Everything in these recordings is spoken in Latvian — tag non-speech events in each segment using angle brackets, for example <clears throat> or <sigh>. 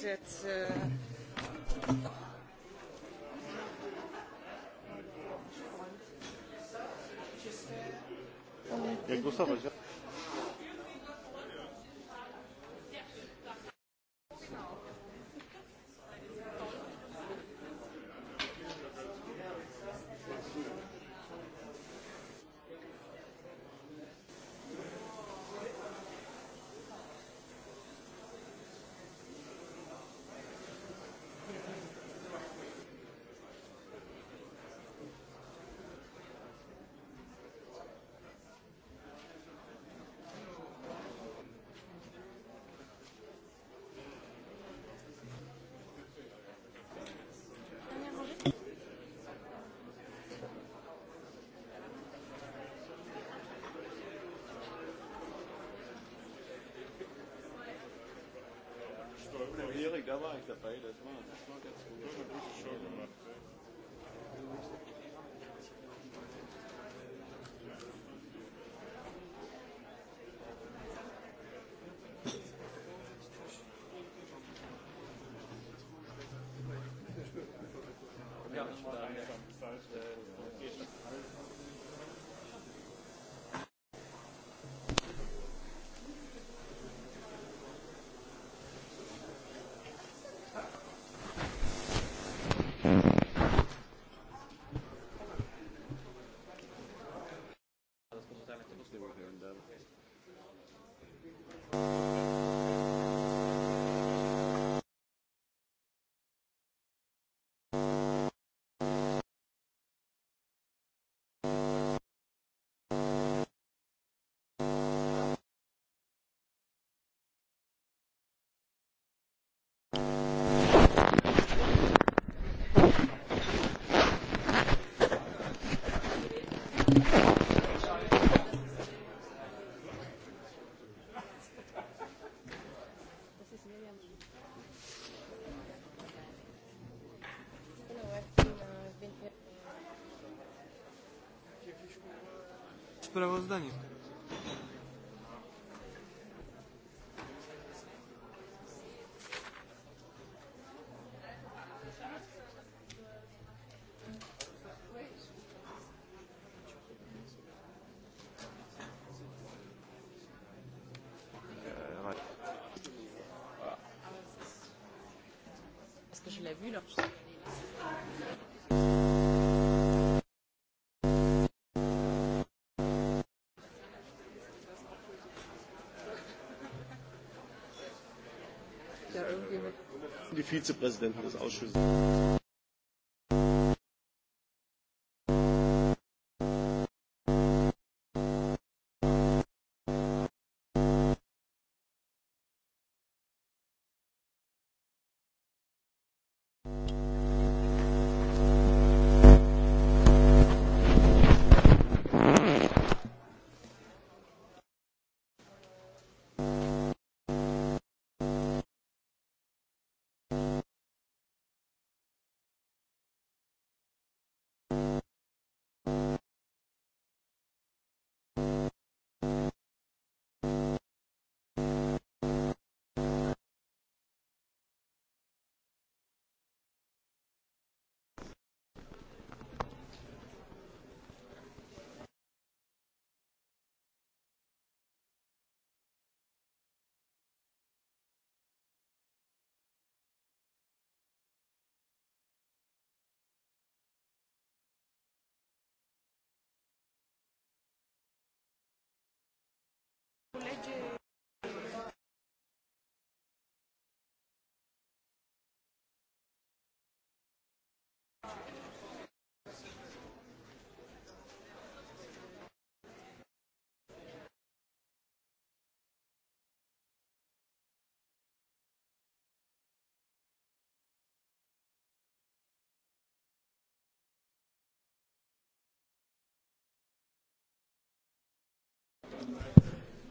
Vous êtes. Euh... Il y a Gustavo, déjà. take their life, they're paid as well. That's not that's good. Doesn't do the show them up. Ja, ich war einfach am Zeit. sprawozdanie. Parce que je l'ai vu leur die Vizepräsidentin des Ausschusses.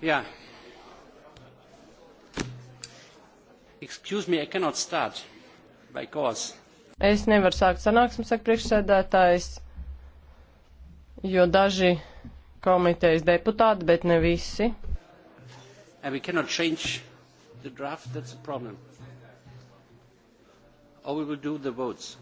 Yeah. Excuse me, I cannot start because. Es nevaru sākt sanāksmi, saka priekšsēdētājs, jo daži komitejas deputāti, bet ne visi. And we cannot change the draft, that's a problem. Or we will do the votes.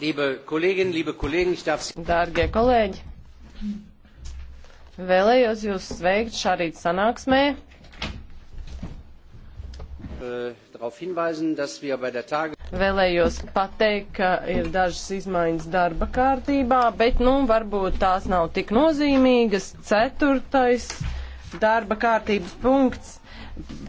Liebe Kolleginnen, liebe Kollegen, ich darf Sie. Dārgie kolēģi, vēlējos jūs sveikt šorīt sanāksmē. Äh, vēlējos pateikt, ka ir dažas izmaiņas darba kārtībā, bet, nu, varbūt tās nav tik nozīmīgas. Ceturtais darba kārtības punkts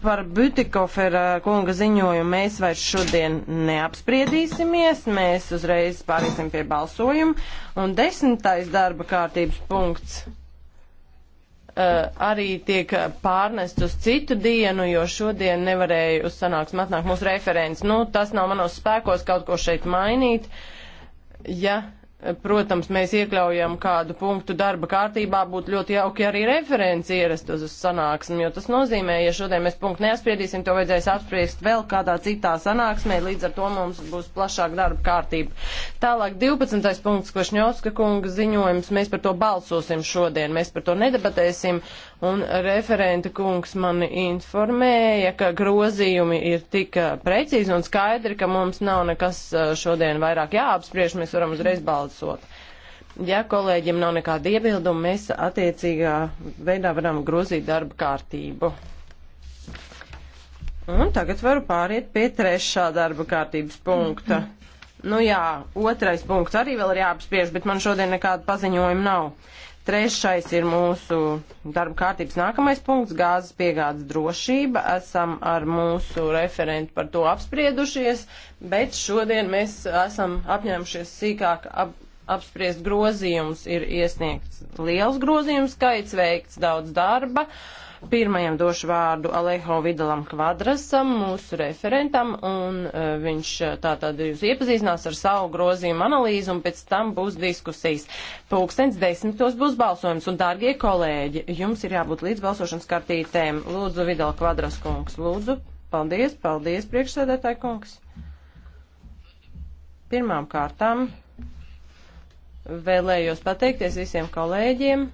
par Butikofera kunga ziņojumu mēs vairs šodien neapspriedīsimies. Mēs uzreiz pāriesim pie balsojuma. Un desmitais darba kārtības punkts uh, arī tiek pārnest uz citu dienu, jo šodien nevarēju uz sanāksmu atnākt mūsu referents. Nu, tas nav manos spēkos kaut ko šeit mainīt. Ja Protams, mēs iekļaujam kādu punktu darba kārtībā, būtu ļoti jauki arī referenci ierastos uz sanāksmi, jo tas nozīmē, ja šodien mēs punktu neapspriedīsim, to vajadzēs apspriest vēl kādā citā sanāksmē, līdz ar to mums būs plašāk darba kārtība. Tālāk 12. punkts, ko Šņovska kunga ziņojums, mēs par to balsosim šodien, mēs par to nedebatēsim. Uh, un referenta kungs mani informēja, ka grozījumi ir tik uh, precīzi un skaidri, ka mums nav nekas uh, šodien vairāk jāapspriež, mēs varam uzreiz balsot. Ja kolēģiem nav nekāda iebilduma, mēs attiecīgā veidā varam grozīt darba kārtību. Un tagad varu pāriet pie trešā darba kārtības punkta. Mm -hmm. Nu jā, otrais punkts arī vēl ir jāapspriež, bet man šodien nekāda paziņojuma nav. Trešais ir mūsu darba kārtības nākamais punkts - gāzes piegādes drošība. Esam ar mūsu referentu par to apspriedušies, bet šodien mēs esam apņēmušies sīkāk ap, apspriest grozījumus. Ir iesniegts liels grozījums skaits, veikts daudz darba. Uh, Pirmajam došu vārdu Alejo Vidalam Kvadrasam, mūsu referentam, un e, viņš e, tātad jūs iepazīstinās ar savu grozījumu analīzi, un pēc tam būs diskusijas. Pūkstens desmitos būs balsojums, un, dārgie kolēģi, jums ir jābūt līdz balsošanas kartītēm. Lūdzu, Vidal Kvadras kungs, lūdzu. Paldies, paldies, priekšsēdētāji kungs. Pirmām kārtām vēlējos pateikties visiem kolēģiem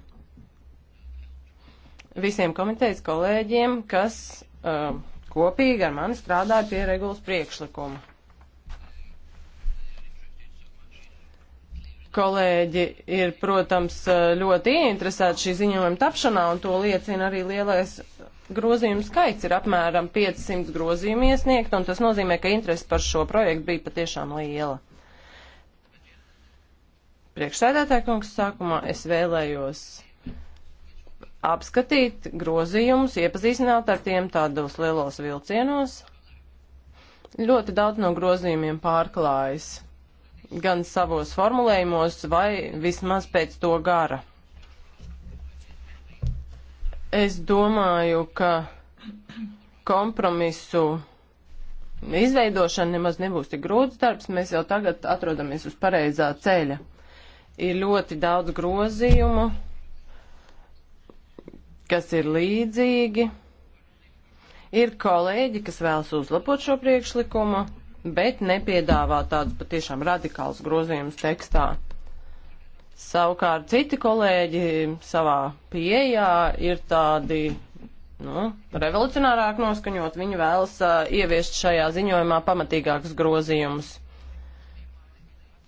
visiem komitejas kolēģiem, kas uh, kopīgi ar mani strādāja pie regulas priekšlikuma. Kolēģi ir, protams, uh, ļoti ieinteresēti šī ziņojuma tapšanā, un to liecina arī lielais grozījumu skaits. Ir apmēram 500 grozījumu iesniegt, un tas nozīmē, ka interesi par šo projektu bija patiešām liela. Priekšsēdētāja kungs sākumā es vēlējos apskatīt grozījumus, iepazīstināt ar tiem tādos lielos vilcienos. Ļoti daudz no grozījumiem pārklājas gan savos formulējumos, vai vismaz pēc to gara. Es domāju, ka kompromisu izveidošana nemaz nebūs tik grūts darbs, mēs jau tagad atrodamies uz pareizā ceļa. Ir ļoti daudz grozījumu kas ir līdzīgi. Ir kolēģi, kas vēlas uzlabot šo priekšlikumu, bet nepiedāvā tādus patiešām radikālus grozījumus tekstā. Savukārt citi kolēģi savā pieejā ir tādi nu, revolucionārāk noskaņot, viņi vēlas uh, ieviest šajā ziņojumā pamatīgākus grozījumus.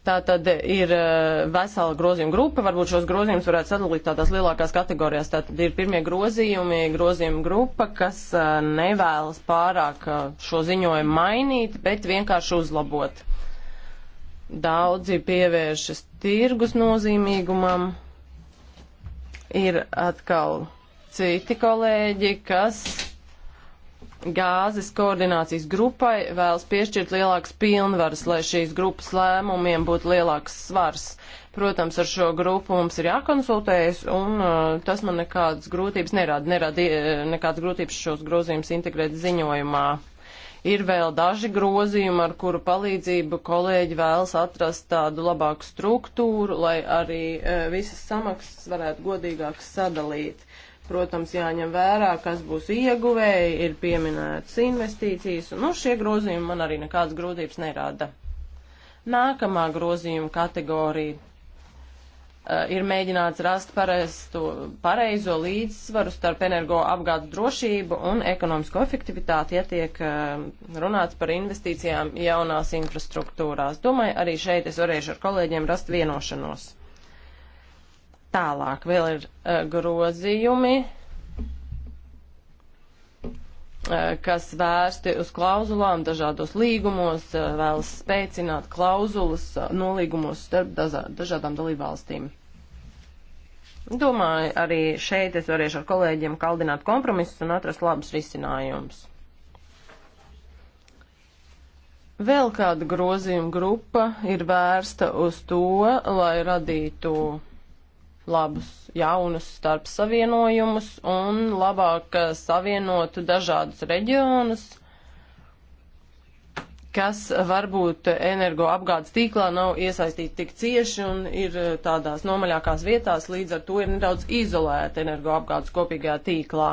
Tā tad ir eh, vesela grozījuma grupa. Varbūt šos grozījumus varētu sadalīt tādās lielākās kategorijās. Tātad ir pirmie grozījumi, grozījuma grupa, kas eh, nevēlas pārāk eh, šo ziņojumu mainīt, bet vienkārši uzlabot. Daudzi pievēršas tirgus nozīmīgumam. Ir atkal citi kolēģi, kas gāzes koordinācijas grupai vēlas piešķirt lielākas pilnvaras, lai šīs grupas lēmumiem būtu lielāks svars. Protams, ar šo grupu mums ir jākonsultējas, un uh, tas man nekādas grūtības nerada, nerada uh, nekādas grūtības šos grozījumus integrēt ziņojumā. Ir vēl daži grozījumi, ar kuru palīdzību kolēģi vēlas atrast tādu labāku struktūru, lai arī uh, visas samaksas varētu godīgāk sadalīt. Protams, jāņem vērā, kas būs ieguvēji, ir pieminētas investīcijas. Nu, šie grozījumi man arī nekādas grūtības nerada. Nākamā grozījuma kategorija eh, ir mēģināts rast pareisto, pareizo līdzsvaru starp energoapgādes drošību un ekonomisko efektivitāti, ja tiek eh, runāts par investīcijām jaunās infrastruktūrās. Domāju, arī šeit es varēšu ar kolēģiem rast vienošanos. Tālāk vēl ir uh, grozījumi, uh, kas vērsti uz klauzulām dažādos līgumos, uh, vēlas spēcināt klauzulas uh, nolīgumos starp dažā, dažādām dalībvalstīm. Domāju, arī šeit es varēšu ar kolēģiem kaldināt kompromisus un atrast labus risinājumus. Vēl kāda grozījuma grupa ir vērsta uz to, lai radītu labus jaunus starpsavienojumus un labāk eh, savienotu dažādus reģionus, kas varbūt energoapgādes tīklā nav iesaistīti tik cieši un ir eh, tādās nomaļākās vietās, līdz ar to ir nedaudz izolēta energoapgādes kopīgajā tīklā.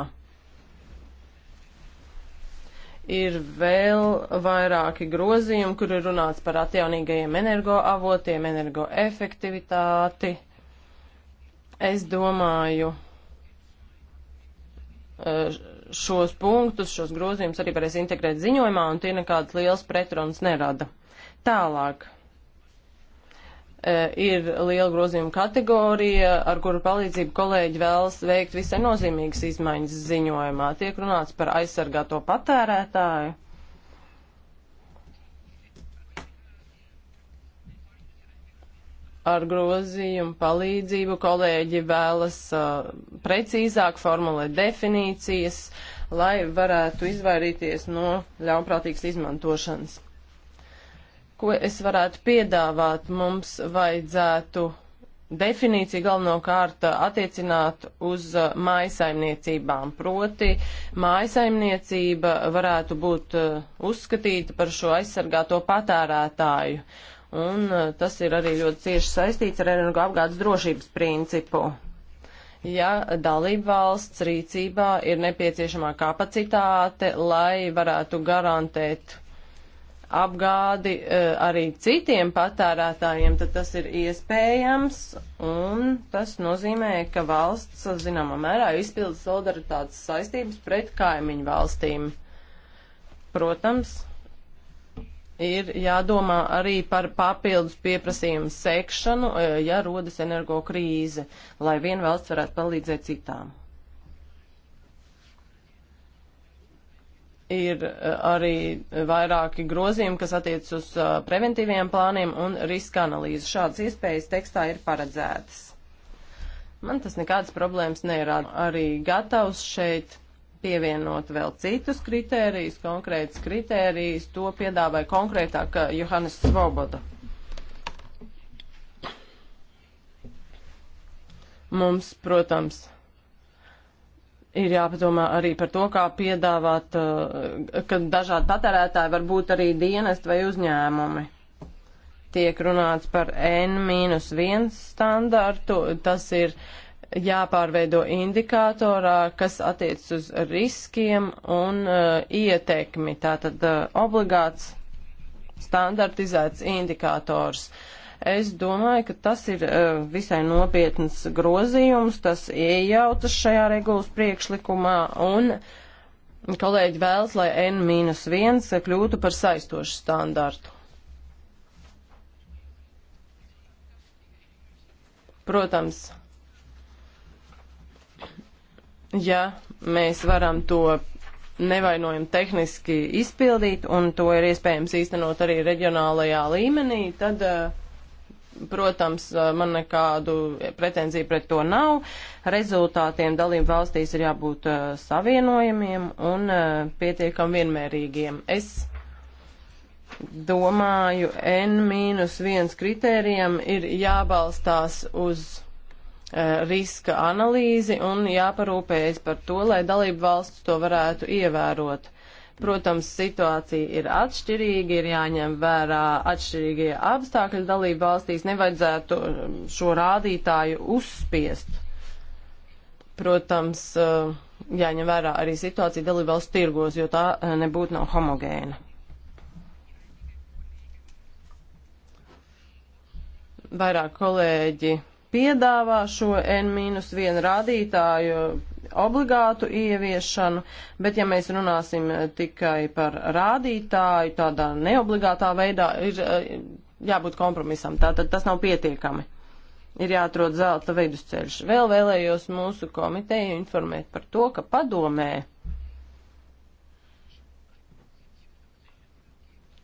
Ir vēl vairāki grozījumi, kur ir runāts par atjaunīgajiem energoavotiem, energoefektivitāti. Es domāju, e, šos punktus, šos grozījumus arī varēs integrēt ziņojumā, un tie nekādas liels pretrunas nerada. Tālāk e, ir liela grozījuma kategorija, ar kuru palīdzību kolēģi vēlas veikt visai nozīmīgas izmaiņas ziņojumā. Tiek runāts par aizsargāto patērētāju ar grozījumu palīdzību kolēģi vēlas uh, precīzāk formulēt definīcijas, lai varētu izvairīties no ļaunprātīgas izmantošanas. Ko es varētu piedāvāt? Mums vajadzētu definīciju galvenokārt attiecināt uz uh, mājasaimniecībām. Proti, mājasaimniecība varētu būt uh, uzskatīta par šo aizsargāto patērētāju un uh, tas ir arī ļoti cieši saistīts ar energoapgādes drošības principu. Ja dalība valsts rīcībā ir nepieciešamā kapacitāte, lai varētu garantēt apgādi uh, arī citiem patērētājiem, tad tas ir iespējams, un tas nozīmē, ka valsts, zināmā mērā, izpilda solidaritātes saistības pret kaimiņu valstīm. Protams, ir jādomā arī par papildus pieprasījumu sekšanu, e, ja rodas energo krīze, lai viena valsts varētu palīdzēt citām. Ir e, arī vairāki grozījumi, kas attiec uz e, preventīviem plāniem un riska analīzi. Šādas iespējas tekstā ir paredzētas. Man tas nekādas problēmas nerāda. Arī gatavs šeit pievienot vēl citus kritērijus, konkrētus kritērijus, to piedāvāja konkrētāk uh, Johannes Svoboda. Mums, protams, ir jāpadomā arī par to, kā piedāvāt, uh, ka dažādi patērētāji var būt arī dienest vai uzņēmumi. Tiek runāts par N-1 standartu, tas ir uh, jāpārveido indikatorā, kas attiec uz riskiem un uh, ietekmi. Tātad uh, obligāts standartizēts indikators. Es domāju, ka tas ir uh, visai nopietns grozījums, tas iejautas šajā regulas priekšlikumā un kolēģi vēlas, lai N-1 kļūtu par saistošu standartu. Protams, ja mēs varam to nevainojami tehniski izpildīt, un to ir iespējams īstenot arī reģionālajā līmenī, tad, eh, protams, eh, man nekādu pretenziju pret to nav. Rezultātiem dalību valstīs ir jābūt eh, savienojamiem un pietiekam vienmērīgiem. Es domāju, N-1 kritērijam ir jābalstās uz Eh, riska analīzi un jāparūpējas par to, lai dalību valsts to varētu ievērot. Protams, situācija ir atšķirīga, ir jāņem vērā atšķirīgie apstākļi dalību valstīs, nevajadzētu eh, šo rādītāju uzspiest. Protams, eh, jāņem vērā arī situācija dalību valsts tirgos, jo tā nebūtu nav homogēna. Vairāk kolēģi piedāvā šo N-1 rādītāju obligātu ieviešanu, bet ja mēs runāsim eh, tikai par rādītāju tādā neobligātā veidā, ir eh, jābūt kompromisam. Tātad tas nav pietiekami. Ir jāatrod zelta vidusceļš. Vēl vēlējos mūsu komiteju informēt par to, ka padomē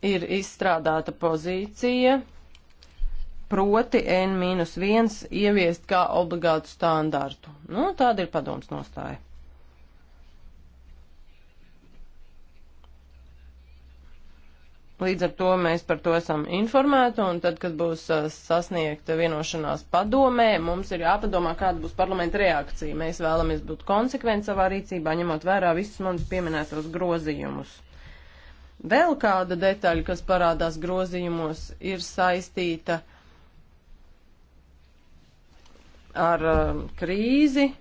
ir izstrādāta pozīcija proti N-1 ieviest kā obligātu standārtu. Nu, tāda ir padoms nostāja. Līdz ar to mēs par to esam informēti, un tad, kad būs uh, sasniegta vienošanās padomē, mums ir jāpadomā, kāda būs parlamenta reakcija. Mēs vēlamies būt konsekventi savā rīcībā, ņemot vērā visus manis pieminētos grozījumus. Vēl kāda detaļa, kas parādās grozījumos, ir saistīta ar ar um, krīzi.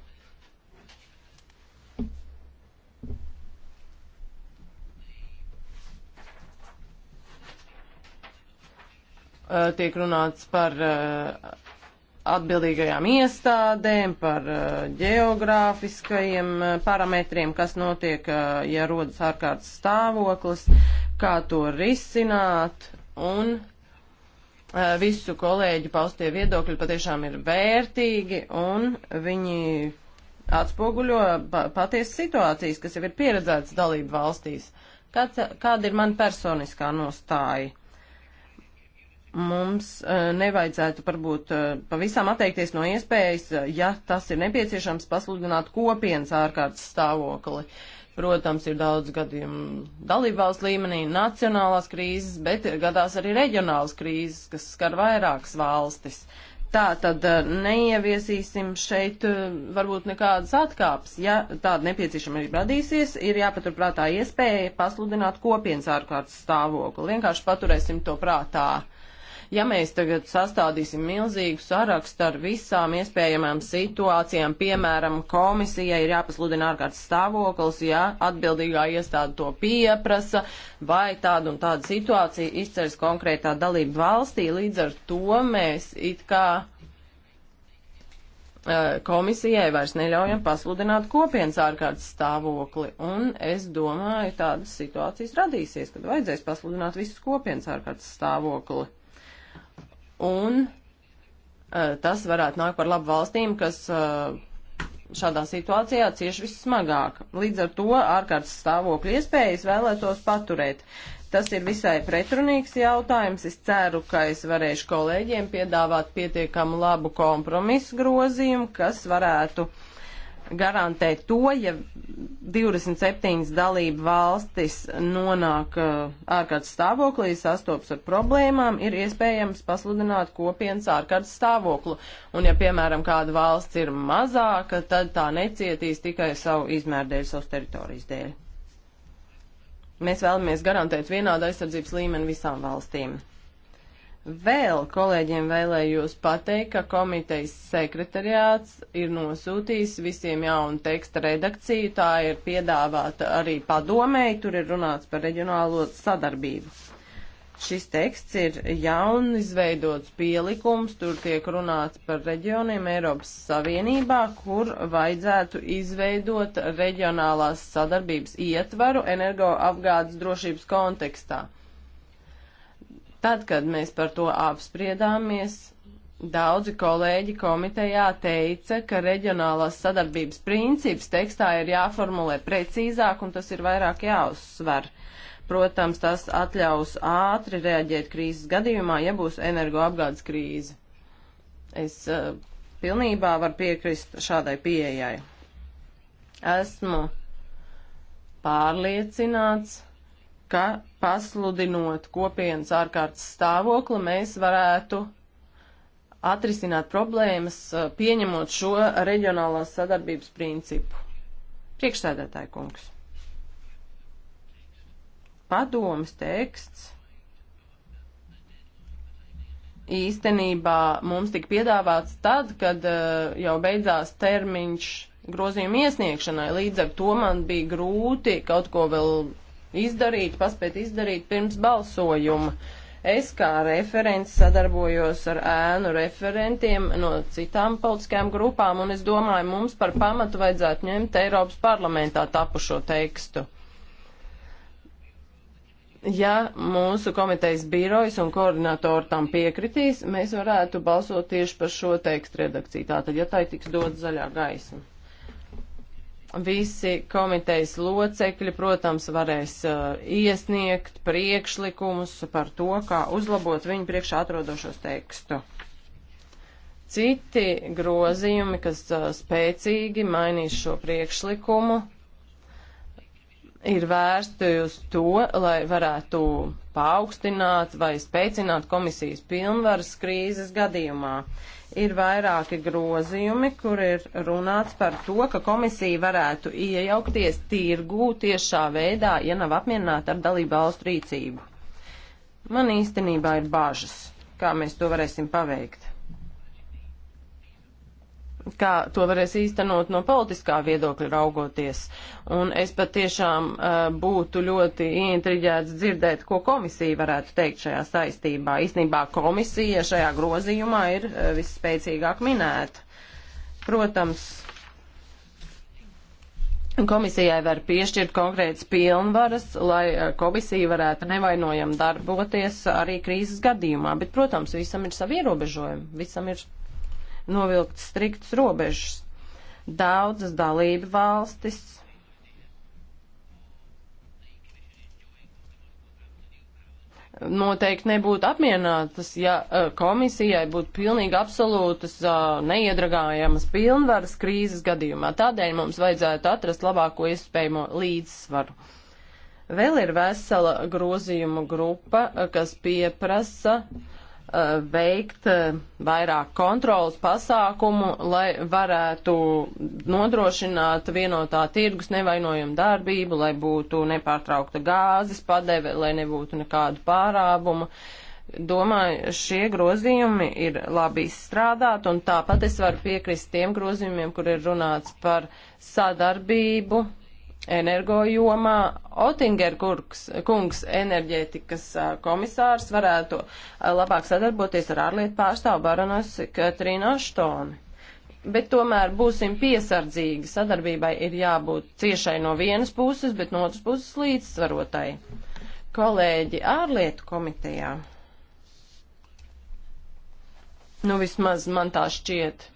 Uh, tiek runāts par uh, atbildīgajām iestādēm, par uh, geogrāfiskajiem uh, parametriem, kas notiek, uh, ja rodas ārkārtas stāvoklis, kā to risināt un Eh, visu kolēģu paustie viedokļi patiešām ir vērtīgi un viņi atspoguļo patiesas situācijas, kas jau ir pieredzētas dalību valstīs. Kāds, kāda ir man personiskā nostāja? Mums uh, nevajadzētu varbūt uh, pavisam atteikties no iespējas, ja tas ir nepieciešams, pasludināt kopienas ārkārtas stāvokli. Uh, Protams, ir daudz gadījumu dalībvalsts līmenī, nacionālās krīzes, bet gadās arī reģionālas krīzes, kas skar vairākas valstis. Tā tad eh, neieviesīsim šeit eh, varbūt nekādas atkāpes. Ja tāda nepieciešamība radīsies, ir jāpaturprātā iespēja pasludināt kopienas ārkārtas stāvokli. Vienkārši paturēsim to prātā. Ja mēs tagad sastādīsim milzīgu sarakstu ar visām iespējamām situācijām, piemēram, komisijai ir jāpasludina ārkārtas stāvoklis, ja atbildīgā iestāde to pieprasa, vai tāda un tāda situācija izceļas konkrētā dalība valstī, līdz ar to mēs it kā e, komisijai vairs neļaujam pasludināt kopienas ārkārtas stāvokli, un es domāju, tādas situācijas radīsies, kad vajadzēs pasludināt visus kopienas ārkārtas stāvokli un eh, tas varētu nākt par labu valstīm, kas eh, šādā situācijā cieši vissmagāk. Līdz ar to ārkārtas stāvokļa iespējas vēlētos paturēt. Tas ir visai pretrunīgs jautājums. Es ceru, ka es varēšu kolēģiem piedāvāt pietiekamu labu kompromisu grozījumu, kas varētu garantēt to, ja 27 dalību valstis nonāk uh, ārkārtas stāvoklī, sastops ar problēmām, ir iespējams pasludināt kopienas ārkārtas stāvoklu. Un, ja, piemēram, kāda valsts ir mazāka, tad tā necietīs tikai savu izmēru dēļ, savas teritorijas dēļ. Mēs vēlamies garantēt vienādu aizsardzības līmeni visām valstīm. Vēl kolēģiem vēlējos pateikt, ka komitejas sekretariāts ir nosūtījis visiem jaunu teksta redakciju. Tā ir piedāvāta arī padomēji, tur ir runāts par reģionālo sadarbību. Šis teksts ir jaun izveidots pielikums, tur tiek runāts par reģioniem Eiropas Savienībā, kur vajadzētu izveidot reģionālās sadarbības ietvaru energoapgādes drošības kontekstā. Tad, kad mēs par to apspriedāmies, daudzi kolēģi komitejā teica, ka reģionālās sadarbības princips tekstā ir jāformulē precīzāk un tas ir vairāk jāuzsver. Protams, tas atļaus ātri reaģēt krīzes gadījumā, ja būs energoapgādes krīze. Es uh, pilnībā varu piekrist šādai pieejai. Esmu pārliecināts, ka pasludinot kopienas ārkārtas stāvokli, mēs varētu atrisināt problēmas, pieņemot šo reģionālās sadarbības principu. Priekšsēdētāji kungs. Padomas teksts. Īstenībā mums tika piedāvāts tad, kad uh, jau beidzās termiņš grozījuma iesniegšanai. Līdz ar to man bija grūti kaut ko vēl izdarīt, paspēt izdarīt pirms balsojuma. Es kā referents sadarbojos ar ēnu referentiem no citām politiskajām grupām, un es domāju, mums par pamatu vajadzētu ņemt Eiropas parlamentā tapušo tekstu. Ja mūsu komitejas birojas un koordinatori tam piekritīs, mēs varētu balsot tieši par šo tekstu redakciju. Tātad, ja tai tiks dot zaļā gaisma. Visi komitejas locekļi, protams, varēs uh, iesniegt priekšlikumus par to, kā uzlabot viņu priekšā atrodošos tekstu. Citi grozījumi, kas uh, spēcīgi mainīs šo priekšlikumu, ir vērsti uz to, lai varētu paaugstināt vai spēcināt komisijas pilnvaras krīzes gadījumā ir vairāki grozījumi, kur ir runāts par to, ka komisija varētu iejaukties tirgū tiešā veidā, ja nav apmierināta ar dalību valstu rīcību. Man īstenībā ir bažas, kā mēs to varēsim paveikt kā to varēs īstenot no politiskā viedokļa raugoties. Un es pat tiešām uh, būtu ļoti ieintriģēts dzirdēt, ko komisija varētu teikt šajā saistībā. Īstenībā komisija šajā grozījumā ir uh, visspēcīgāk minēta. Protams, komisijai var piešķirt konkrētas pilnvaras, lai komisija varētu nevainojam darboties arī krīzes gadījumā. Bet, protams, visam ir savi ierobežojumi, visam ir novilkt striktas robežas. Daudzas dalība valstis noteikti nebūtu apmierinātas, ja e, komisijai būtu pilnīgi absolūtas e, neiedragājamas pilnvaras krīzes gadījumā. Tādēļ mums vajadzētu atrast labāko iespējamo līdzsvaru. Vēl ir vesela grozījumu grupa, e, kas pieprasa uh, Eh, veikt eh, vairāk kontrolas pasākumu, lai varētu nodrošināt vienotā tirgus nevainojumu darbību, lai būtu nepārtraukta gāzes padeve, lai nebūtu nekādu pārābumu. Domāju, šie grozījumi ir labi izstrādāti, un tāpat es varu piekrist tiem grozījumiem, kur ir runāts par sadarbību energojomā Otinger kungs, kungs enerģētikas komisārs varētu labāk sadarboties ar ārlietu pārstāvu Baronas Katrīnu Aštoni. Bet tomēr būsim piesardzīgi. Sadarbībai ir jābūt ciešai no vienas puses, bet no otras puses līdzsvarotai. Kolēģi ārlietu komitejā. Nu vismaz man tā šķiet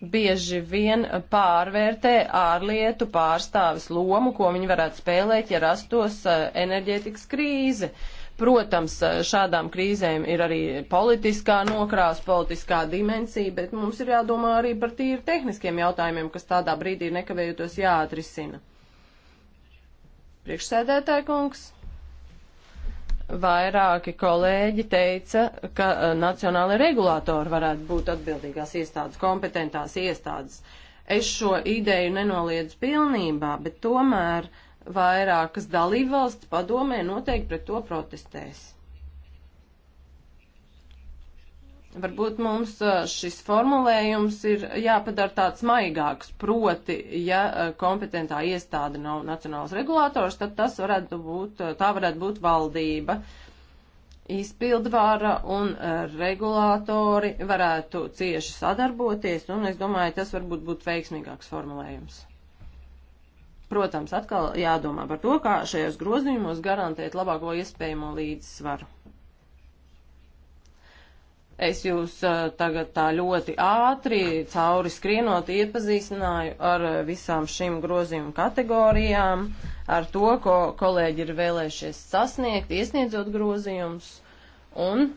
bieži vien pārvērtē ārlietu pārstāvis lomu, ko viņi varētu spēlēt, ja rastos e, enerģētikas krīze. Protams, e, šādām krīzēm ir arī politiskā nokrās, politiskā dimensija, bet mums ir jādomā arī par tīri tehniskiem jautājumiem, kas tādā brīdī nekavējotos jāatrisina. Priekšsēdētāja kungs vairāki kolēģi teica, ka e, nacionāli regulātori varētu būt atbildīgās iestādes, kompetentās iestādes. Es šo ideju nenoliedzu pilnībā, bet tomēr vairākas dalībvalsts padomē noteikti pret to protestēs. Varbūt mums šis formulējums ir jāpadara tāds maigāks, proti, ja kompetentā iestāde nav nacionāls regulators, tad tas varētu būt, tā varētu būt valdība. Izpildvāra un regulātori varētu cieši sadarboties, un es domāju, tas varbūt būtu veiksmīgāks formulējums. Protams, atkal jādomā par to, kā šajos grozījumos garantēt labāko iespējamo līdzsvaru. Es jūs tagad tā ļoti ātri cauri skrienot iepazīstināju ar visām šīm grozījumu kategorijām, ar to, ko kolēģi ir vēlējušies sasniegt, iesniedzot grozījumus. Un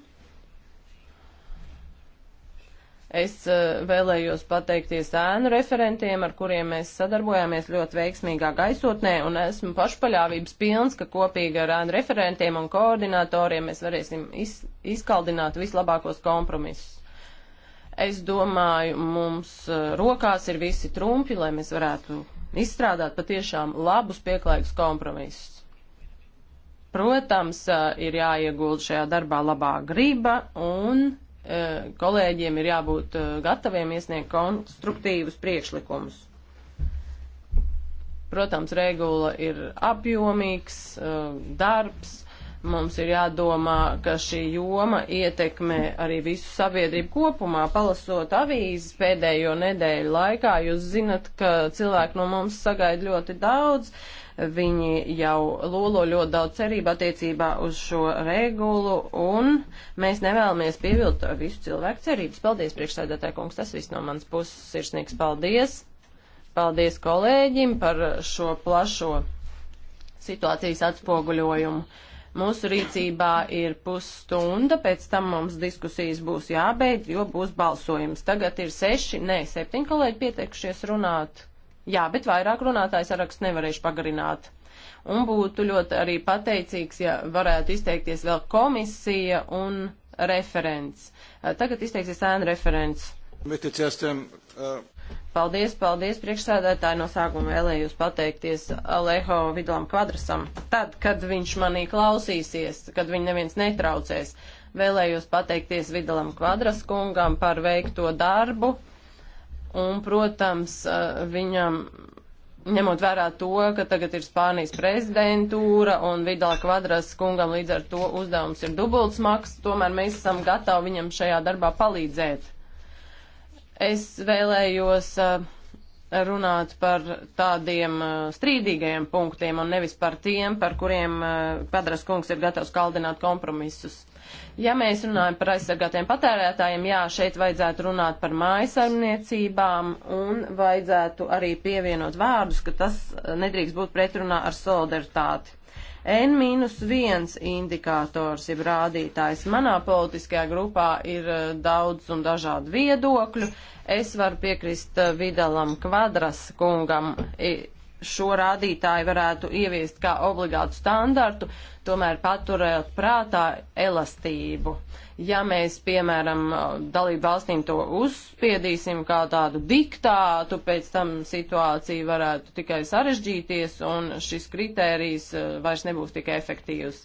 Es eh, vēlējos pateikties ēnu referentiem, ar kuriem mēs sadarbojāmies ļoti veiksmīgā gaisotnē, un esmu pašpaļāvības pilns, ka kopīgi ar ēnu referentiem un koordinatoriem mēs varēsim iz, izkaldināt vislabākos kompromisus. Es domāju, mums eh, rokās ir visi trumpi, lai mēs varētu izstrādāt patiešām labus pieklājīgus kompromisus. Protams, eh, ir jāiegulda šajā darbā labā griba un E, kolēģiem ir jābūt e, gataviem iesniegt konstruktīvus priekšlikumus. Protams, regula ir apjomīgs e, darbs. Mums ir jādomā, ka šī joma ietekmē arī visu sabiedrību kopumā. Palasot avīzes pēdējo nedēļu laikā, jūs zinat, ka cilvēki no mums sagaida ļoti daudz. Uh, Viņi jau lūlo ļoti daudz cerību attiecībā uz šo regulu, un mēs nevēlamies pievilt visu cilvēku cerības. Paldies, priekšsēdētāji kungs, tas viss no manas puses sirsnīgs paldies. Paldies kolēģim par šo plašo situācijas atspoguļojumu. Mūsu rīcībā ir pusstunda, pēc tam mums diskusijas būs jābeidz, jo būs balsojums. Tagad ir seši, nē, septiņi kolēģi pieteikušies runāt. Jā, bet vairāk runātājs sarakstu nevarēšu pagarināt. Un būtu ļoti arī pateicīgs, ja varētu izteikties vēl komisija un referents. Tagad izteiksies ēna referents. Paldies, paldies priekšsēdētāji. No sākuma vēlējos pateikties Alejo Vidlam Kvadrasam. Tad, kad viņš manī klausīsies, kad viņu neviens netraucēs, vēlējos pateikties Vidalam Kvadraskungam par veikto darbu Un, protams, viņam, ņemot vērā to, ka tagad ir Spānijas prezidentūra un Vidal Kvadras kungam līdz ar to uzdevums ir dubults maks, tomēr mēs esam gatavi viņam šajā darbā palīdzēt. Es vēlējos runāt par tādiem strīdīgajiem punktiem un nevis par tiem, par kuriem Kvadras kungs ir gatavs kaldināt kompromisus. Ja mēs runājam par aizsargātiem patērētājiem, jā, šeit vajadzētu runāt par mājasaimniecībām un vajadzētu arī pievienot vārdus, ka tas eh, nedrīkst būt pretrunā ar solidaritāti. N-1 indikators, jeb rādītājs, manā politiskajā grupā ir eh, daudz un dažādu viedokļu. Es varu piekrist eh, Vidalam Kvadras kungam, šo rādītāju varētu ieviest kā obligātu standartu, tomēr paturēt prātā elastību. Ja mēs, piemēram, dalību valstīm to uzspiedīsim kā tādu diktātu, pēc tam situācija varētu tikai sarežģīties un šis kritērijs eh, vairs nebūs tik efektīvs.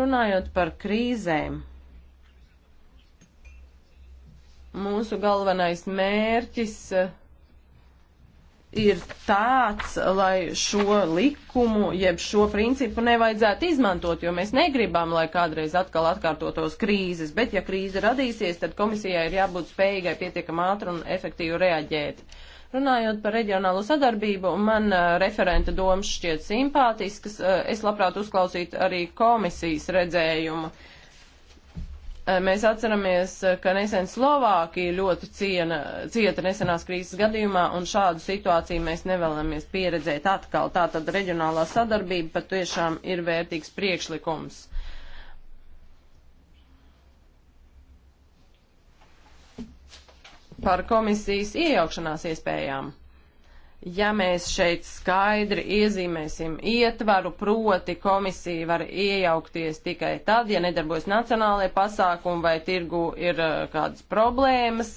Runājot par krīzēm, mūsu galvenais mērķis uh, ir tāds, lai šo likumu, jeb šo principu nevajadzētu izmantot, jo mēs negribam, lai kādreiz atkal atkārtotos krīzes, bet ja krīze radīsies, tad komisijai ir jābūt spējīgai pietiekam ātri un efektīvi reaģēt. Runājot par reģionālo sadarbību, man uh, referenta domas šķiet simpātiskas, uh, es labprāt uzklausītu arī komisijas redzējumu. Uh, Eh, mēs atceramies, eh, ka nesen Slovākija ļoti ciena, cieta nesenās krīzes gadījumā, un šādu situāciju mēs nevēlamies pieredzēt atkal. Tātad reģionālā sadarbība patiešām ir vērtīgs priekšlikums. Par komisijas iejaukšanās iespējām ja mēs šeit skaidri iezīmēsim ietvaru, proti komisija var iejaukties tikai tad, ja nedarbojas nacionālajie pasākumi vai tirgu ir eh, kādas problēmas,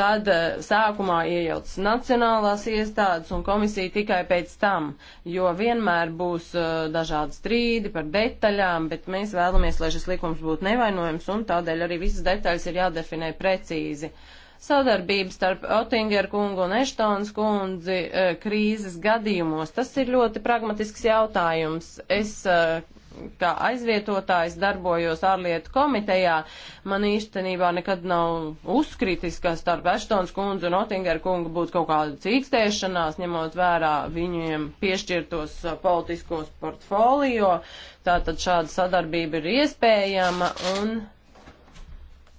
tad eh, sākumā iejaucas nacionālās iestādes un komisija tikai pēc tam, jo vienmēr būs eh, dažādi strīdi par detaļām, bet mēs vēlamies, lai šis likums būtu nevainojams un tādēļ arī visas detaļas ir jādefinē precīzi. Uh, Sadarbība starp Otingeru kungu un Eštons kundzi e, krīzes gadījumos, tas ir ļoti pragmatisks jautājums. Es e, kā aizvietotājs darbojos ārlietu komitejā, man īstenībā nekad nav uzkritis, ka starp Eštons kundzi un Otingeru kungu būtu kaut kāda cīkstēšanās, ņemot vērā viņiem piešķirtos e, politiskos portfolio. Tātad šāda sadarbība ir iespējama un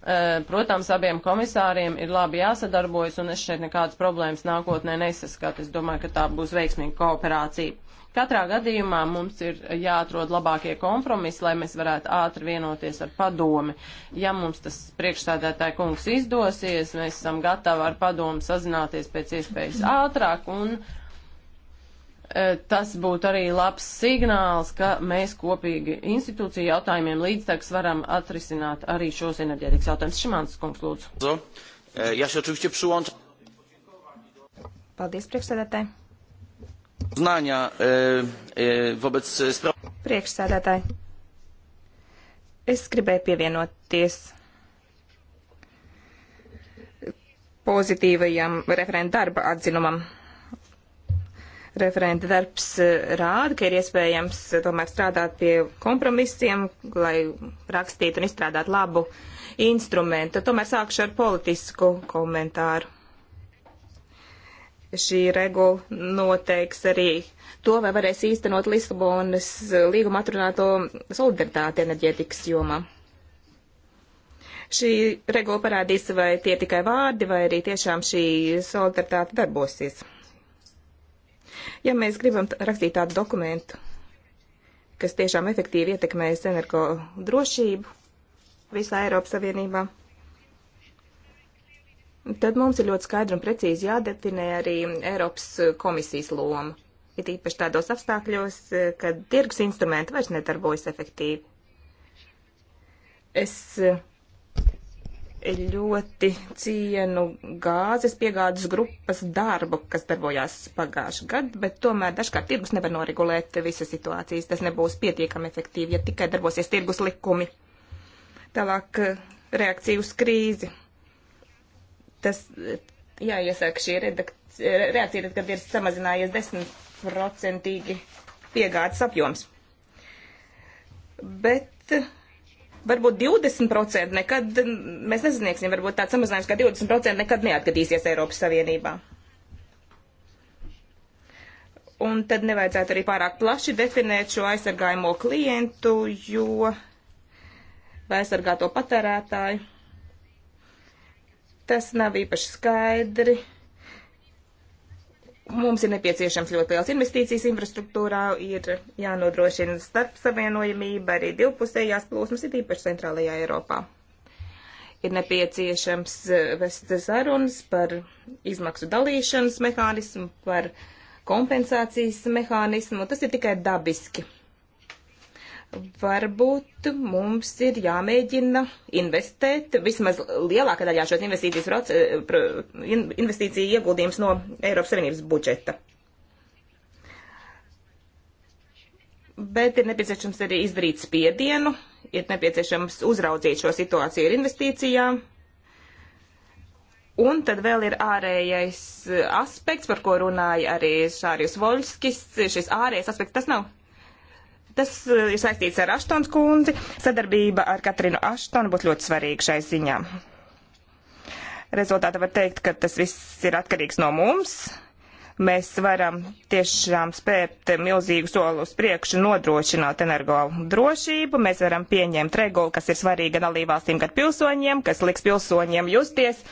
Eh, protams, abiem komisāriem ir labi jāsadarbojas, un es šeit nekādas problēmas nākotnē nesaskatu. Es domāju, ka tā būs veiksmīga kooperācija. Katrā gadījumā mums ir jāatrod labākie kompromisi, lai mēs varētu ātri vienoties ar padomi. Ja mums tas priekšstādētāja kungs izdosies, mēs esam gatavi ar padomu sazināties pēc iespējas ātrāk un uh, Eh, tas būtu arī labs signāls, ka mēs kopīgi institūciju jautājumiem līdztekus varam atrisināt arī šos enerģētikas jautājumus. Šimāns kungs, lūdzu. Eh, ja się oczywiście przyłączam. Paldies, priekšsēdētāji. Znāņā vobēc e, e, sprav... Priekšsēdētāji. Es gribēju pievienoties pozitīvajam referenta darba atzinumam referenta darbs eh, rāda, ka ir iespējams eh, tomēr strādāt pie kompromisiem, lai rakstītu un izstrādātu labu instrumentu. Tomēr sākšu ar politisku komentāru. Šī regula noteiks arī to, vai varēs īstenot Lisabonas līguma atrunāto solidaritāti enerģētikas jomā. Šī regula parādīs, vai tie tikai vārdi, vai arī tiešām šī solidaritāte darbosies. Ja mēs gribam rakstīt tādu dokumentu, kas tiešām efektīvi ietekmēs energo drošību visā Eiropas Savienībā, tad mums ir ļoti skaidri un precīzi jādefinē arī Eiropas komisijas loma. Ir īpaši tādos apstākļos, kad tirgus instrumenti vairs nedarbojas efektīvi. Es ļoti cienu gāzes piegādes grupas darbu, kas darbojās pagājušajā gadā, bet tomēr dažkārt tirgus nevar noregulēt visas situācijas. Tas nebūs pietiekami efektīvi, ja tikai darbosies tirgus likumi. Tālāk eh, reakcija uz krīzi. Tas eh, jāiesāk šī reakcija, tad, kad ir samazinājies 10% piegādes apjoms. Bet varbūt 20% nekad mēs nesasniegsim, varbūt tāds samazinājums kā 20% nekad neatgadīsies Eiropas Savienībā. Un tad nevajadzētu arī pārāk plaši definēt šo aizsargājumu klientu, jo vai aizsargāto patērētāju. Tas nav īpaši skaidri mums ir nepieciešams ļoti liels investīcijas infrastruktūrā, ir jānodrošina starp savienojamība, arī divpusējās plūsmas, ir īpaši centrālajā Eiropā. Ir nepieciešams e, vest sarunas par izmaksu dalīšanas mehānismu, par kompensācijas mehānismu, tas ir tikai dabiski varbūt mums ir jāmēģina investēt vismaz lielākā daļā šos investīciju ieguldījums no Eiropas Savienības budžeta. Bet ir nepieciešams arī izdarīt spiedienu, ir nepieciešams uzraudzīt šo situāciju ar investīcijām. Un tad vēl ir ārējais aspekts, par ko runāja arī Šārijus Voļskis. Šis ārējais aspekts, tas nav Tas eh, ir saistīts ar Aštons kundzi. Sadarbība ar Katrinu Aštonu būs ļoti svarīga šai ziņā. Rezultātā var teikt, ka tas viss ir atkarīgs no mums. Mēs varam tiešām spērt milzīgu soli uz priekšu, nodrošināt energo drošību. Mēs varam pieņemt regulu, kas ir svarīga gan dalībvalstīm, gan pilsoņiem, kas liks pilsoņiem justies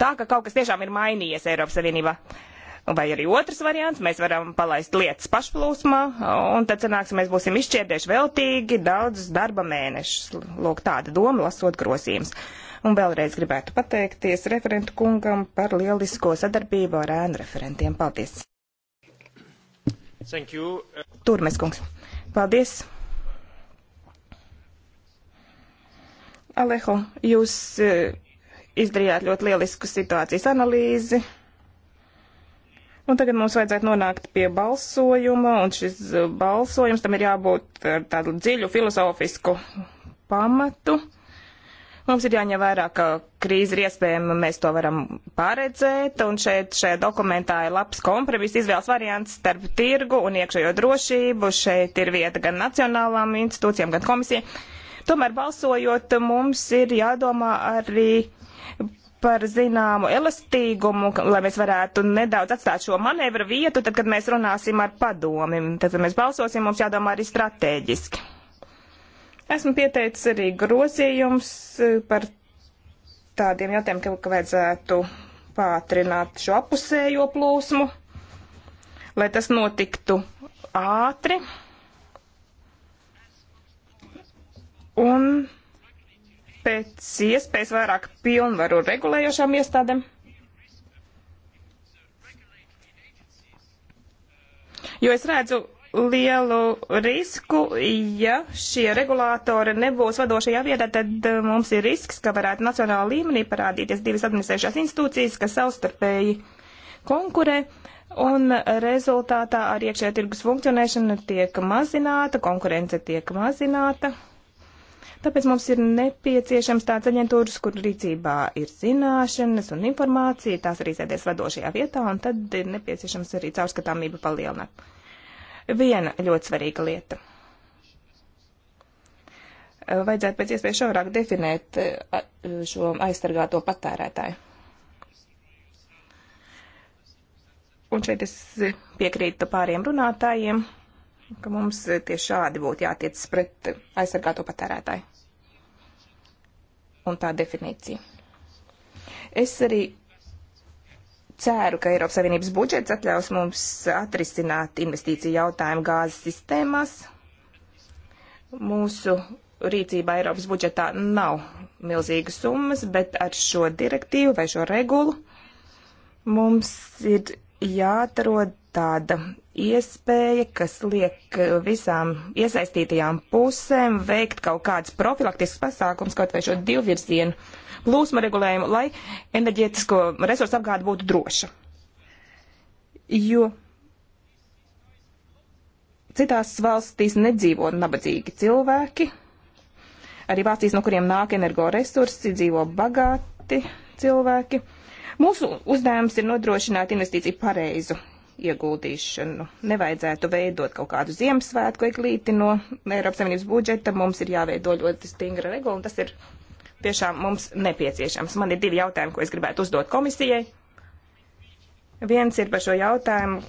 tā, ka kaut kas tiešām ir mainījies Eiropas Savienībā. Uh, Vai arī otrs variants, mēs varam palaist lietas pašplūsmā, un tad sanāksim, mēs būsim izšķiedējuši veltīgi daudzus darba mēnešus. Lūk, tāda doma lasot grozījums. Un vēlreiz gribētu pateikties referentu kungam par lielisko sadarbību ar ēnu referentiem. Paldies! Thank you. Turmes kungs. Paldies! Alejo, jūs eh, izdarījāt ļoti lielisku situācijas analīzi. Un tagad mums vajadzētu nonākt pie balsojuma, un šis uh, balsojums tam ir jābūt ar tādu dziļu filozofisku pamatu. Mums ir jāņem vērā, ka krīze ir iespējama, mēs to varam paredzēt, un šeit šajā dokumentā ir labs kompromiss izvēles variants starp tirgu un iekšējo drošību. Šeit ir vieta gan nacionālām institūcijām, gan komisijai. Tomēr balsojot, mums ir jādomā arī par zināmu elastīgumu, lai mēs varētu nedaudz atstāt šo manevru vietu, tad, kad mēs runāsim ar padomi. Tad, kad mēs balsosim, mums jādomā arī strateģiski. Esmu pieteicis arī grozījums e, par tādiem jautājumiem, ka vajadzētu pātrināt šo apusējo plūsmu, lai tas notiktu ātri. Un pēc iespējas vairāk pilnvaru regulējošām iestādēm. Jo es redzu lielu risku, ja šie regulātori nebūs vadošajā vietā, tad uh, mums ir risks, ka varētu nacionālā līmenī parādīties divas administrējušās institūcijas, kas savstarpēji konkurē. Un rezultātā arī iekšējā tirgus funkcionēšana tiek mazināta, konkurence tiek mazināta. Tāpēc mums ir nepieciešams tāds aģentūras, kur rīcībā ir zināšanas un informācija, tās arī sēdēs vadošajā vietā, un tad ir nepieciešams arī caurskatāmība palielināt. Viena ļoti svarīga lieta. Vajadzētu pēc iespējas šaurāk definēt šo aizsargāto patērētāju. Un šeit es piekrītu pāriem runātājiem, ka mums tieši šādi būtu jātiec pret aizsargāto patērētāju un tā definīcija. Es arī ceru, ka Eiropas Savienības budžets atļaus mums atrisināt investīciju jautājumu gāzes sistēmās. Mūsu rīcībā Eiropas budžetā nav milzīgas summas, bet ar šo direktīvu vai šo regulu mums ir jāatrod tāda iespēja, kas liek visām iesaistītajām pusēm veikt kaut kāds profilaktisks pasākums, kaut vai šo divvirzienu plūsma regulējumu, lai enerģētisko resursu apgāde būtu droša. Jo citās valstīs nedzīvo nabadzīgi cilvēki, arī valstīs, no kuriem nāk energoresursi, dzīvo bagāti cilvēki. Mūsu uzdevums ir nodrošināt investīciju pareizu ieguldīšanu. Nevajadzētu veidot kaut kādu Ziemassvētku eglīti no Eiropas Savienības budžeta. Mums ir jāveido ļoti stingra regula, un tas ir tiešām mums nepieciešams. Man ir divi jautājumi, ko es gribētu uzdot komisijai. Viens ir par šo jautājumu,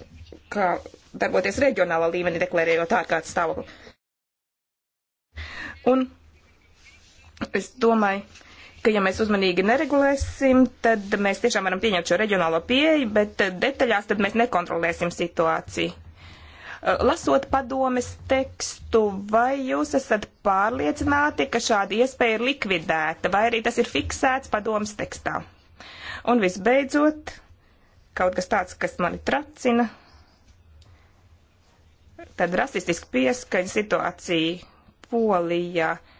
kā darboties reģionālā līmenī, deklarējot ārkārtas stāvokli. Un es domāju, ka ja mēs uzmanīgi neregulēsim, tad mēs tiešām varam pieņemt šo reģionālo pieeju, bet detaļās tad mēs nekontrolēsim situāciju. Uh, lasot padomes tekstu, vai jūs esat pārliecināti, ka šāda iespēja ir likvidēta, vai arī tas ir fiksēts padomes tekstā? Un visbeidzot, kaut kas tāds, kas mani tracina, tad rasistiski pieskaņa situācija Polijā. Ja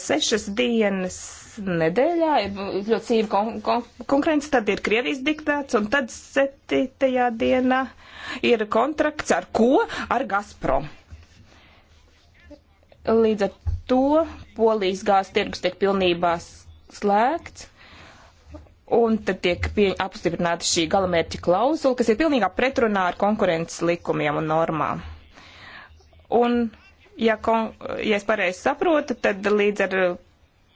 sešas dienas nedēļā, ļoti cīva kon kon konkurence, tad ir Krievijas diktāts, un tad septītajā dienā ir kontrakts ar ko? Ar Gazprom. Līdz ar to polijas gāzes tirgus tiek pilnībā slēgts, un tad tiek apstiprināta šī galamērķa klauzula, kas ir pilnīgā pretrunā ar konkurences likumiem un normām. Un ja, kon, ja es pareizi saprotu, tad līdz ar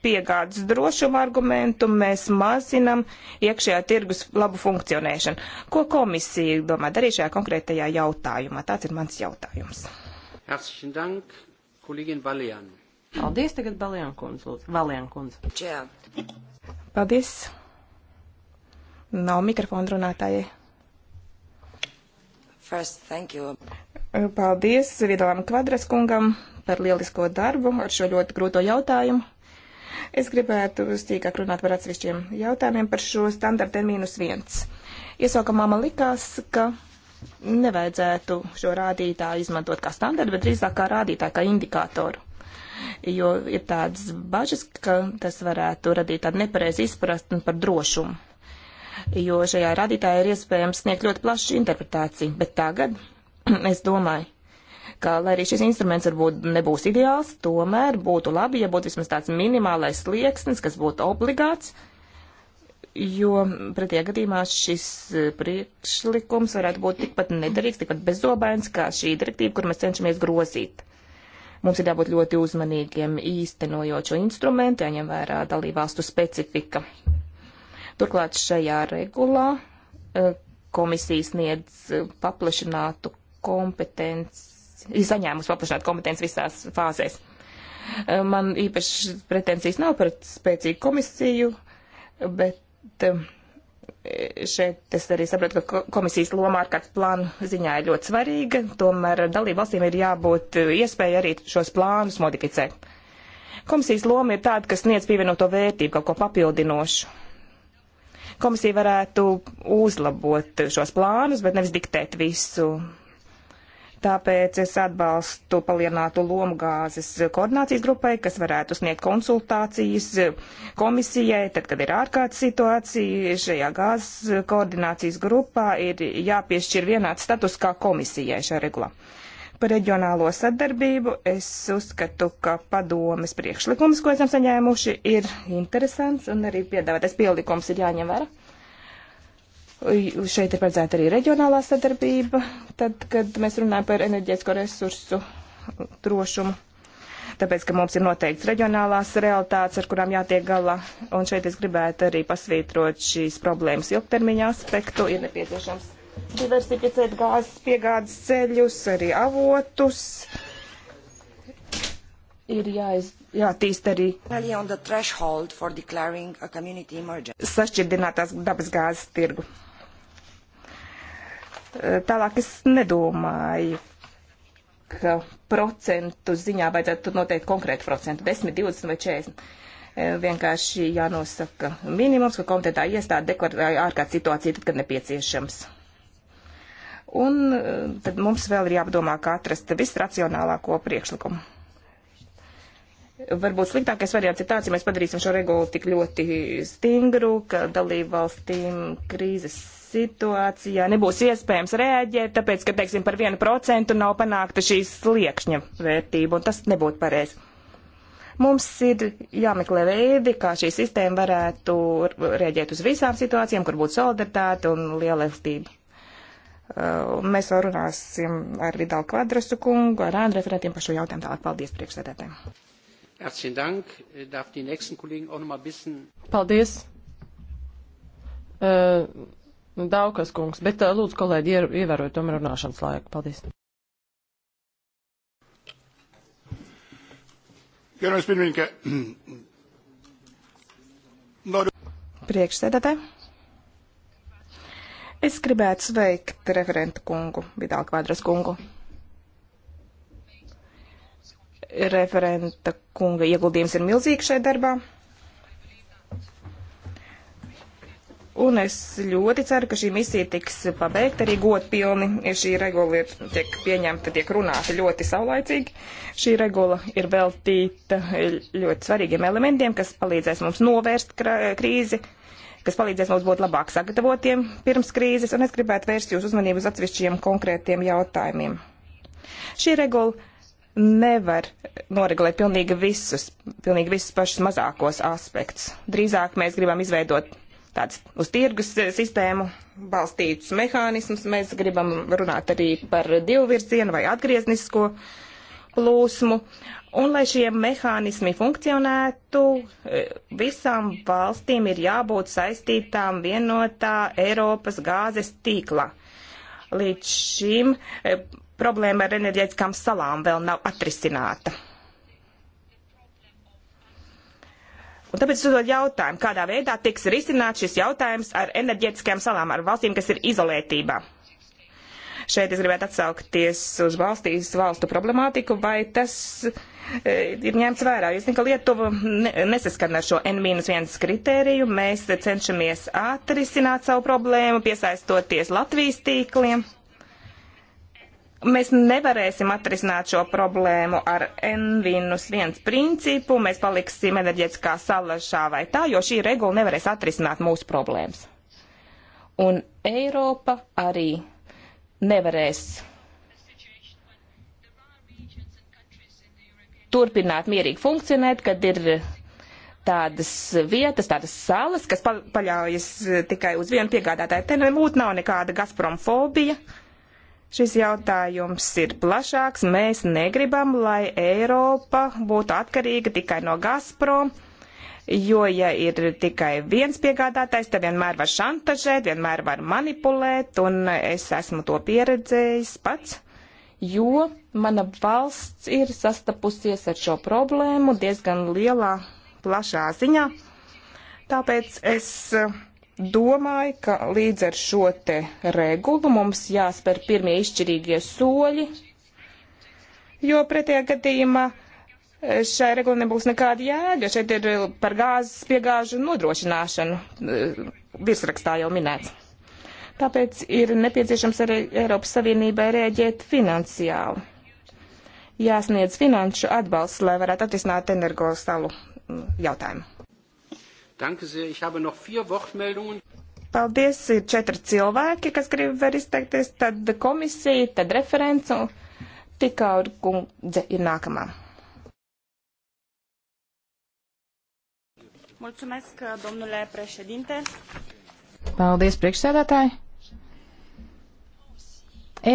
piegādes drošuma argumentu mēs mazinam iekšējā tirgus labu funkcionēšanu. Ko komisija domā darīt šajā konkrētajā jautājumā? Tāds ir mans jautājums. Herzlichen Dank, kolēģin Valian. Paldies tagad Valian kundze, lūdzu. Valian kundze. Čā. Paldies. Nav mikrofona runātājai. First, thank you. Paldies Vidalam Kvadraskungam par lielisko darbu ar šo ļoti grūto jautājumu. Es gribētu sīkāk runāt par atsevišķiem jautājumiem par šo standartu N-1. Iesaukamā man likās, ka nevajadzētu šo rādītāju izmantot kā standartu, bet drīzāk kā rādītāju, kā indikātoru. Jo ir tādas bažas, ka tas varētu radīt tādu nepareizu izpratni par drošumu. Jo šajā rādītājā ir iespējams sniegt ļoti plašu interpretāciju, bet tagad <clears throat> es domāju, ka, lai arī šis instruments varbūt nebūs ideāls, tomēr būtu labi, ja būtu vismaz tāds minimālais slieksnis, kas būtu obligāts, jo pretie gadījumā šis e, priekšlikums varētu būt tikpat nedarīgs, tikpat bezobains, kā šī direktīva, kur mēs cenšamies grozīt. Mums ir jābūt ļoti uzmanīgiem īstenojot šo instrumentu, jāņem vērā dalībvalstu specifika. Turklāt šajā regulā e, komisijas sniedz e, paplašinātu kompetenci, ir saņēmusi paplašinātu kompetenci visās fāzēs. Eh, man īpaši pretensijas nav par spēcīgu komisiju, bet eh, šeit es arī saprotu, ka komisijas loma ārkārtas plānu ziņā ir ļoti svarīga, tomēr dalību valstīm ir jābūt eh, iespēja arī šos plānus modificēt. Komisijas loma ir tāda, kas sniedz pievienoto vērtību, kaut ko papildinošu. Komisija varētu uzlabot šos plānus, bet nevis diktēt visu Tāpēc es atbalstu palielinātu lomu gāzes koordinācijas grupai, kas varētu sniegt konsultācijas komisijai, tad, kad ir ārkārtas situācija. Šajā gāzes koordinācijas grupā ir jāpiešķir vienāds status kā komisijai šā regulā. Par reģionālo sadarbību es uzskatu, ka padomes priekšlikums, ko esam saņēmuši, ir interesants un arī piedāvātais pielikums ir jāņem vērā Šeit ir paredzēta arī reģionālā sadarbība, tad, kad mēs runājam par enerģētisko resursu drošumu. Tāpēc, ka mums ir noteikts reģionālās realitātes, ar kurām jātiek galā, un šeit es gribētu arī pasvītrot šīs problēmas ilgtermiņa aspektu, ir nepieciešams diversificēt gāzes piegādes ceļus, arī avotus, uh, ir jāiz, jātīst arī sašķidrinātās dabasgāzes tirgu. E, tālāk es nedomāju, ka procentu ziņā vajadzētu noteikt konkrētu procentu - 10, 20 vai 40. E, vienkārši jānosaka minimums, ka komitētā iestāde deklarē ārkārtas situāciju, tad, kad nepieciešams. Un e, tad mums vēl ir jāpadomā, kā atrast visracionālāko priekšlikumu. Varbūt sliktākais variants ir tāds, ja mēs padarīsim šo regulu tik ļoti stingru, ka dalību valstīm krīzes situācijā nebūs iespējams rēģēt, tāpēc, ka, teiksim, par vienu procentu nav panākta šī sliekšņa vērtība, un tas nebūtu pareizi. Mums ir jāmeklē veidi, kā šī sistēma varētu rēģēt uz visām situācijām, kur būtu solidaritāte un liela elastība. Uh, mēs vēl runāsim ar Vidalu Kvadrasu kungu, ar Andrei Frētiem par šo jautājumu tālāk. Paldies priekšsēdētājiem! Herzlichen Dank. Ich darf die nächsten Kollegen auch noch mal bisschen. Paldies. Uh, Daukas kungs, bet uh, lūdzu, kolēģi, ievērojiet tomēr runāšanas laiku. Paldies. Gerbiamas pirmininkė, noriu. Priekšsēdētāji. Es gribētu sveikt referentu kungu, Vidālu Kvadras kungu. Referenta kunga ieguldījums ir milzīgs šai darbā. Un es ļoti ceru, ka šī misija tiks pabeigta arī godpilni. Ja šī regula ir, tiek pieņemta, tiek runāta ļoti saulaicīgi. Šī regula ir veltīta ļoti svarīgiem elementiem, kas palīdzēs mums novērst krīzi, kas palīdzēs mums būt labāk sagatavotiem pirms krīzes. Un es gribētu vērst jūsu uzmanību uz atsevišķiem konkrētiem jautājumiem. Šī regula nevar noregulēt pilnīgi visus, pilnīgi visus pašus mazākos aspektus. Drīzāk mēs gribam izveidot tāds uz tirgus eh, sistēmu balstītus mehānismus. Mēs gribam runāt arī par divvirzienu vai atgrieznisko plūsmu. Un, lai šie mehānismi funkcionētu, eh, visām valstīm ir jābūt saistītām vienotā Eiropas gāzes tīklā. Līdz šim eh, problēma ar enerģētiskām salām vēl nav atrisināta. Un tāpēc es uzdod jautājumu, kādā veidā tiks risināts šis jautājums ar enerģētiskajām salām, ar valstīm, kas ir izolētībā. Šeit es gribētu atsaukties uz valstīs valstu problemātiku, vai tas e, ir ņemts vērā. Jūs nekā Lietuva ne, nesaskana ar šo N-1 kritēriju. Mēs cenšamies atrisināt savu problēmu, piesaistoties Latvijas tīkliem Mēs nevarēsim atrisināt šo problēmu ar N-1 principu, mēs paliksim enerģētiskā salašā vai tā, jo šī regula nevarēs atrisināt mūsu problēmas. Un Eiropa arī nevarēs turpināt mierīgi funkcionēt, kad ir tādas vietas, tādas salas, kas paļaujas tikai uz vienu piegādātāju. Te nebūtu nav nekāda Gazprom fobija. Uh, Šis jautājums ir plašāks. Mēs negribam, lai Eiropa būtu atkarīga tikai no Gazprom, jo, ja ir tikai viens piegādātājs, tad vienmēr var šantažēt, vienmēr var manipulēt, un es esmu to pieredzējis pats, jo mana valsts ir sastapusies ar šo problēmu diezgan lielā, plašā ziņā. Tāpēc es. Uh, domāju, ka līdz ar šo te regulu mums jāspēr pirmie izšķirīgie soļi, jo pretējā gadījumā eh, šai regulai nebūs nekāda jēga. Šeit ir eh, par gāzes piegāžu nodrošināšanu eh, virsrakstā jau minēts. Tāpēc ir nepieciešams arī Eiropas Savienībai rēģēt finansiāli. Jāsniedz finanšu atbalsts, lai varētu atrisināt energo salu mm, jautājumu. Danke sehr. Ich habe noch vier Wortmeldungen. Paldies, ir četri cilvēki, kas grib vēl izteikties, tad komisija, tad referents un tikā ir kundze ir nākamā. Mulțumesc, domnule președinte. Paldies, priekšsēdētāji.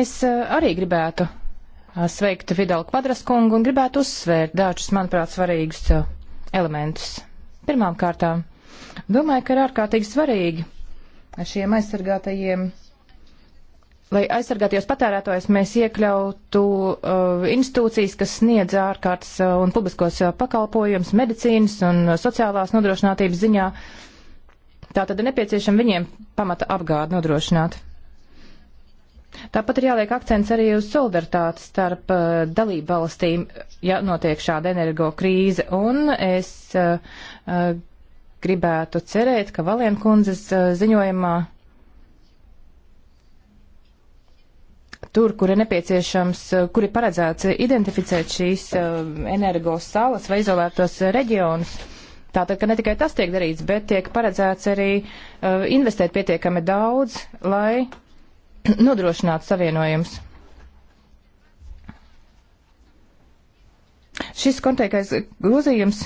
Es eh, arī gribētu eh, sveikt Vidalu Kvadraskungu un gribētu uzsvērt dažus, manuprāt, svarīgus eh, elementus. Pirmām kārtām Domāju, ka ir ārkārtīgi svarīgi šiem aizsargātajiem, lai aizsargātajos patērētājos mēs iekļautu uh, institūcijas, kas sniedz ārkārtas uh, un publiskos uh, pakalpojumus medicīnas un uh, sociālās nodrošinātības ziņā. Tātad ir nepieciešama viņiem pamata apgāde nodrošināt. Tāpat ir jāliek akcents arī uz solidaritāti starp uh, dalību valstīm, ja notiek šāda energo krīze. Un es uh, uh, gribētu cerēt, ka Valienkundzes eh, ziņojumā tur, kur ir nepieciešams, eh, kur ir paredzēts identificēt šīs eh, energos salas vai izolētos reģionus. Tātad, ka ne tikai tas tiek darīts, bet tiek paredzēts arī investēt pietiekami daudz, lai <clears throat> nodrošinātu savienojums. Šis konkrētais grozījums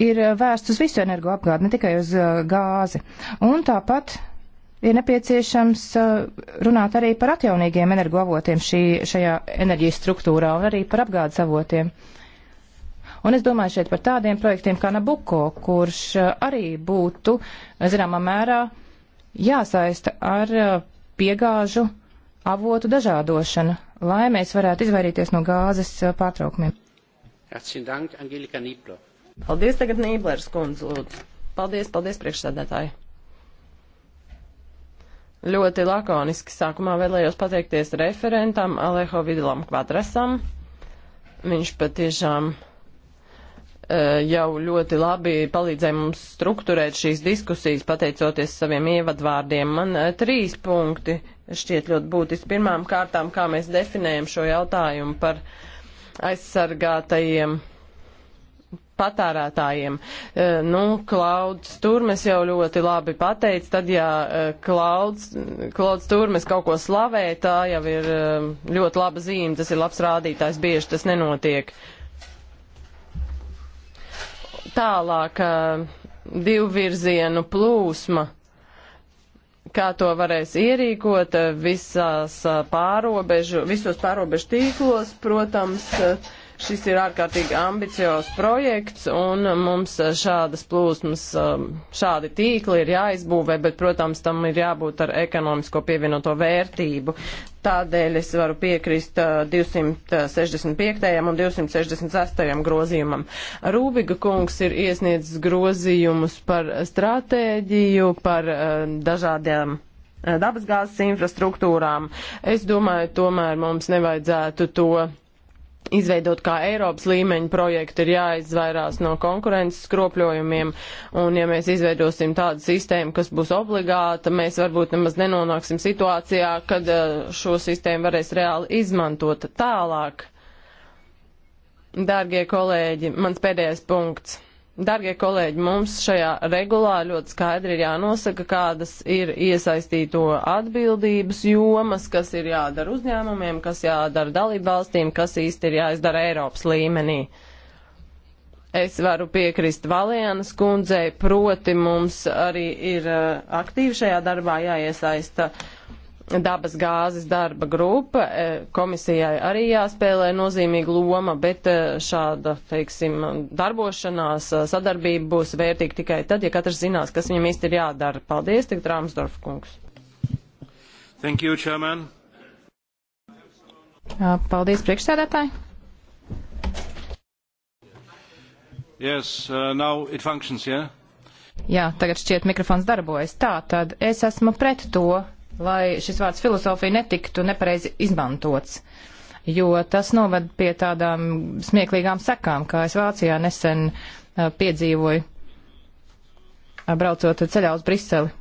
ir eh, vērsts uz visu energoapgādi, ne tikai uz eh, gāzi. Un tāpat ir nepieciešams eh, runāt arī par atjaunīgiem energoavotiem šī, šajā enerģijas struktūrā un arī par apgādes avotiem. Un es domāju šeit par tādiem projektiem kā Nabuko, kurš arī būtu, zināmā mērā, jāsaista ar piegāžu avotu dažādošanu, lai mēs varētu izvairīties no gāzes pārtraukumiem. Herzlichen Dank, Angelika Nibler. Paldies tagad Nīblers kundze, lūdzu. Paldies, paldies priekšsēdētāji. Ļoti lakoniski sākumā vēlējos pateikties referentam Alejo Vidalam Kvadrasam. Viņš patiešām e, jau ļoti labi palīdzēja mums strukturēt šīs diskusijas, pateicoties saviem ievadvārdiem. Man e, trīs punkti šķiet ļoti būtiski. Pirmām kārtām, kā mēs definējam šo jautājumu par aizsargātajiem patērētājiem. E, nu, Klauds Turmes jau ļoti labi pateica, tad ja e, Klauds, Klauds Turmes kaut ko slavē, tā jau ir e, ļoti laba zīme, tas ir labs rādītājs, bieži tas nenotiek. Tālāk divvirzienu plūsma kā to varēs ierīkot visās pārobežu, visos pārobežu tīklos, protams, Šis ir ārkārtīgi ambiciozs projekts, un mums šādas plūsmas, um, šādi tīkli ir jāizbūvē, bet, protams, tam ir jābūt ar ekonomisko pievienoto vērtību. Tādēļ es varu piekrist 265. Uh, un 268. grozījumam. Rūbiga kungs ir iesniedzis grozījumus par stratēģiju, par uh, dažādiem uh, dabasgāzes infrastruktūrām. Es domāju, tomēr mums nevajadzētu to izveidot kā Eiropas līmeņa projektu, ir jāizvairās no konkurences skropļojumiem, un ja mēs izveidosim tādu sistēmu, kas būs obligāta, mēs varbūt nemaz nenonāksim situācijā, kad eh, šo sistēmu varēs reāli izmantot tālāk. Dārgie kolēģi, mans pēdējais punkts. Dargie kolēģi, mums šajā regulā ļoti skaidri ir jānosaka, kādas ir iesaistīto atbildības jomas, kas ir jādara uzņēmumiem, kas jādara dalībvalstīm, kas īsti ir jāizdara Eiropas līmenī. Es varu piekrist Valēnas kundzei, proti mums arī ir eh, aktīvi šajā darbā jāiesaista uh, dabas gāzes darba grupa, e, komisijai arī jāspēlē nozīmīga loma, bet e, šāda, teiksim, darbošanās e, sadarbība būs vērtīga tikai tad, ja katrs zinās, kas viņam īsti ir jādara. Paldies, tik Rāmsdorf kungs. Thank you, Chairman. Paldies, priekšsēdētāji. Yes, uh, now it functions, yeah? Jā, tagad šķiet mikrofons darbojas. Tā tad es esmu pret to, lai šis vārds filozofija netiktu nepareizi izmantots, jo tas noved pie tādām smieklīgām sekām, kā es Vācijā nesen uh, piedzīvoju, uh, braucot ceļā uz Briseli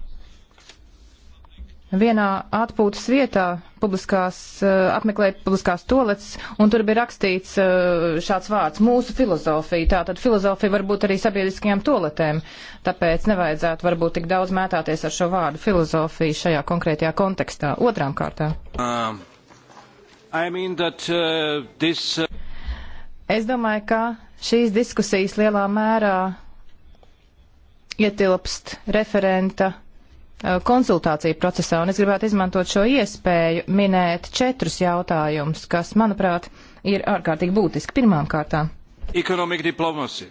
vienā atpūtas vietā publiskās, uh, apmeklēja publiskās toaletes, un tur bija rakstīts uh, šāds vārds - mūsu filozofija. Tātad filozofija var būt arī sabiedriskajām toaletēm, tāpēc nevajadzētu varbūt tik daudz mētāties ar šo vārdu filozofiju šajā konkrētajā kontekstā. Otrām kārtā. Um, I mean that, uh, this, uh... Es domāju, ka šīs diskusijas lielā mērā ietilpst referenta Uh, konsultāciju procesā, un es gribētu izmantot šo iespēju minēt četrus jautājumus, kas, manuprāt, ir ārkārtīgi būtiski. Pirmām kārtām - ekonomika diplomācija.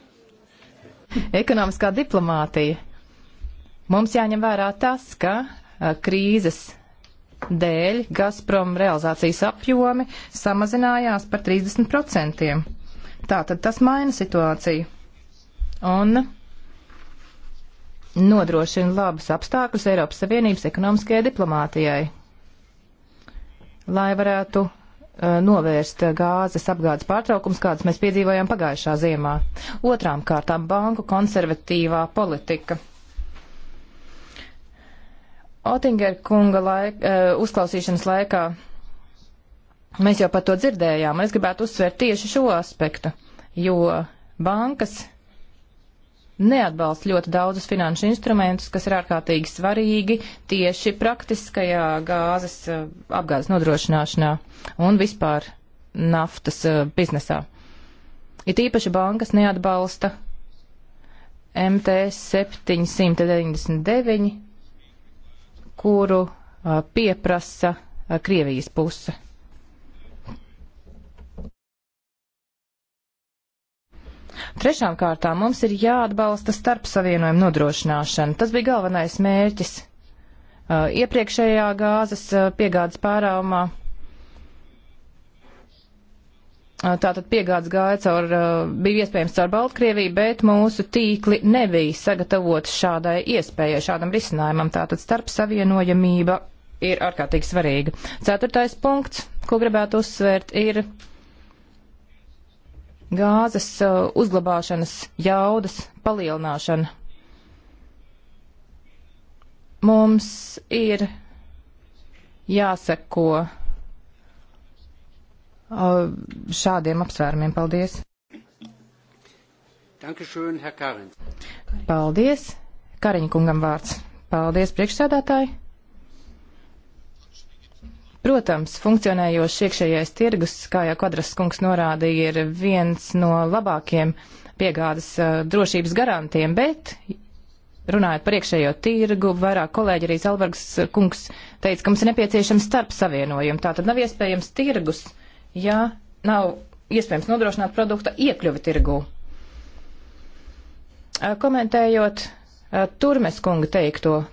Ekonomiskā diplomātija. Mums jāņem vērā tas, ka a, uh, krīzes dēļ Gazprom realizācijas apjomi samazinājās par 30%. Tātad tas maina situāciju. Un nodrošina labus apstākļus Eiropas Savienības ekonomiskajai diplomātijai, lai varētu uh, novērst gāzes apgādes pārtraukums, kādas mēs piedzīvojām pagājušā ziemā. Otrām kārtām banku konservatīvā politika. Otingera kunga laik, uh, uzklausīšanas laikā mēs jau par to dzirdējām. Es gribētu uzsvērt tieši šo aspektu, jo bankas neatbalsta ļoti daudzus finanšu instrumentus, kas ir ārkārtīgi svarīgi tieši praktiskajā gāzes eh, apgādes nodrošināšanā un vispār naftas eh, biznesā. It īpaši bankas neatbalsta MTS 799, kuru eh, pieprasa Krievijas puse. Trešām kārtām mums ir jāatbalsta starp savienojumu nodrošināšana. Tas bija galvenais mērķis uh, iepriekšējā gāzes uh, piegādes pārāumā. Uh, Tātad piegādes gāja caur, uh, bija iespējams caur Baltkrieviju, bet mūsu tīkli nebija sagatavoti šādai iespējai, šādam risinājumam. Tātad starp savienojamība ir ārkārtīgi svarīga. Ceturtais punkts, ko gribētu uzsvērt, ir gāzes uh, uzglabāšanas jaudas palielināšana. Mums ir jāseko uh, šādiem apsvērumiem. Paldies! Dankeschön, Herr Karins. Paldies! Kariņa kungam vārds. Paldies, priekšsēdētāji! Protams, funkcionējošs iekšējais tirgus, kā jau Kvadras kungs norādīja, ir viens no labākiem piegādes uh, drošības garantiem, bet runājot par iekšējo tirgu, vairāk kolēģi arī Zalbergs kungs teica, ka mums ir nepieciešams starp savienojumu. Tā tad nav iespējams tirgus, ja nav iespējams nodrošināt produkta iekļuvi tirgū. Komentējot Turmes kunga teikto,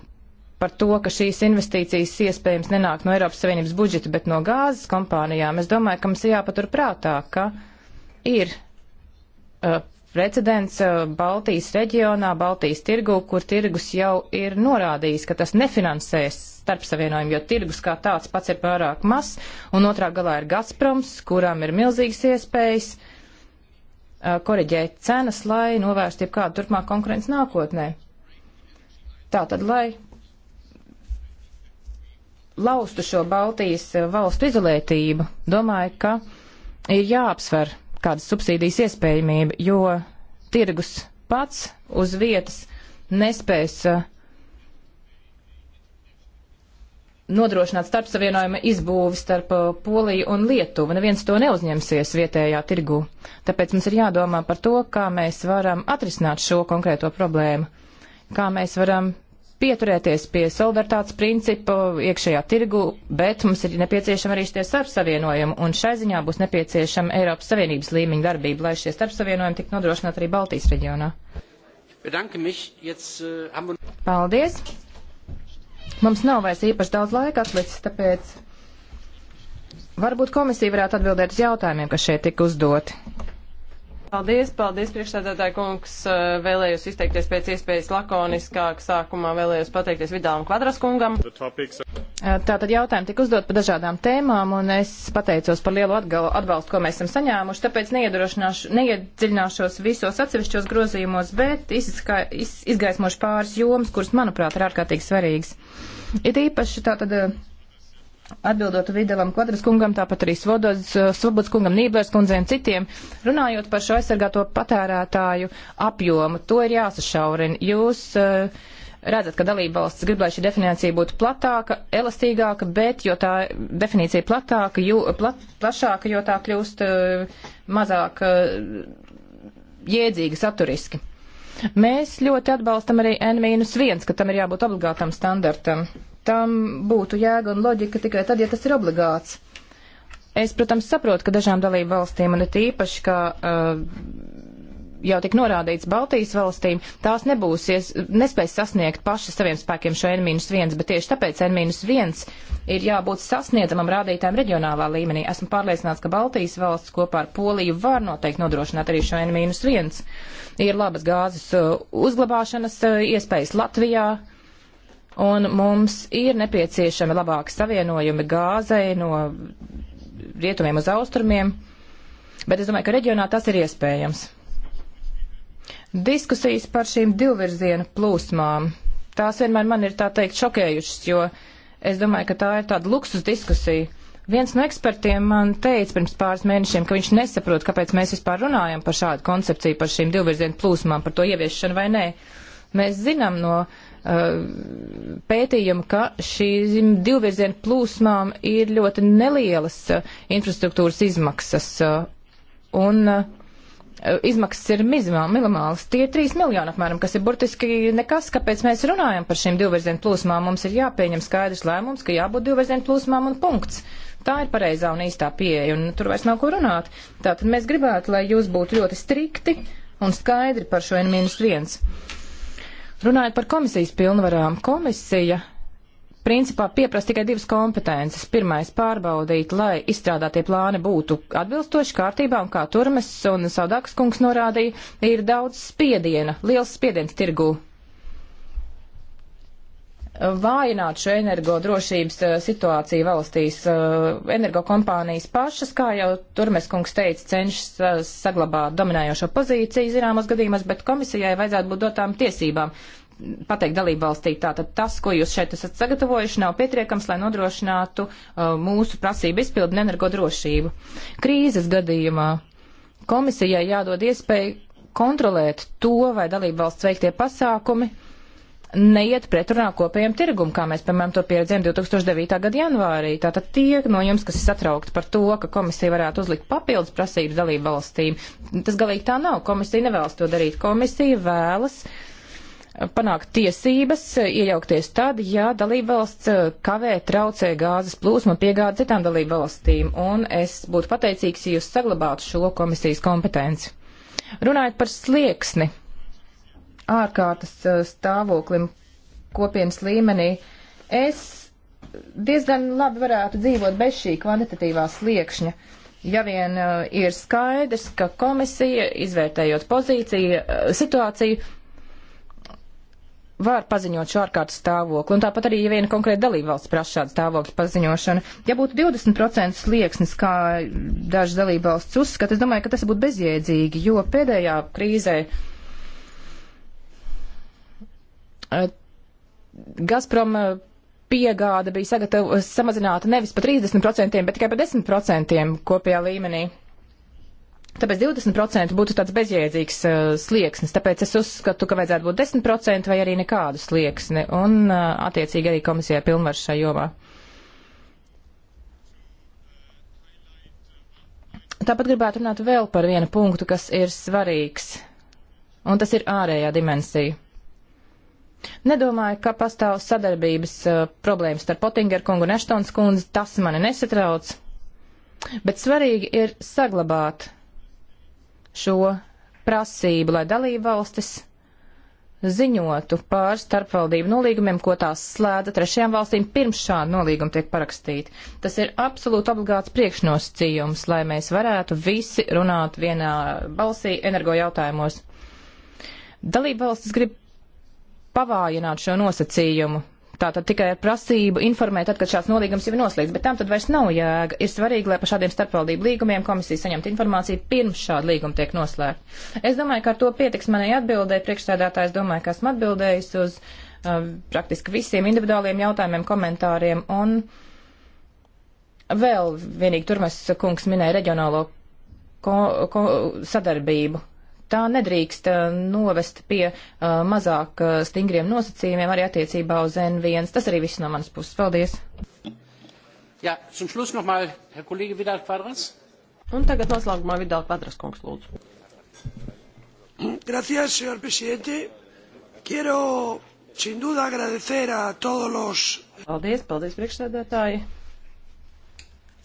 par to, ka šīs investīcijas iespējams nenāk no Eiropas Savienības budžeta, bet no gāzes kompānijām, es domāju, ka mums ir jāpatur prātā, ka ir uh, precedents uh, Baltijas reģionā, Baltijas tirgu, kur tirgus jau ir norādījis, ka tas nefinansēs starpsavienojumu, jo tirgus kā tāds pats ir pārāk mazs, un otrā galā ir Gazproms, kurām ir milzīgas iespējas uh, koriģēt cenas, lai novērstu jebkādu turpmāk konkurences nākotnē. Tātad, lai laustu šo Baltijas eh, valstu izolētību, domāju, ka ir jāapsver kādas subsīdijas iespējamība, jo tirgus pats uz vietas nespēs eh, nodrošināt starp savienojuma izbūvi starp eh, Poliju un Lietuvu. Neviens to neuzņemsies vietējā tirgū. Tāpēc mums ir jādomā par to, kā mēs varam atrisināt šo konkrēto problēmu, kā mēs varam pieturēties pie solidaritātes principu iekšējā tirgu, bet mums ir nepieciešama arī šie starpsavienojumi, un šai ziņā būs nepieciešama Eiropas Savienības līmeņa darbība, lai šie starpsavienojumi tiktu nodrošināti arī Baltijas reģionā. Äh, Paldies! Mums nav vairs īpaši daudz laika atlicis, tāpēc varbūt komisija varētu atbildēt uz jautājumiem, kas šeit tika uzdoti. Paldies, paldies, priekšsēdētāji kungs. Eh, vēlējos izteikties pēc iespējas lakoniskāk. Sākumā vēlējos pateikties Vidālam Kvadras kungam. Eh, tātad jautājumi tika uzdot par dažādām tēmām, un es pateicos par lielu atgal, atbalstu, ko mēs esam saņēmuši, tāpēc neiedziļināšos visos atsevišķos grozījumos, bet izskā, iz, izgaismošu pāris jomas, kuras, manuprāt, ir ārkārtīgi svarīgas. Ir īpaši tātad eh, Atbildot Videlam Kvadras kungam, tāpat arī Svobodas, eh, Svobodas kungam, Nībērs kundzei un citiem, runājot par šo aizsargāto patērētāju apjomu, to ir jāsašaurina. Jūs uh, redzat, ka dalībvalsts grib, lai šī definīcija būtu platāka, elastīgāka, bet jo tā definīcija platāka, jo, plat, plašāka, jo tā kļūst uh, mazāk uh, jēdzīga saturiski. Mēs ļoti atbalstam arī N-1, ka tam ir jābūt obligātam standartam. Uh, tam būtu jēga un loģika tikai tad, ja tas ir obligāts. Es, protams, saprotu, ka dažām dalību valstīm, un it īpaši, ka uh, jau tik norādīts Baltijas valstīm, tās nebūs, nespēs sasniegt paši saviem spēkiem šo N-1, bet tieši tāpēc N-1 ir jābūt sasniedzamam rādītājam reģionālā līmenī. Esmu pārliecināts, ka Baltijas valsts kopā ar Poliju var noteikti nodrošināt arī šo N-1. Ir labas gāzes uh, uzglabāšanas uh, iespējas Latvijā, un mums ir nepieciešami labāki savienojumi gāzei no rietumiem uz austrumiem, bet es domāju, ka reģionā tas ir iespējams. Diskusijas par šīm divvirzienu plūsmām, tās vienmēr man ir tā teikt šokējušas, jo es domāju, ka tā ir tāda luksus diskusija. Viens no ekspertiem man teica pirms pāris mēnešiem, ka viņš nesaprot, kāpēc mēs vispār runājam par šādu koncepciju, par šīm divvirzienu plūsmām, par to ieviešanu vai nē. Mēs zinām no uh, Uh, pētījumu, ka šīm divvirzienu plūsmām ir ļoti nelielas uh, infrastruktūras izmaksas. Uh, un izmaksas ir minimālas. Tie ir 3 miljoni apmēram, kas ir burtiski nekas, kāpēc mēs runājam par šīm divvirzienu plūsmām. Mums ir jāpieņem skaidrs lēmums, ka jābūt divvirzienu plūsmām un punkts. Tā ir pareizā un īstā pieeja, un tur vairs nav ko runāt. Tātad mēs gribētu, lai jūs būtu ļoti strikti un skaidri par šo N-1. Runājot par komisijas pilnvarām, komisija principā pieprasa tikai divas kompetences. Pirmais - pārbaudīt, lai izstrādātie plāni būtu atbilstoši kārtībā un kā turmes un Saudākas kungs norādīja, ir daudz spiediena, liels spiediens tirgū vājināt šo energodrošības eh, situāciju valstīs. Eh, energokompānijas pašas, kā jau Turmes kungs teica, cenšas eh, saglabāt dominējošo pozīciju zināmos gadījumos, bet komisijai vajadzētu būt dotām tiesībām pateikt dalību valstī. Tātad tas, ko jūs šeit esat sagatavojuši, nav pietiekams, lai nodrošinātu mūsu prasību izpildu un energodrošību. Krīzes gadījumā komisijai jādod iespēju kontrolēt to, vai dalību valsts veiktie pasākumi neiet pretrunā kopējiem tirgumu, kā mēs, piemēram, to pieredzējām 2009. gada janvārī. Tātad tie no jums, kas ir satraukti par to, ka komisija varētu uzlikt papildus prasības dalību valstīm, tas galīgi tā nav. Komisija nevēlas to darīt. Komisija vēlas eh, panākt tiesības, eh, iejaukties tad, ja dalība valsts eh, kavē traucē gāzes plūsmu piegāda citām dalību valstīm, un es būtu pateicīgs, ja jūs saglabātu šo komisijas kompetenci. Runājot par slieksni, ārkārtas eh, stāvoklim kopienas līmenī, es diezgan labi varētu dzīvot bez šī kvantitatīvā sliekšņa. Ja vien uh, ir skaidrs, ka komisija, izvērtējot pozīciju, uh, situāciju, var paziņot šo ārkārtas stāvokli, un tāpat arī, ja viena konkrēta dalībvalsts prasa šādu stāvokli paziņošanu, ja būtu 20% slieksnis, kā daži dalībvalsts uzskata, es domāju, ka tas būtu bezjēdzīgi, jo pēdējā krīzē uh, Gazprom piegāda bija sagatav, samazināta nevis pa 30%, bet tikai pa 10% kopējā līmenī. Tāpēc 20% būtu tāds bezjēdzīgs uh, slieksnis, tāpēc es uzskatu, ka vajadzētu būt 10% vai arī nekādu slieksni, un uh, attiecīgi arī komisijai pilnvars šajā jomā. Tāpat gribētu runāt vēl par vienu punktu, kas ir svarīgs, un tas ir ārējā dimensija. Nedomāju, ka pastāv sadarbības uh, problēmas starp Potingeru kungu un Eštons kundzi, tas mani nesatrauc, bet svarīgi ir saglabāt šo prasību, lai dalībvalstis ziņotu pār starpvaldību nolīgumiem, ko tās slēdza trešajām valstīm pirms šāda nolīguma tiek parakstīta. Tas ir absolūti obligāts priekšnosacījums, lai mēs varētu visi runāt vienā balsī energo jautājumos. Dalība valstis grib pavājināt šo nosacījumu. Tātad tikai ar prasību informēt, tad, kad šāds nolīgums jau ir noslēgts, bet tam tad vairs nav jēga. Ir svarīgi, lai par šādiem starpvaldību līgumiem komisija saņemtu informāciju pirms šāda līguma tiek noslēgta. Es domāju, ka ar to pietiks manai atbildēji. Priekšstādātājs domāju, ka esmu atbildējis uz uh, praktiski visiem individuāliem jautājumiem, komentāriem un vēl vienīgi turmas kungs minēja reģionālo ko, ko, sadarbību tā nedrīkst uh, novest pie uh, mazāk uh, stingriem nosacījumiem arī attiecībā uz N1. Tas arī viss no manas puses. Paldies! Jā, zum šlus nochmal, Herr kolēģi Vidal Kvadras. Un tagad noslēgumā Vidal Kvadras kungs lūdzu. Gracias, señor presidente. Quiero sin duda agradecer a todos los. Paldies, paldies priekšsēdētāji.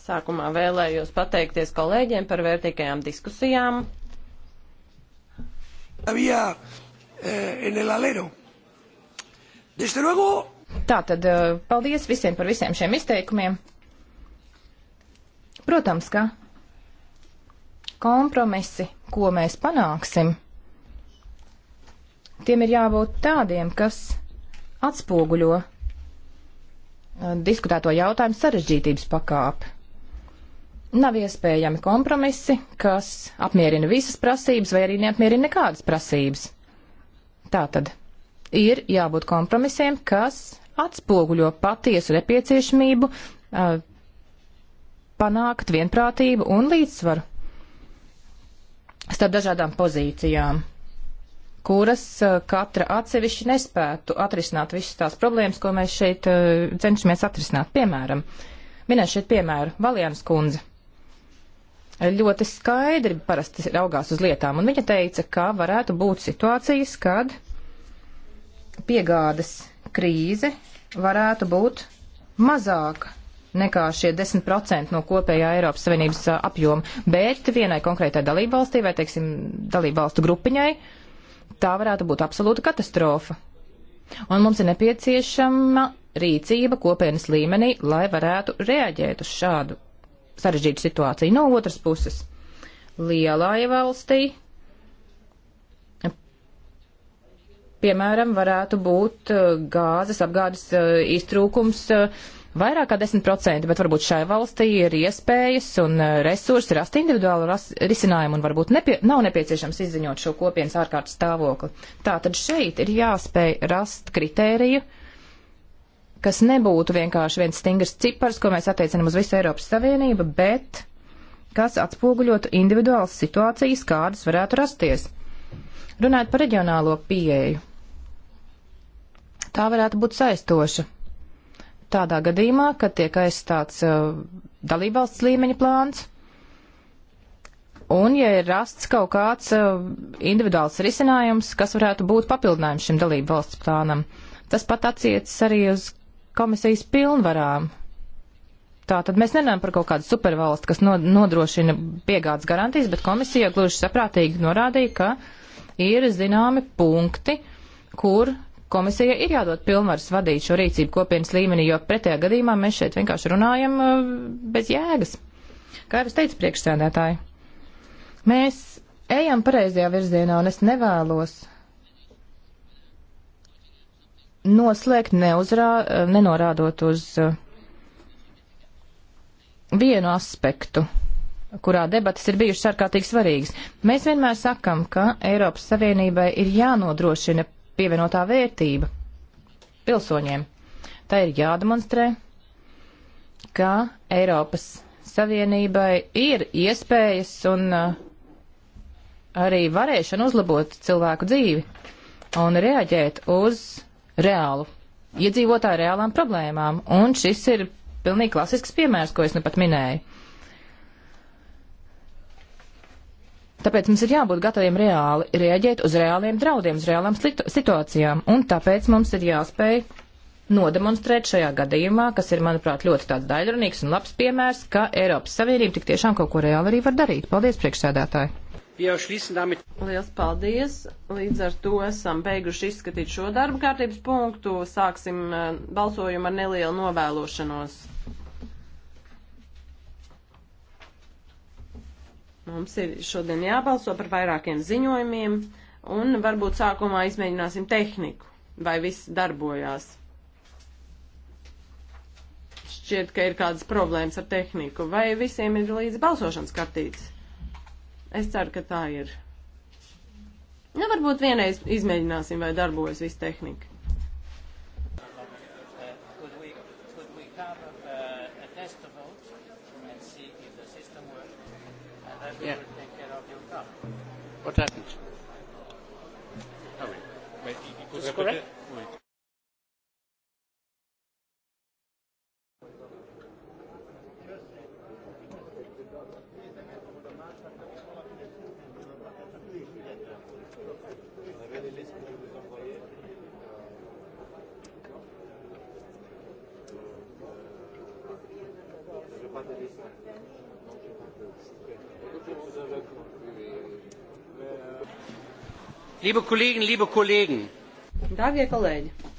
Sākumā vēlējos pateikties kolēģiem par vērtīgajām diskusijām. Había, eh, en el alero. Desde luego. Tātad, eh, paldies visiem par visiem šiem izteikumiem. Protams, ka kompromisi, ko mēs panāksim, tiem ir jābūt tādiem, kas atspoguļo eh, diskutēto jautājumu sarežģītības pakāpi. Nav iespējami kompromisi, kas apmierina visas prasības vai arī neapmierina nekādas prasības. Tātad ir jābūt kompromisiem, kas atspoguļo patiesu nepieciešamību uh, panākt vienprātību un līdzsvaru starp dažādām pozīcijām, kuras uh, katra atsevišķi nespētu atrisināt visas tās problēmas, ko mēs šeit uh, cenšamies atrisināt. Piemēram, minēšu šeit piemēru Valjānas kundze ļoti skaidri parasti raugās uz lietām, un viņa teica, ka varētu būt situācijas, kad piegādes krīze varētu būt mazāka nekā šie 10% no kopējā Eiropas Savienības apjoma, bet vienai konkrētai dalībvalstī vai, teiksim, dalībvalstu grupiņai tā varētu būt absolūta katastrofa. Un mums ir nepieciešama rīcība kopienas līmenī, lai varētu reaģēt uz šādu sarežģīta situācija. No otras puses, lielai valstī, piemēram, varētu būt uh, gāzes apgādes uh, iztrūkums uh, vairāk kā 10%, bet varbūt šai valstī ir iespējas un resursi rast individuālu ras, risinājumu un varbūt nepie, nav nepieciešams izziņot šo kopienas ārkārtas stāvokli. Tātad šeit ir jāspēj rast kritēriju, uh, kas nebūtu vienkārši viens stingrs cipars, ko mēs attiecinām uz visu Eiropas Savienību, bet kas atspoguļotu individuālas situācijas, kādas varētu rasties. Runājot par reģionālo pieeju, tā varētu būt saistoša. Tādā gadījumā, kad tiek aizstāts uh, dalībvalsts līmeņa plāns, un ja ir rasts kaut kāds uh, individuāls risinājums, kas varētu būt papildinājums šim dalībvalsts plānam, tas pat attiecas arī uz komisijas pilnvarām. Tātad mēs nenām par kaut kādu supervalstu, kas nodrošina piegādes garantijas, bet komisija gluži saprātīgi norādīja, ka ir zināmi punkti, kur komisija ir jādod pilnvaras vadīt šo rīcību kopienas līmenī, jo pretējā gadījumā mēs šeit vienkārši runājam uh, bez jēgas. Kā jau es teicu priekšsēdētāji, mēs ejam pareizajā virzienā un es nevēlos noslēgt, neuzrā, nenorādot uz uh, vienu aspektu, kurā debatas ir bijušas ārkārtīgi svarīgas. Mēs vienmēr sakam, ka Eiropas Savienībai ir jānodrošina pievienotā vērtība pilsoņiem. Tā ir jādemonstrē, ka Eiropas Savienībai ir iespējas un uh, arī varēšana uzlabot cilvēku dzīvi un reaģēt uz reālu iedzīvotāju reālām problēmām. Un šis ir pilnīgi klasisks piemērs, ko es nu pat minēju. Tāpēc mums ir jābūt gataviem reāli rēģēt uz reāliem draudiem, uz reālām situācijām. Un tāpēc mums ir jāspēj nodemonstrēt šajā gadījumā, kas ir, manuprāt, ļoti tāds daļrunīgs un labs piemērs, ka Eiropas Savienība tik tiešām kaut ko reāli arī var darīt. Paldies, priekšsēdētāji! Liels paldies! Līdz ar to esam beiguši izskatīt šo darba kārtības punktu. Sāksim eh, balsojumu ar nelielu novēlošanos. Mums ir šodien jābalso par vairākiem ziņojumiem, un varbūt sākumā izmēģināsim tehniku, vai viss darbojās šķiet, ka ir kādas problēmas ar tehniku, vai visiem ir līdzi balsošanas kartītes? Es ceru, ka tā ir. Nu, varbūt vienreiz izmēģināsim, vai darbojas viss tehnika. Yeah. What happened? Oh, wait. wait you, you Liebe Kollegen, liebe Kollegen. Dārgie kolēģi.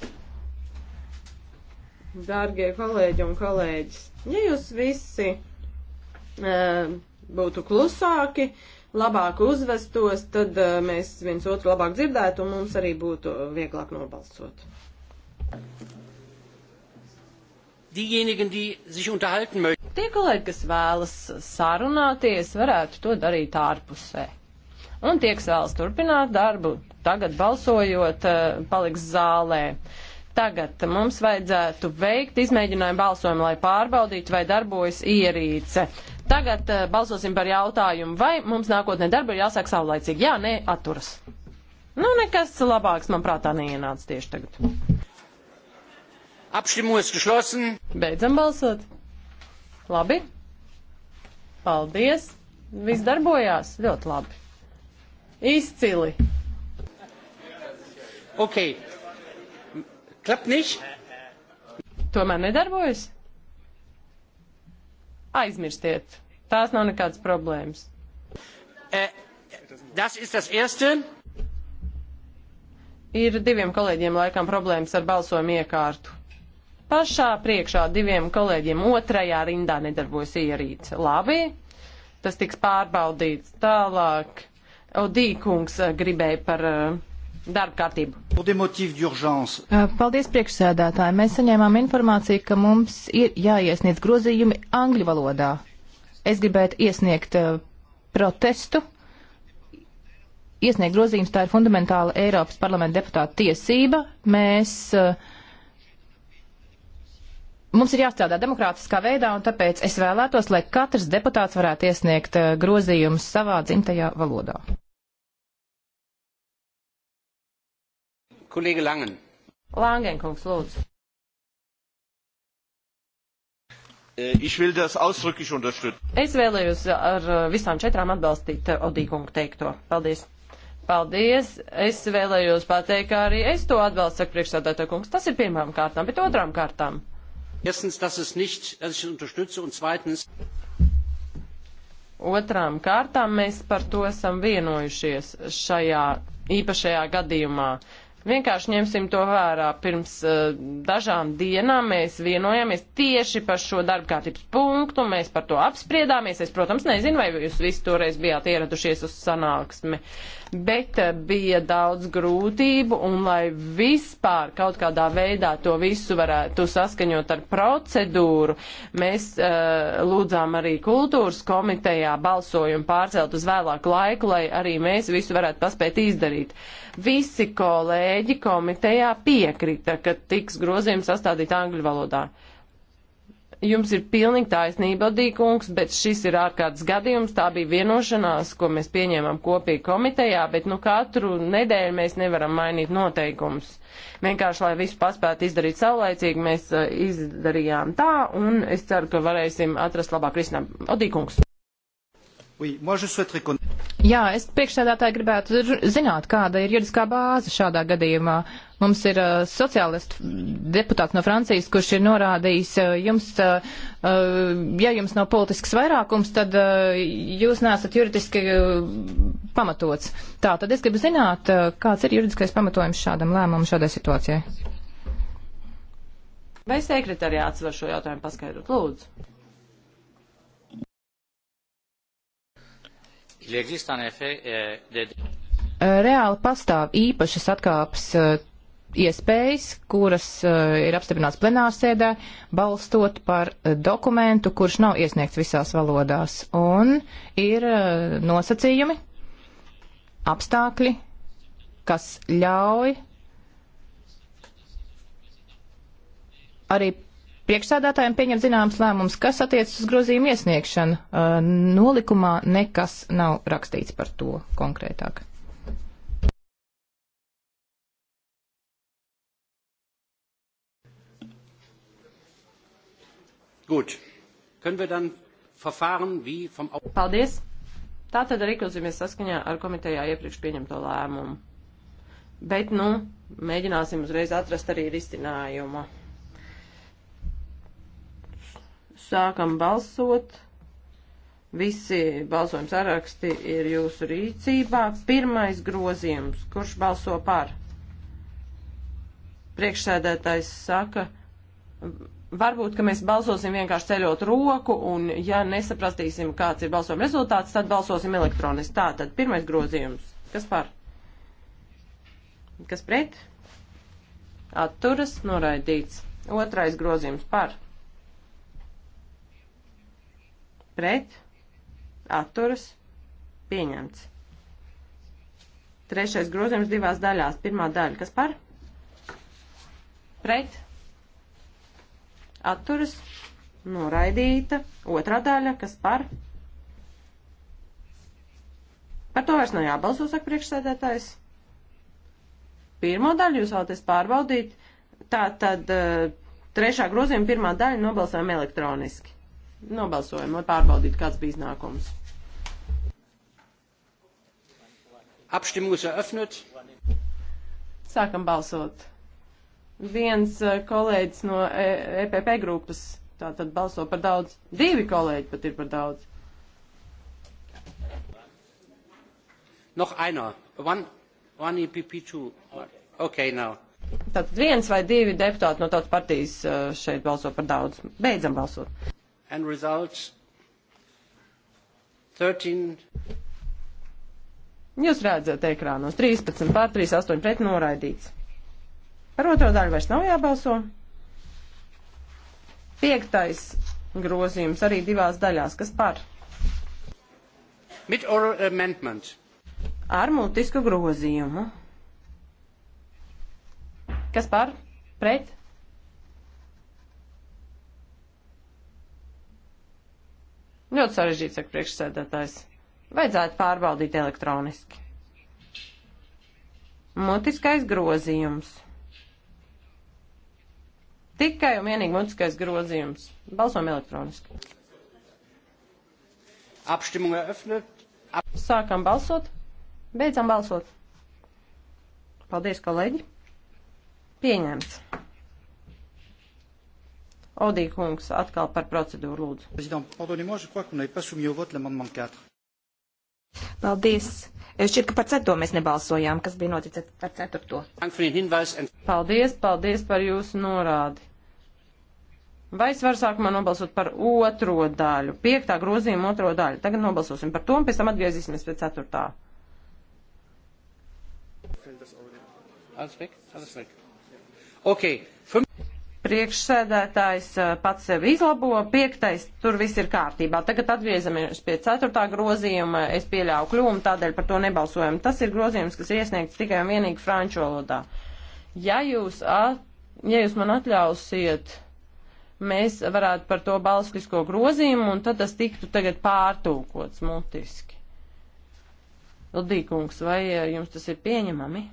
Dārgie kolēģi un kolēģis. Ja jūs visi uh, būtu klusāki, labāk uzvestos, tad uh, mēs viens otru labāk dzirdētu un mums arī būtu vieglāk nobalsot. Diejenigen, die sich unterhalten möchten. Tie kolēģi, kas vēlas sarunāties, varētu to darīt ārpusē. Un tie, kas vēlas turpināt darbu, tagad balsojot, eh, paliks zālē. Tagad mums vajadzētu veikt izmēģinājumu balsojumu, lai pārbaudītu, vai darbojas ierīce. Tagad eh, balsosim par jautājumu, vai mums nākotnē darba ir jāsāk saulaicīgi. Jā, nē, atturas. Nu, nekas labāks man prātā neienāca tieši tagad. Abstimmung ist geschlossen. Beidzam balsot. Labi. Paldies. Viss darbojās ļoti labi. Izcili. Ok. Klapniš? Tomēr nedarbojas? Aizmirstiet. Tās nav nekādas problēmas. Eh, das ist das erste. Ir diviem kolēģiem laikam problēmas ar balsojumu iekārtu. Pašā priekšā diviem kolēģiem otrajā rindā nedarbojas ierīce. Labi, tas tiks pārbaudīts tālāk. Odīkungs eh, gribēja par eh, darba kārtību. Eh, paldies priekšsēdētāji. Mēs saņēmām informāciju, ka mums ir jāiesniedz grozījumi angļu valodā. Es gribētu iesniegt uh, protestu. Iesniegt grozījums tā ir fundamentāla Eiropas parlamenta deputāta tiesība. Mēs uh, Mums ir jāstrādā demokrātiskā veidā, un tāpēc es vēlētos, lai katrs deputāts varētu iesniegt eh, grozījumus savā dzimtajā valodā. Kolēģi Langen. Langenkungs, lūdzu. Äh, es vēlējos ar äh, visām četrām atbalstīt äh, Odīkungu teikto. Paldies. Paldies! Es vēlējos pateikt, ka arī es to atbalstu, saka priekšsādātā kungs. Tas ir pirmām kārtām, bet otrām kārtām. Erstens, dass es nicht, dass ich es unterstütze und zweitens. Otrām kārtām mēs par to esam vienojušies šajā īpašajā gadījumā. Vienkārši ņemsim to vērā. Pirms uh, dažām dienām mēs vienojāmies tieši par šo darbkārtības punktu, mēs par to apspriedāmies. Es, protams, nezinu, vai jūs visi toreiz bijāt ieradušies uz sanāksmi. Uh, bet eh, bija daudz grūtību un lai vispār kaut kādā veidā to visu varētu saskaņot ar procedūru, mēs uh, lūdzām arī kultūras komitejā balsojumu pārcelt uz vēlāku laiku, lai arī mēs visu varētu paspēt izdarīt. Visi kolēģi komitejā piekrita, ka tiks grozījums sastādīt angļu valodā. Uh, Jums ir pilnīgi taisnība, Dīkungs, bet šis ir ārkārtas gadījums. Tā bija vienošanās, ko mēs pieņēmām kopīgi komitejā, bet nu katru nedēļu mēs nevaram mainīt noteikumus. Vienkārši, lai visu paspētu izdarīt saulēcīgi, mēs eh, izdarījām tā, un es ceru, ka varēsim atrast labāk risinājumu. Odīkungs! Jā, es priekšsēdētāji gribētu zināt, kāda ir juridiskā bāze šādā gadījumā. Mums ir uh, sociālistu deputāts no Francijas, kurš ir norādījis, uh, jums, uh, uh, ja jums nav politisks vairākums, tad uh, jūs nesat juridiski uh, pamatots. Tā, tad es gribu zināt, uh, kāds ir juridiskais pamatojums šādam lēmumam, šādai situācijai. Vai sekretariāts var šo jautājumu paskaidrot? Lūdzu. E, e, reāli pastāv īpašas atkāpes e, iespējas, kuras ir apstiprināts plenārsēdē, balstot par dokumentu, kurš nav iesniegts visās valodās. Un ir nosacījumi, apstākļi, kas ļauj arī priekšsādātājiem pieņem zināms lēmums, kas attiecas uz grozījumu iesniegšanu. Uh, nolikumā nekas nav rakstīts par to konkrētāk. Gut. Können wir dann verfahren wie vom Paldies. Tātad rīkosimies saskaņā ar komitejā iepriekš pieņemto lēmumu. Bet, nu, mēģināsim uzreiz atrast arī risinājumu. Sākam balsot. Visi balsojums saraksti ir jūsu rīcībā. Pirmais grozījums. Kurš balso par? Priekšsēdētājs saka, varbūt, ka mēs balsosim vienkārši ceļot roku, un ja nesaprastīsim, kāds ir balsojuma rezultāts, tad balsosim elektroniski. Tā tad pirmais grozījums. Kas par? Kas pret? Atturas noraidīts. Otrais grozījums par pret, atturas, pieņemts. Trešais grozījums divās daļās. Pirmā daļa, kas par? Pret, atturas, noraidīta. Otrā daļa, kas par? Par to vairs nav jābalso, saka priekšsēdētājs. Pirmo daļu jūs vēlaties pārbaudīt. Tā tad eh, trešā grozījuma pirmā daļa nobalsojam elektroniski. Nobalsojam, lai pārbaudītu, kāds bija iznākums. Abstimmung ist eröffnet. Sākam balsot. Viens eh, kolēģis no EPP e grupas tātad balso par daudz. Divi kolēģi pat ir par daudz. Noch einer. One, one EPP two. Okay, now. Tātad viens vai divi deputāti no tautas partijas eh, šeit balso par daudz. Beidzam balsot and results 13. Jūs redzat ekrānos 13 pār 3, 8 pret noraidīts. Par otro daļu vairs nav jābalso. Piektais grozījums arī divās daļās, kas par. Mit oral amendment. Ar mutisku grozījumu. Kas par? Pret? Ļoti sarežģīts, saka priekšsēdētājs. Vajadzētu pārbaudīt elektroniski. Mutiskais grozījums. Tikai un vienīgi mutiskais grozījums. Balsojam elektroniski. Abstimmung eröffnet. Ab Sākam balsot. Beidzam balsot. Paldies, kolēģi. Pieņemts. Odī kungs atkal par procedūru lūdzu. Paldies. Šķiet, ka par ceturto mēs nebalsojām, kas bija noticis par ceturto. Paldies, paldies par jūsu norādi. Vai es varu sākumā nobalsot par otro daļu, piektā grozījuma otro daļu? Tagad nobalsosim par to un pēc tam atgriezīsimies pie ceturtā. Alles weg? Alles weg. Okay priekšsēdētājs eh, pats sevi izlabo, piektais tur viss ir kārtībā. Tagad atgriezamies pie ceturtā grozījuma, es pieļāvu kļūmu, tādēļ par to nebalsojam. Tas ir grozījums, kas ir iesniegts tikai un vienīgi franču valodā. Ja jūs, at, ja jūs man atļausiet, mēs varētu par to balstisko grozījumu, un tad tas tiktu tagad pārtūkots mutiski. Lodīkungs, vai eh, jums tas ir pieņemami?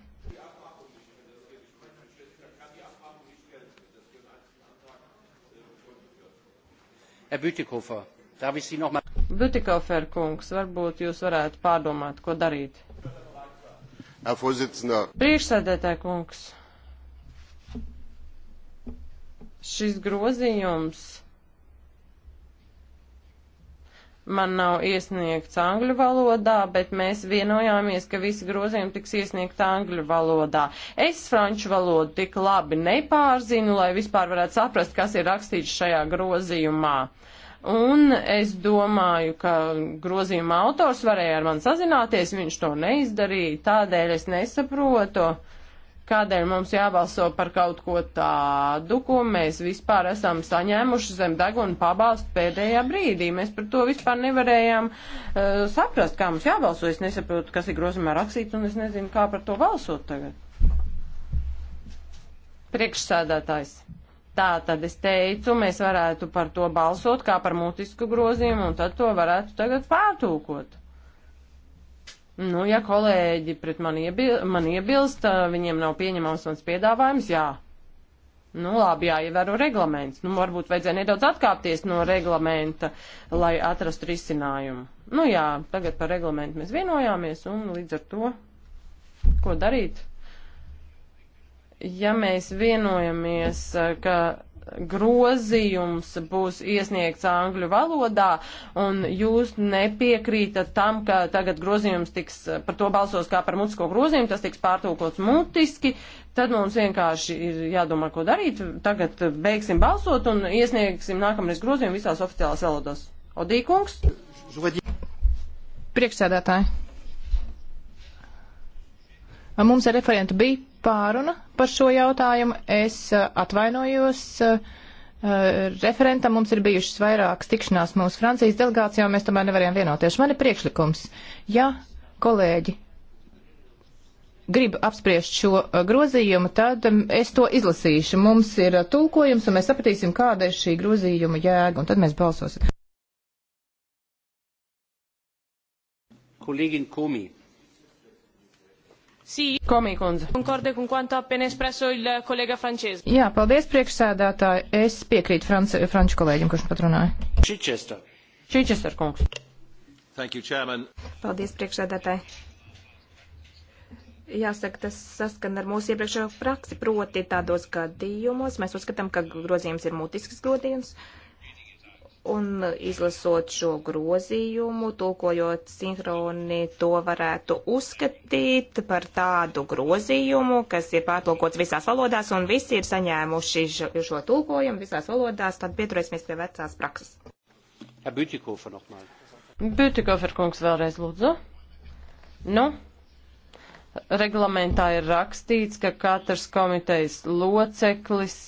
Herr Bütikofer, darf ich Sie noch mal... Bütikofer kungs, varbūt jūs varētu pārdomāt, ko darīt. Herr Vorsitzender. Priekšsēdētāj kungs. Šis grozījums man nav iesniegts angļu valodā, bet mēs vienojāmies, ka visi grozījumi tiks iesniegt angļu valodā. Es franču valodu tik labi nepārzinu, lai vispār varētu saprast, kas ir rakstīts šajā grozījumā. Un es domāju, ka grozījuma autors varēja ar mani sazināties, viņš to neizdarīja, tādēļ es nesaprotu. Uh, Kādēļ mums jābalso par kaut ko tādu, ko mēs vispār esam saņēmuši zem deguna pabalstu pēdējā brīdī? Mēs par to vispār nevarējām uh, saprast, kā mums jābalso. Es nesaprotu, kas ir grozumā rakstīts, un es nezinu, kā par to balsot tagad priekšsēdētājs. Tā tad es teicu, mēs varētu par to balsot kā par mutisku grozījumu, un tad to varētu tagad pārtūkot. Nu, ja kolēģi pret mani, iebil, mani iebilst, viņiem nav pieņemams mans piedāvājums, jā. Nu, labi, jāievēro ja reglaments. Nu, varbūt vajadzēja nedaudz atkāpties no reglamenta, lai atrastu risinājumu. Nu, jā, tagad par reglamentu mēs vienojāmies un līdz ar to, ko darīt? Ja mēs vienojamies, ka grozījums būs iesniegts angļu valodā, un jūs nepiekrītat tam, ka tagad grozījums tiks, par to balsos kā par mutisko grozījumu, tas tiks pārtulkots mutiski, tad mums vienkārši ir jādomā, ko darīt. Tagad beigsim balsot un iesniegsim nākamreiz grozījumu visās oficiālās valodās. Odīkungs? Priekšsēdētāji. Mums ar referentu bija pāruna par šo jautājumu. Es uh, atvainojos uh, uh, referentam, mums ir bijušas vairākas tikšanās mūsu Francijas delegācijā, mēs tomēr nevarējām vienoties. Man ir priekšlikums, ja kolēģi grib apspriest šo grozījumu, tad um, es to izlasīšu. Mums ir tulkojums, un mēs sapratīsim, kāda ir šī grozījuma jēga, un tad mēs balsosim. Kolēģin Komi. Sī, komikundze. Konkorde un quanto appena espresso il collega francese. Jā, paldies priekšsēdētāji. Es piekrītu franci, franču kolēģim, kurš pat runāja. Čičester. Čičester kungs. Thank you, chairman. Paldies priekšsēdētāji. Jāsaka, tas saskan ar mūsu iepriekšējo praksi, proti tādos gadījumos mēs uzskatām, ka grozījums ir mutisks grozījums. Uh, Un izlasot šo grozījumu, tulkojot sinhroni, to varētu uzskatīt par tādu grozījumu, kas ir pārtulkots visās valodās, un visi ir saņēmuši šo tulkojumu visās valodās, tad pieturēsimies pie vecās prakses. Bütikofer kungs vēlreiz lūdzu. Nu, reglamentā ir rakstīts, ka katrs komitejas loceklis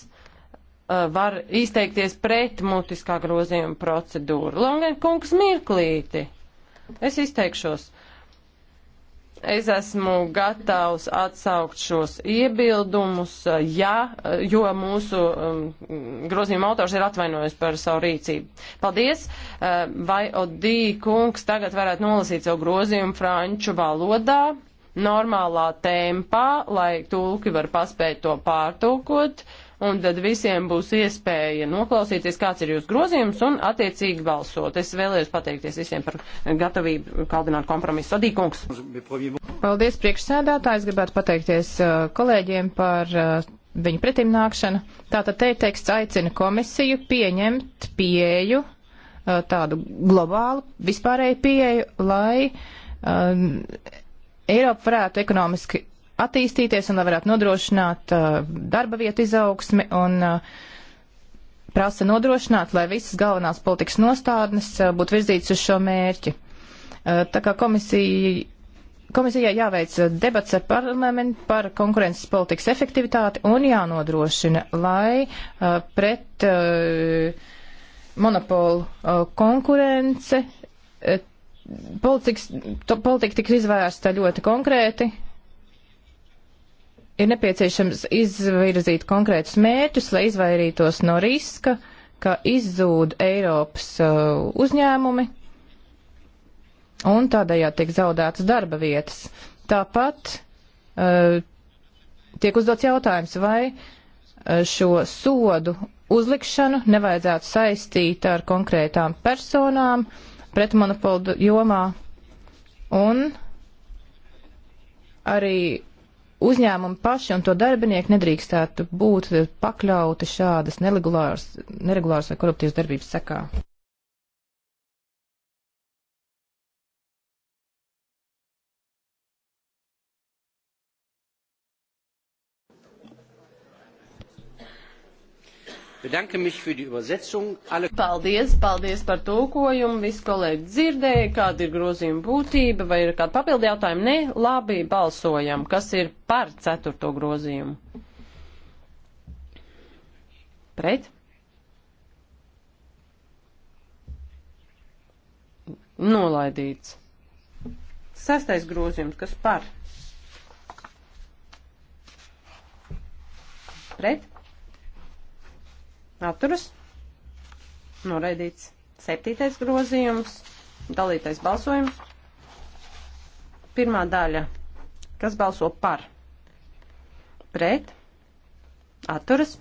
Uh, var izteikties pret mutiskā grozījuma procedūru. Longen kungs mirklīti. Es izteikšos. Es esmu gatavs atsaukt šos iebildumus, uh, ja, uh, jo mūsu um, grozījuma autors ir atvainojis par savu rīcību. Paldies! Vai Odī kungs tagad varētu nolasīt savu grozījumu franču valodā, normālā tempā, lai tulki var paspēt to pārtulkot? Uh, un tad visiem būs iespēja noklausīties, kāds ir jūsu grozījums un attiecīgi balsot. Es vēlējos pateikties visiem par gatavību kaldināt kompromisu. Sadīkungs. Paldies priekšsēdētājs, gribētu pateikties uh, kolēģiem par uh, viņu pretim nākšanu. Tātad te teksts aicina komisiju pieņemt pieeju, uh, tādu globālu, vispārēju pieeju, lai um, Eiropa varētu ekonomiski attīstīties un lai varētu nodrošināt uh, darba vietu izaugsmi un uh, prasa nodrošināt, lai visas galvenās politikas nostādnes uh, būtu virzītas uz šo mērķi. Tā kā komisija Komisijai jāveic debats ar parlamentu par konkurences politikas efektivitāti un jānodrošina, lai uh, pret uh, monopolu uh, konkurence uh, politikas, to, politika tiks izvērsta ļoti konkrēti ir nepieciešams izvirzīt konkrētus mērķus, lai izvairītos no riska, ka izzūd Eiropas uh, uzņēmumi un tādējādi tiek zaudētas darba vietas. Tāpat uh, tiek uzdots jautājums, vai uh, šo sodu uzlikšanu nevajadzētu saistīt ar konkrētām personām pretmonopolu jomā un arī uzņēmumi paši un to darbinieki nedrīkstētu būt pakļauti šādas neregulāras vai koruptīvas darbības sekā. Paldies, paldies par tūkojumu. Visi kolēģi dzirdēja, kāda ir grozījuma būtība, vai ir kāda papildi jautājuma. Nē, labi, balsojam. Kas ir par ceturto grozījumu? Pret? Nolaidīts. Sastais grozījums, kas par? Pret? Atturas. Noraidīts. Septītais grozījums. Dalītais balsojums. Pirmā daļa. Kas balso par? Pret. Atturas.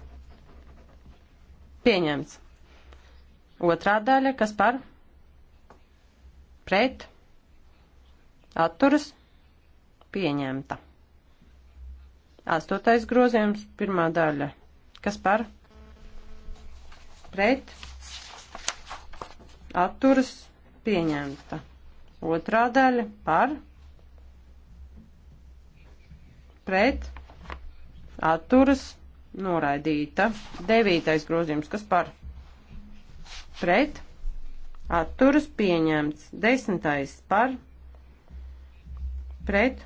Pieņemts. Otrā daļa. Kas par? Pret. Atturas. Pieņemta. Astotais grozījums. Pirmā daļa. Kas par? Pret pret atturas pieņemta. Otrā daļa par pret atturas noraidīta. Devītais grozījums, kas par pret atturas pieņemts. Desmitais par pret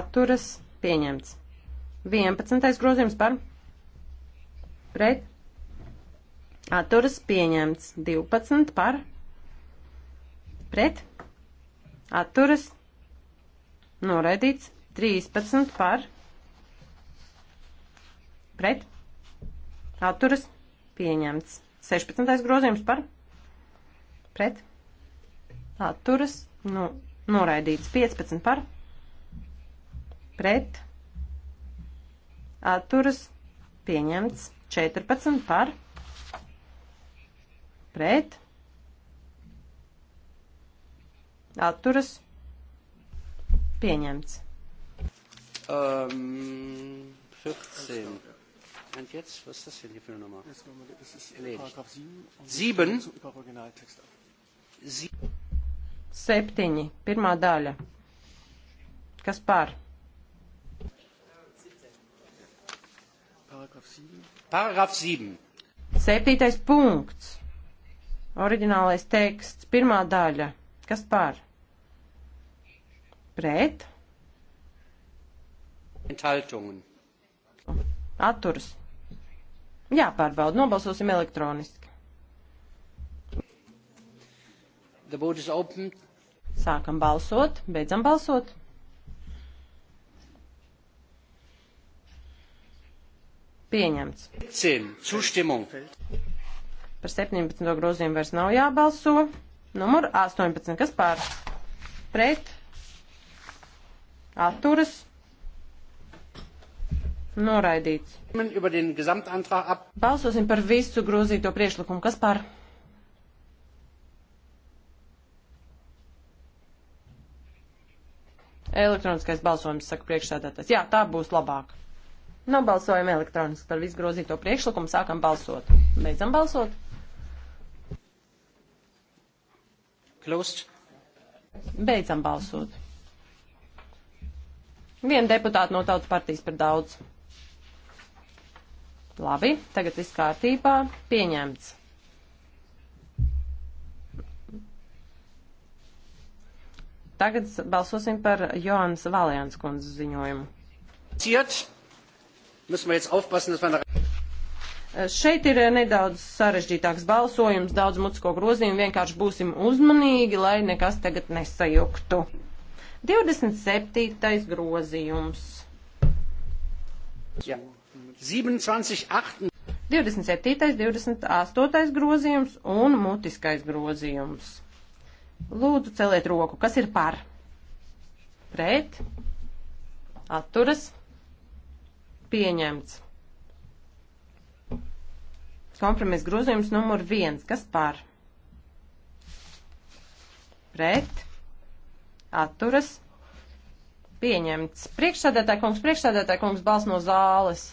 atturas pieņemts. Vienpadsmitais grozījums par pret Atturas pieņemts 12 par. Pret. Atturas. Noraidīts 13 par. Pret. Atturas. Pieņemts 16. grozījums par. Pret. Atturas. Nu, noraidīts 15 par. Pret. Atturas. Pieņemts 14 par pret, atturas, pieņemts. Um, 14. Und jetzt, was ist das denn hier für eine Nummer? Das ist Paragraph 7. 7. Über Originaltext ab. Septiņi, pirmā daļa. Kas par? Paragraf 7. Septītais punkts. Oriģinālais teksts, pirmā daļa. Kas par? Pret. Enthaltungen. Atturas. Jāpārbauda. Nobalsosim elektroniski. The vote is open. Sākam balsot, beidzam balsot. Pieņemts. Zustimmung. Par 17. grozījumu vairs nav jābalso. Numur 18. Kas pār? Pret. Atturas. Noraidīts. Balsosim par visu grozīto priešlikumu. Kas pār? Elektroniskais balsojums, saka priekšsēdētājs. Jā, tā būs labāk. Nobalsojam elektroniski par visu grozīto priekšlikumu, sākam balsot. Beidzam balsot. Closed. Beidzam balsot. Vienu deputātu no tautas partijas par daudz. Labi, tagad viss kārtībā. Pieņemts. Tagad balsosim par Joannas Valēnas kundzes ziņojumu. Ciet müssen wir jetzt aufpassen, dass wir eine äh, Šeit ir äh, nedaudz sarežģītāks balsojums, daudz mucko grozījumu, vienkārši būsim uzmanīgi, lai nekas tagad nesajuktu. 27. grozījums. Ja. 27, 8. 27. 28. grozījums un mutiskais grozījums. Lūdzu, celiet roku, kas ir par? Pret? Atturas? pieņemts. Kompromiss grozījums numur viens. Kas par? Pret. Atturas. Pieņemts. Priekšsēdētāj kungs, priekšsēdētāj kungs, balss no zāles.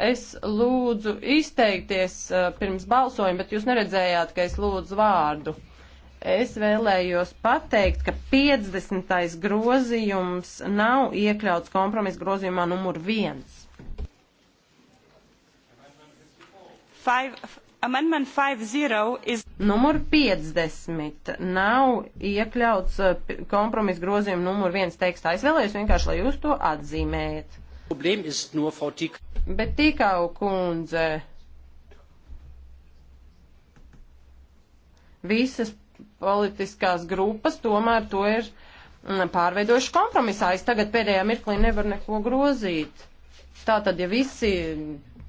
Es lūdzu izteikties eh, pirms balsojuma, bet jūs neredzējāt, ka es lūdzu vārdu es vēlējos pateikt, ka 50. grozījums nav iekļauts kompromisa grozījumā numur 1. Amendment 50 is... Numur 50 nav iekļauts uh, kompromisa grozījuma numur 1 tekstā. Es vēlējos vienkārši, lai jūs to atzīmējat. Nur, Tīk... Bet tikau kundze. Visas politiskās grupas tomēr to ir mm, pārveidojuši kompromisā. Es tagad pēdējā mirklī nevaru neko grozīt. Tātad, ja visi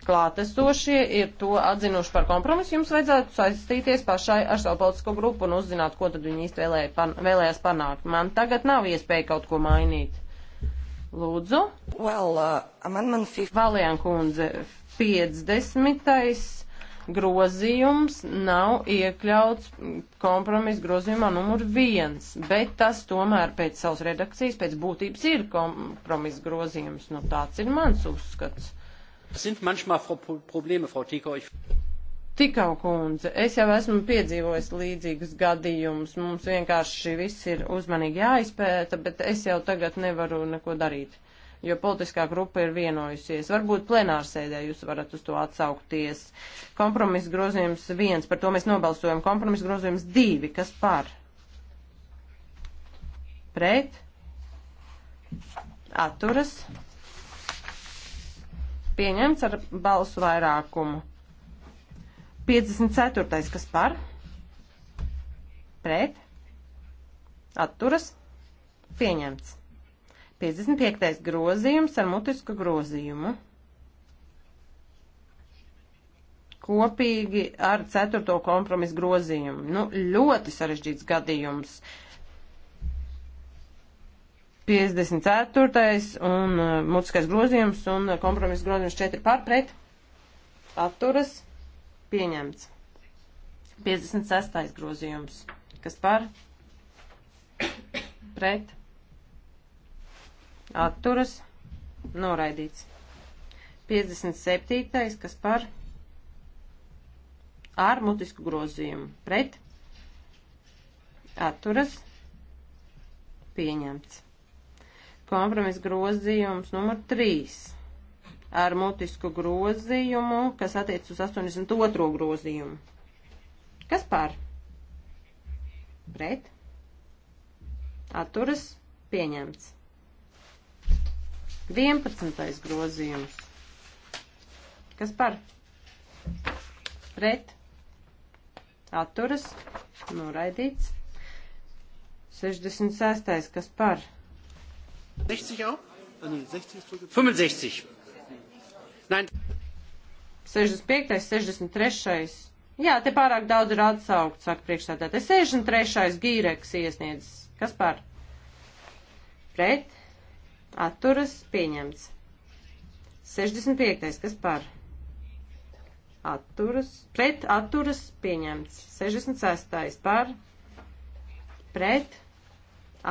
klātesošie ir to atzinuši par kompromisu, jums vajadzētu saistīties pašai ar savu politisko grupu un uzzināt, ko tad viņi īsti vēlēja, pan, vēlējās panākt. Man tagad nav iespēja kaut ko mainīt. Lūdzu. Well, uh, man, man... Valēn kundze, 50 grozījums nav iekļauts kompromisa grozījumā numur viens, bet tas tomēr pēc savas redakcijas, pēc būtības ir kompromisa grozījums. Nu, tāds ir mans uzskats. Sind manchmal problēma, Frau Tikau. Tikau kundze, es jau esmu piedzīvojis līdzīgus gadījumus. Mums vienkārši viss ir uzmanīgi jāizpēta, bet es jau tagad nevaru neko darīt jo politiskā grupa ir vienojusies. Varbūt plenārsēdē jūs varat uz to atsaukties. Kompromis grozījums viens, par to mēs nobalsojam. Kompromis grozījums divi, kas par? Pret? Atturas? Pieņemts ar balsu vairākumu. 54. kas par? Pret? Atturas? Pieņemts. 55. grozījums ar mutisku grozījumu. Kopīgi ar 4. kompromisu grozījumu. Nu, ļoti sarežģīts gadījums. 54. un uh, mutiskais grozījums un uh, kompromisu grozījums 4 par pret. Atturas pieņemts. 56. grozījums. Kas par? <coughs> Pret atturas, noraidīts. 57. kas par ar mutisku grozījumu pret, atturas, pieņemts. Kompromis grozījums numur 3 ar mutisku grozījumu, kas attiec uz 82. grozījumu. Kas par? Pret? Atturas pieņemts. 11. grozījums. Kas par? Pret. Atturas. Noraidīts. 66. Kas par? 60 jau? 65. Nein. 65. 63. Jā, te pārāk daudz ir atsaukt, saka priekšstādātājs. 63. gīreks iesniedzis. Kas par? Pret atturas pieņemts. 65. kas par atturas, pret atturas pieņemts. 66. par pret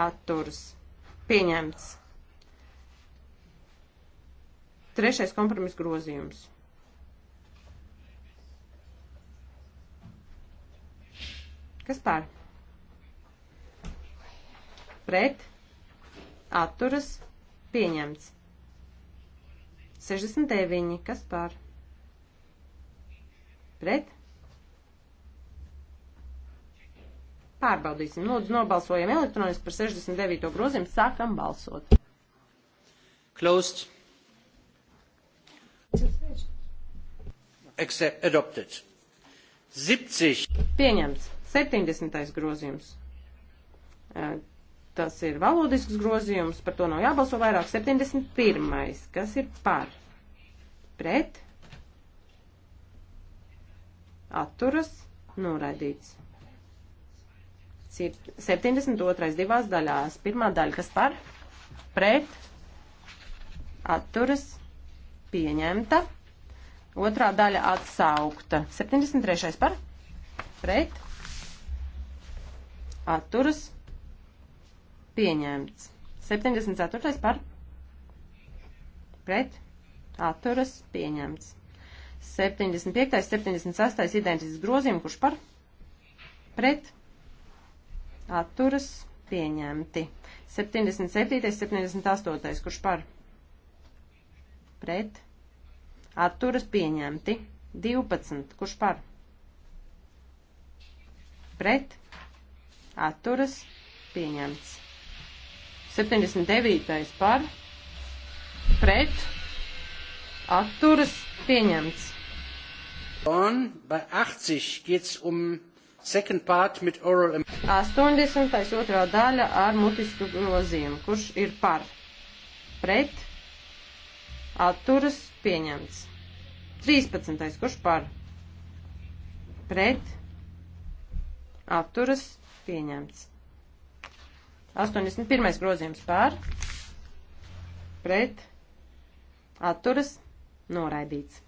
atturas pieņemts. Trešais kompromis grozījums. Kas par? Pret atturas pieņemts Pieņemts. 69. Kas par? Pret? Pārbaudīsim. Lūdzu, nobalsojam elektroniski par 69. grozījumu. Sākam balsot. Closed. Accept, adopted. 70. Pieņemts. 70. grozījums. Tas ir valodisks grozījums, par to nav jābalso vairāk. 71. Kas ir par? Pret? Atturas? Noraidīts. 72. divās daļās. Pirmā daļa, kas par? Pret? Atturas? Pieņemta. Otrā daļa atsaukta. 73. par? Pret? Atturas? Pieņemta pieņemts. 74. par pret atturas pieņemts. 75. 76. identisks grozījums, kurš par pret atturas pieņemti. 77. 78. kurš par pret atturas pieņemti. 12. kurš par pret atturas pieņemts. 79. par pret atturas pieņemts. Un 80 geht's um second part mit oral 80. otrā daļa ar mutisku grozījumu, kurš ir par pret atturas pieņemts. 13. kurš par pret atturas pieņemts. 81. grozījums pār, pret, atturas, noraidīts.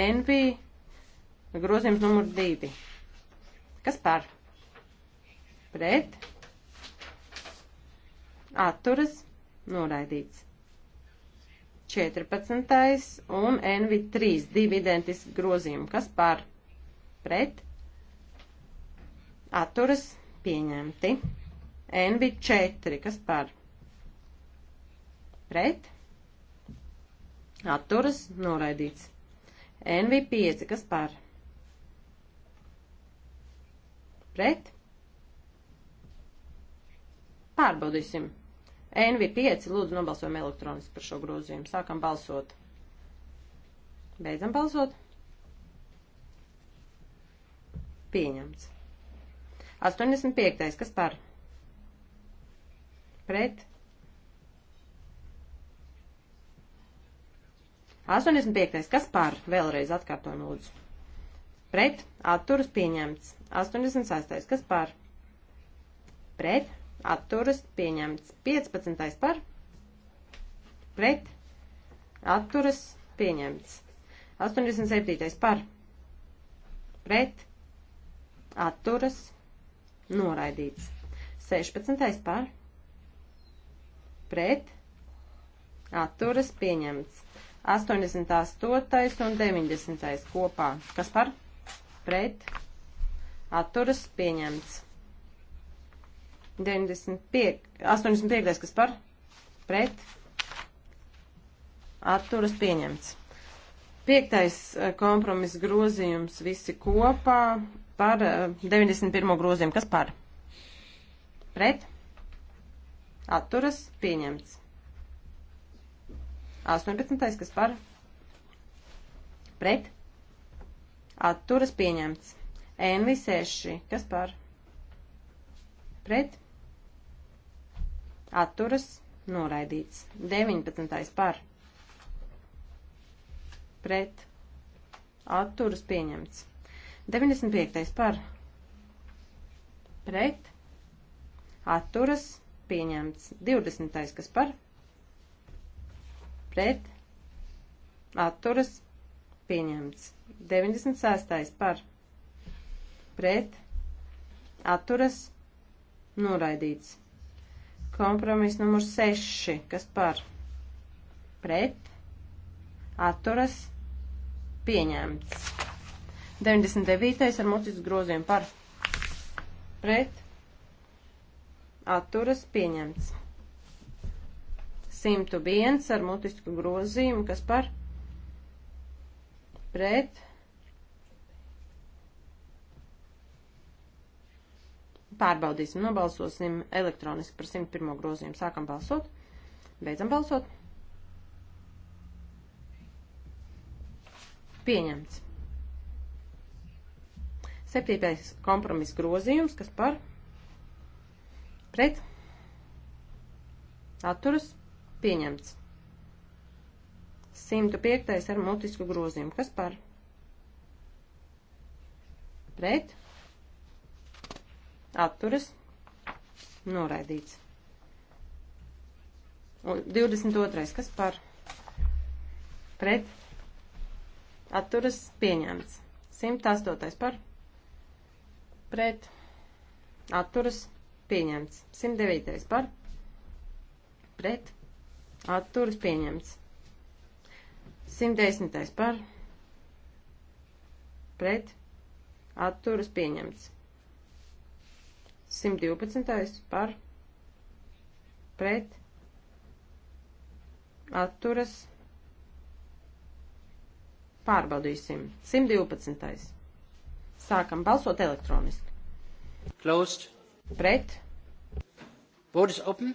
NV grozījums numur 2. Kas par? Pret, atturas, noraidīts. 14. un NV3 divi identiski grozījumi. Kas par? Pret, atturas pieņemti. NB 4, kas par pret, atturas noraidīts. NB 5, kas par pret, pārbaudīsim. NV 5, lūdzu nobalsojam elektroniski par šo grozījumu. Sākam balsot. Beidzam balsot. Pieņemts. 85. Kas par? Pret. 85. Kas par? Vēlreiz atkārtojam lūdzu. Pret. Atturas pieņemts. 86. Kas par? Pret. Atturas pieņemts. 15. par? Pret. Atturas pieņemts. 87. par? Pret. Atturas pieņemts noraidīts. 16. par pret atturas pieņemts. 88. un 90. kopā. Kas par pret atturas pieņemts. 95, 85. kas par pret atturas pieņemts. Piektais eh, kompromiss grozījums visi kopā par 91. Eh, grozījumu. Kas par? Pret? Atturas pieņemts. 18. kas par? Pret? Atturas pieņemts. Envi 6. Kas par? Pret? Atturas noraidīts. 19. par? Pret? Atturas pieņemts. 95. par pret atturas pieņemts. 20. kas par pret atturas pieņemts. 96. par pret atturas noraidīts. Kompromiss numur 6, kas par pret atturas pieņemts. 99. ar mutisku grozījumu par pret atturas pieņemts. 101 ar mutisku grozījumu, kas par pret pārbaudīsim, nobalsosim elektroniski par 101 grozījumu. Sākam balsot, beidzam balsot. Pieņemts. Septītais kompromiss grozījums, kas par pret atturas pieņemts. 105. ar mutisku grozījumu, kas par pret atturas noraidīts. Un 22. kas par pret atturas pieņemts. 108. par pret pret atturas pieņemts. 109. par pret atturas pieņemts. 110. par pret atturas pieņemts. 112. par pret atturas pārbaudīsim. 112. Sākam balsot elektroniski. Closed. Pret. Vote is open.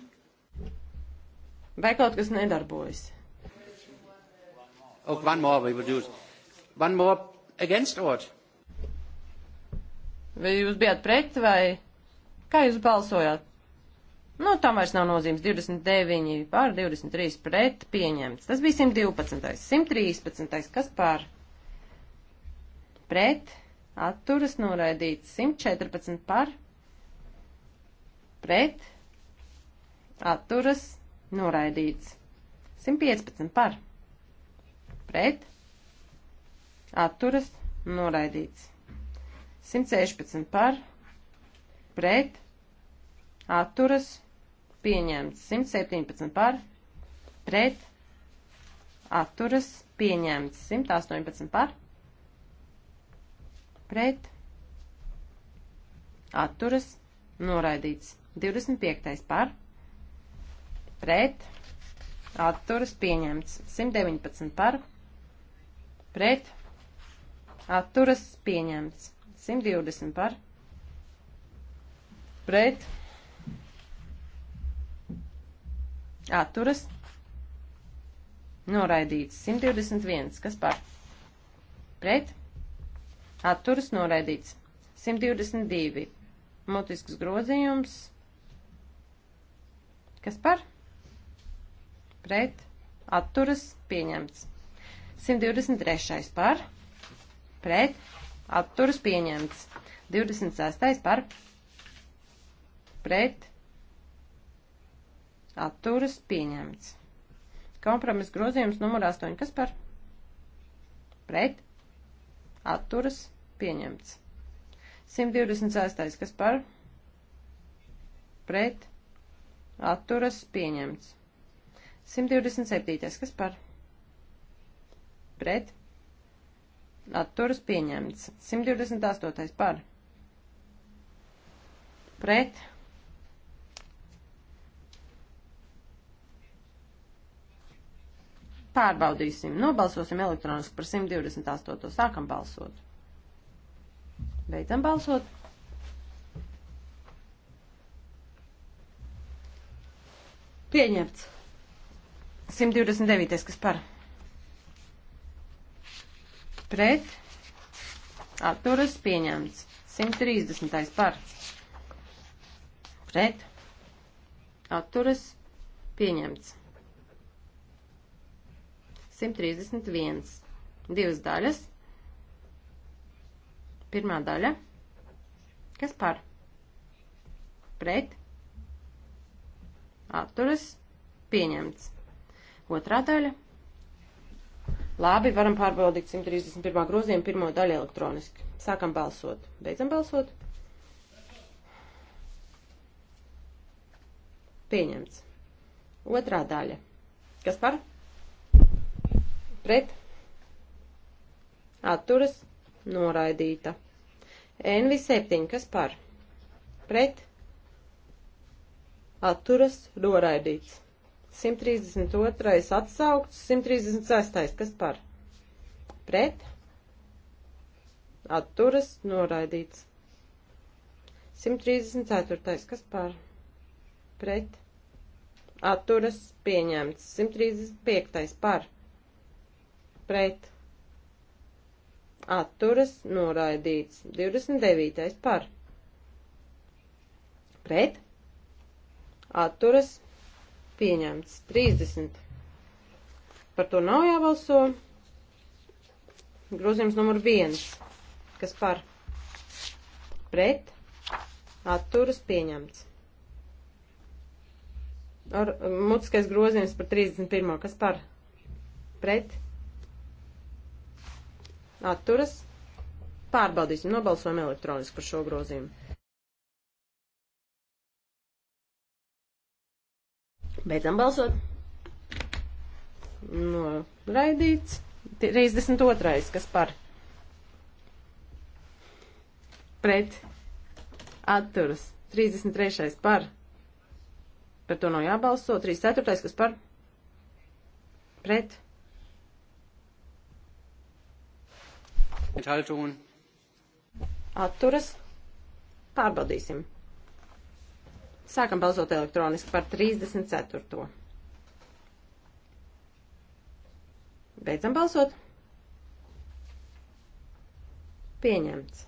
Vai kaut kas nedarbojas? Oh, one more we will use. One more against what? Vai jūs bijāt pret vai kā jūs balsojāt? Nu, tam vairs nav nozīmes. 29 pār 23 pret pieņemts. Tas bija 112. 113. Kas pār? Pret? atturas noraidīts 114 par, pret, atturas noraidīts 115 par, pret, atturas noraidīts 116 par, pret, atturas pieņemts 117 par, pret, atturas pieņemts 118 par, pret, pret, atturas, noraidīts. 25. par, pret, atturas, pieņemts. 119 par, pret, atturas, pieņemts. 120 par, pret, atturas, noraidīts. 121, kas par, pret, atturas atturas noraidīts. 122. Mutisks grozījums. Kas par? Pret. Atturas pieņemts. 123. par. Pret. Atturas pieņemts. 26. par. Pret. Atturas pieņemts. Kompromiss grozījums numur 8. Kas par? Pret. Atturas pieņemts pieņemts. 126. kas par pret atturas pieņemts. 127. kas par pret atturas pieņemts. 128. par pret pārbaudīsim. Nobalsosim elektroniski par 128. sākam balsot. Beidzam balsot. Pieņemts. 129. kas par. Pret. Atturas pieņemts. 130. par. Pret. Atturas pieņemts. 131. Divas daļas. Pirmā daļa. Kas par? Pret. Atturas. Pieņemts. Otrā daļa. Labi, varam pārbaudīt 131. grozījumu pirmo daļu elektroniski. Sākam balsot. Beidzam balsot. Pieņemts. Otrā daļa. Kas par? Pret. Atturas. Pieņemts noraidīta. NV7, kas par? Pret? Atturas noraidīts. 132. atsaukts, 136. kas par? Pret? Atturas noraidīts. 134. kas par? Pret? Atturas pieņemts. 135. par? Pret? atturas noraidīts. 29. par pret atturas pieņemts. 30. Par to nav jābalso. Grozījums numur 1, kas par pret atturas pieņemts. Ar mutiskais grozījums par 31. kas par pret atturas. Pārbaudīsim, nobalsojam elektroniski par šo grozījumu. Beidzam balsot. Noraidīts. 32. kas par pret atturas. 33. par par to nav jābalso. 34. kas par pret Enthaltungen. Atturas. Pārbaudīsim. Sākam balsot elektroniski par 34. Beidzam balsot. Pieņemts.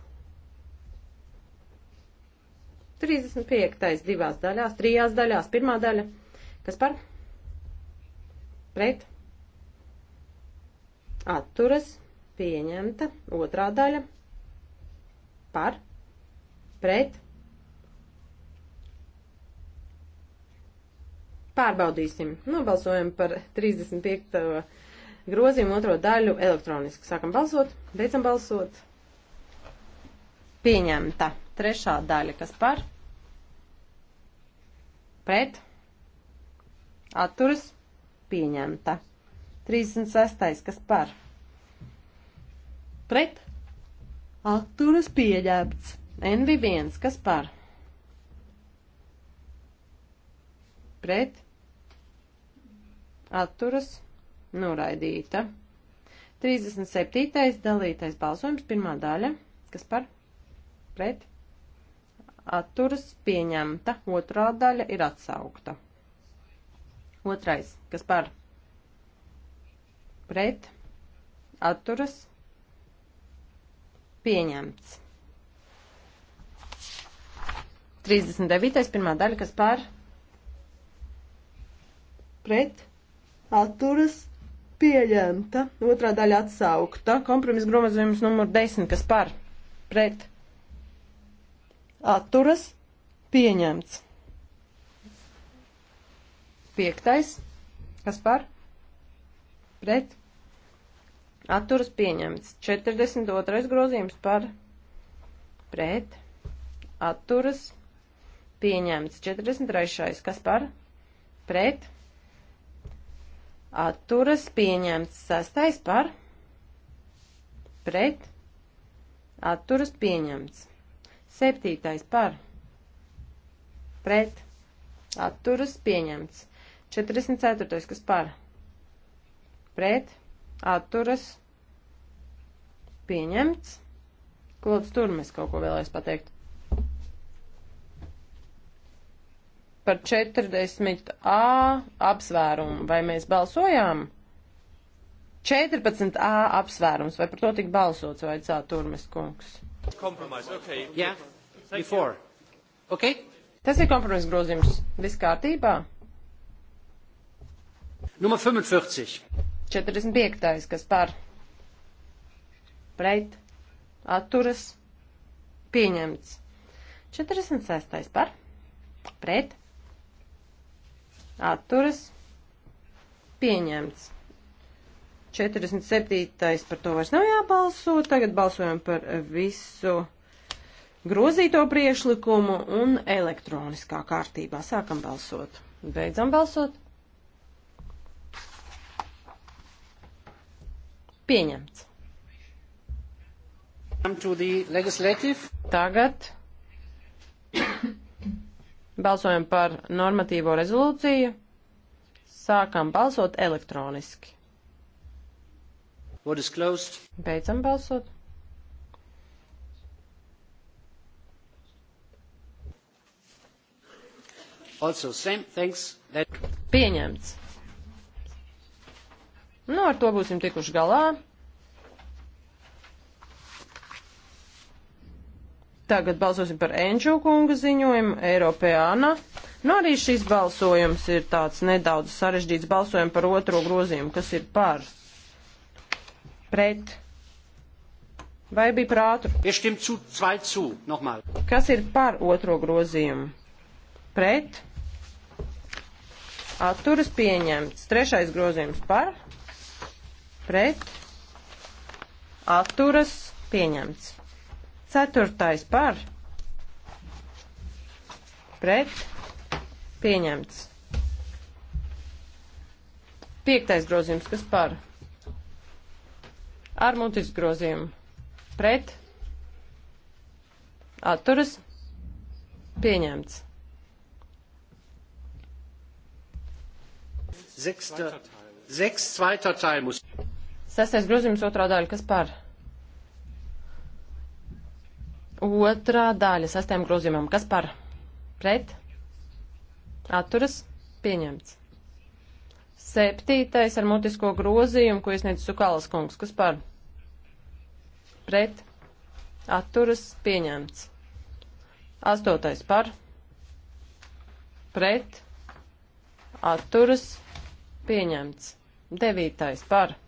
35. divās daļās, trijās daļās, pirmā daļa. Kas par? Pret? Atturas pieņemta. Otrā daļa par, pret. Pārbaudīsim. Nobalsojam nu, par 35. grozījumu otro daļu elektroniski. Sākam balsot, beidzam balsot. Pieņemta. Trešā daļa, kas par, pret, atturas, pieņemta. 36. kas par, pret pret atturas pieļēpts. NV1, kas par? Pret atturas noraidīta. 37. dalītais balsojums, pirmā daļa, kas par? Pret atturas pieņemta, otrā daļa ir atsaukta. Otrais, kas par? Pret atturas pieņemta pieņemts. 39. pirmā daļa, kas par pret atturas pieņemta, otrā daļa atsaukta, kompromisa grozījums numur 10, kas par pret atturas pieņemts. Piektais, kas par pret atturas pieņemts atturas pieņemts. 42. grozījums par pret atturas pieņemts. 43. kas par pret atturas pieņemts. 6. par pret atturas pieņemts. 7. par pret atturas pieņemts. 44. kas par pret atturas pieņemts atturas, pieņemts. Klods Turmes kaut ko vēlēs pateikt. Par 40a apsvērumu, vai mēs balsojām? 14a apsvērums, vai par to tik balsots, vai cā Turmes kungs? Kompromis, ok. Jā, yeah. before. Ok? Tas ir kompromis grozījums. Viss kārtībā? Numur 45. 45. kas par pret atturas pieņemts. 46. par pret atturas pieņemts. 47. par to vairs nav jābalso. Tagad balsojam par visu grozīto priešlikumu un elektroniskā kārtībā. Sākam balsot. Beidzam balsot. Pieņemts. Tagad balsojam par normatīvo rezolūciju. Sākam balsot elektroniski. Beidzam balsot. Also, same, thanks, that... Pieņemts. Nu, ar to būsim tikuši galā. Tagad balsosim par Enču kunga ziņojumu Eiropēāna. Nu, arī šis balsojums ir tāds nedaudz sarežģīts balsojums par otro grozījumu, kas ir par pret. Vai bija prātu? Zu, zu, nochmal. Kas ir par otro grozījumu? Pret. Atturas pieņemts. Trešais grozījums par pret, atturas, pieņemts. Ceturtais par, pret, pieņemts. Piektais grozījums, kas par, ar mutis grozījumu, pret, atturas, pieņemts. Sechster, sechs zweiter Teil muss. Sestais grozījums otrā daļa, kas par? Otrā daļa sestajam grozījumam, kas par? Pret? Atturas? Pieņemts. Septītais ar mutisko grozījumu, ko iesniedz Sukalas kungs, kas par? Pret? Atturas? Pieņemts. Astotais par? Pret? Atturas? Pieņemts. Devītais par?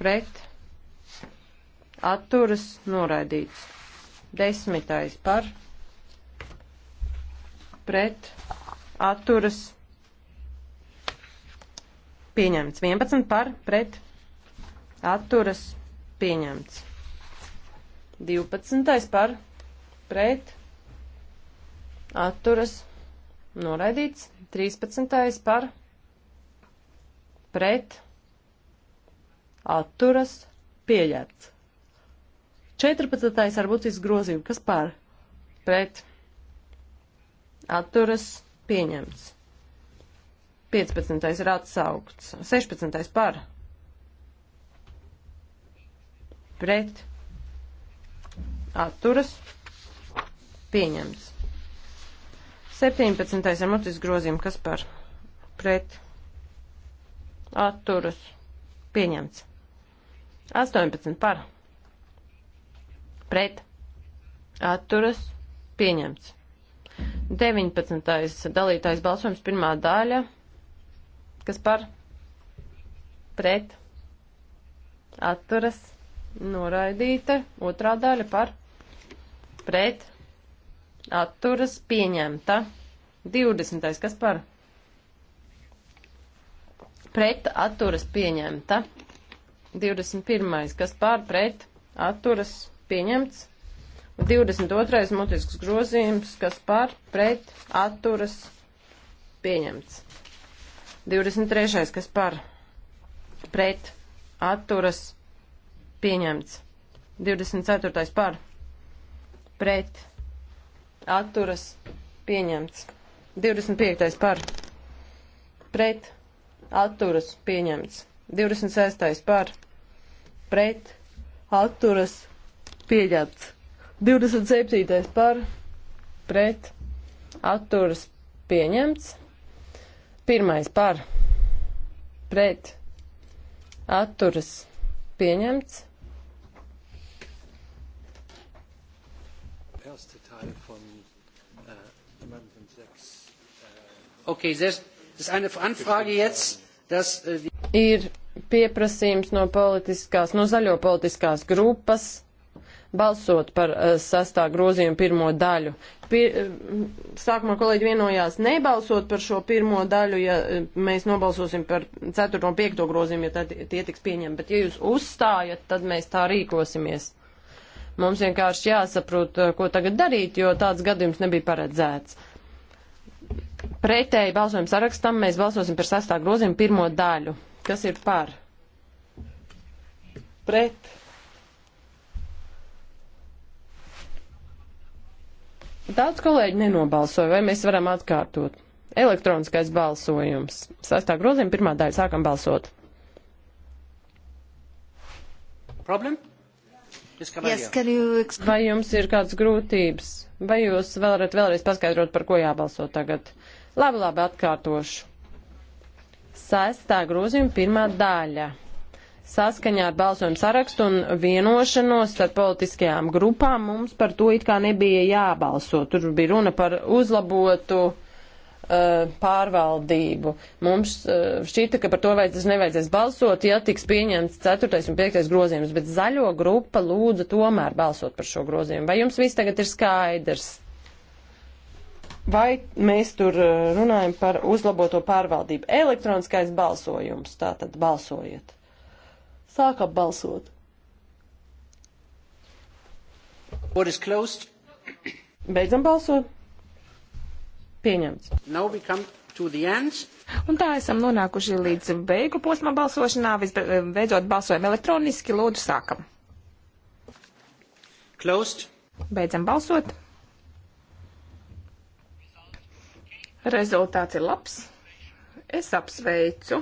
pret atturas noraidīts. Desmitais par pret atturas pieņemts. 11 par pret atturas pieņemts. 12 par pret atturas noraidīts. 13 par pret atturas atturas pieļēts. 14. ar būtisku grozījumu, kas par pret atturas pieņemts. 15. ir atsaukts, 16. par pret atturas pieņemts. 17. ar mutisku grozījumu, kas par pret atturas pieņemts. 18 par. Pret. Atturas. Pieņemts. 19. dalītājs balsojums pirmā daļa. Kas par? Pret. Atturas. Noraidīta. Otrā daļa par. Pret. Atturas. Pieņemta. 20. kas par? Pret. Atturas. Pieņemta. 21. kas pār pret atturas pieņemts. 22. mutisks grozījums, kas par pret atturas pieņemts. 23. kas par pret atturas pieņemts. 24. par pret atturas pieņemts. 25. par pret atturas pieņemts. 26. par pret atturas pieņemts. 27. par pret atturas pieņemts. 1. par pret atturas pieņemts. Erste Teil von äh, Amendment 6. Äh okay, das ist eine Anfrage jetzt, dass äh, die Ir pieprasījums no politiskās, no zaļo politiskās grupas balsot par uh, eh, sastā grozījumu pirmo daļu. Pir, uh, sākumā kolēģi vienojās nebalsot par šo pirmo daļu, ja uh, mēs nobalsosim par 4. un 5. grozījumu, ja tad tie tiks pieņemti. Bet ja jūs uzstājat, tad mēs tā rīkosimies. Mums vienkārši jāsaprot, uh, ko tagad darīt, jo tāds gadījums nebija paredzēts. Pretēji balsojuma sarakstam mēs balsosim par sastā grozījumu pirmo daļu. Kas ir par? Pret. Daudz kolēģi nenobalsoja, vai mēs varam atkārtot? Elektroniskais balsojums. Sastā grozījuma pirmā daļa sākam balsot. Problem? Yes, you... Vai jums ir kādas grūtības? Vai jūs varat vēlreiz paskaidrot, par ko jābalso tagad? Labi, labi, atkārtošu. Sestā grozījuma pirmā daļa. Saskaņā ar balsojumu sarakstu un vienošanos ar politiskajām grupām mums par to it kā nebija jābalso. Tur bija runa par uzlabotu eh, pārvaldību. Mums eh, šķita, ka par to vajadzēs nevajadzēs balsot, ja tiks pieņemts 4. un 5. grozījums, bet zaļo grupa lūdza tomēr balsot par šo grozījumu. Vai jums viss tagad ir skaidrs? Vai mēs tur eh, runājam par uzlaboto pārvaldību? Elektroniskais balsojums, tātad balsojiet. Sākam balsot. Beidzam balsot. Pieņemts. Un tā esam nonākuši līdz beigu posmā balsošanā. Visbeidzot eh, balsojam elektroniski. Lūdzu, sākam. Closed. Beidzam balsot. Rezultāts ir labs. Es apsveicu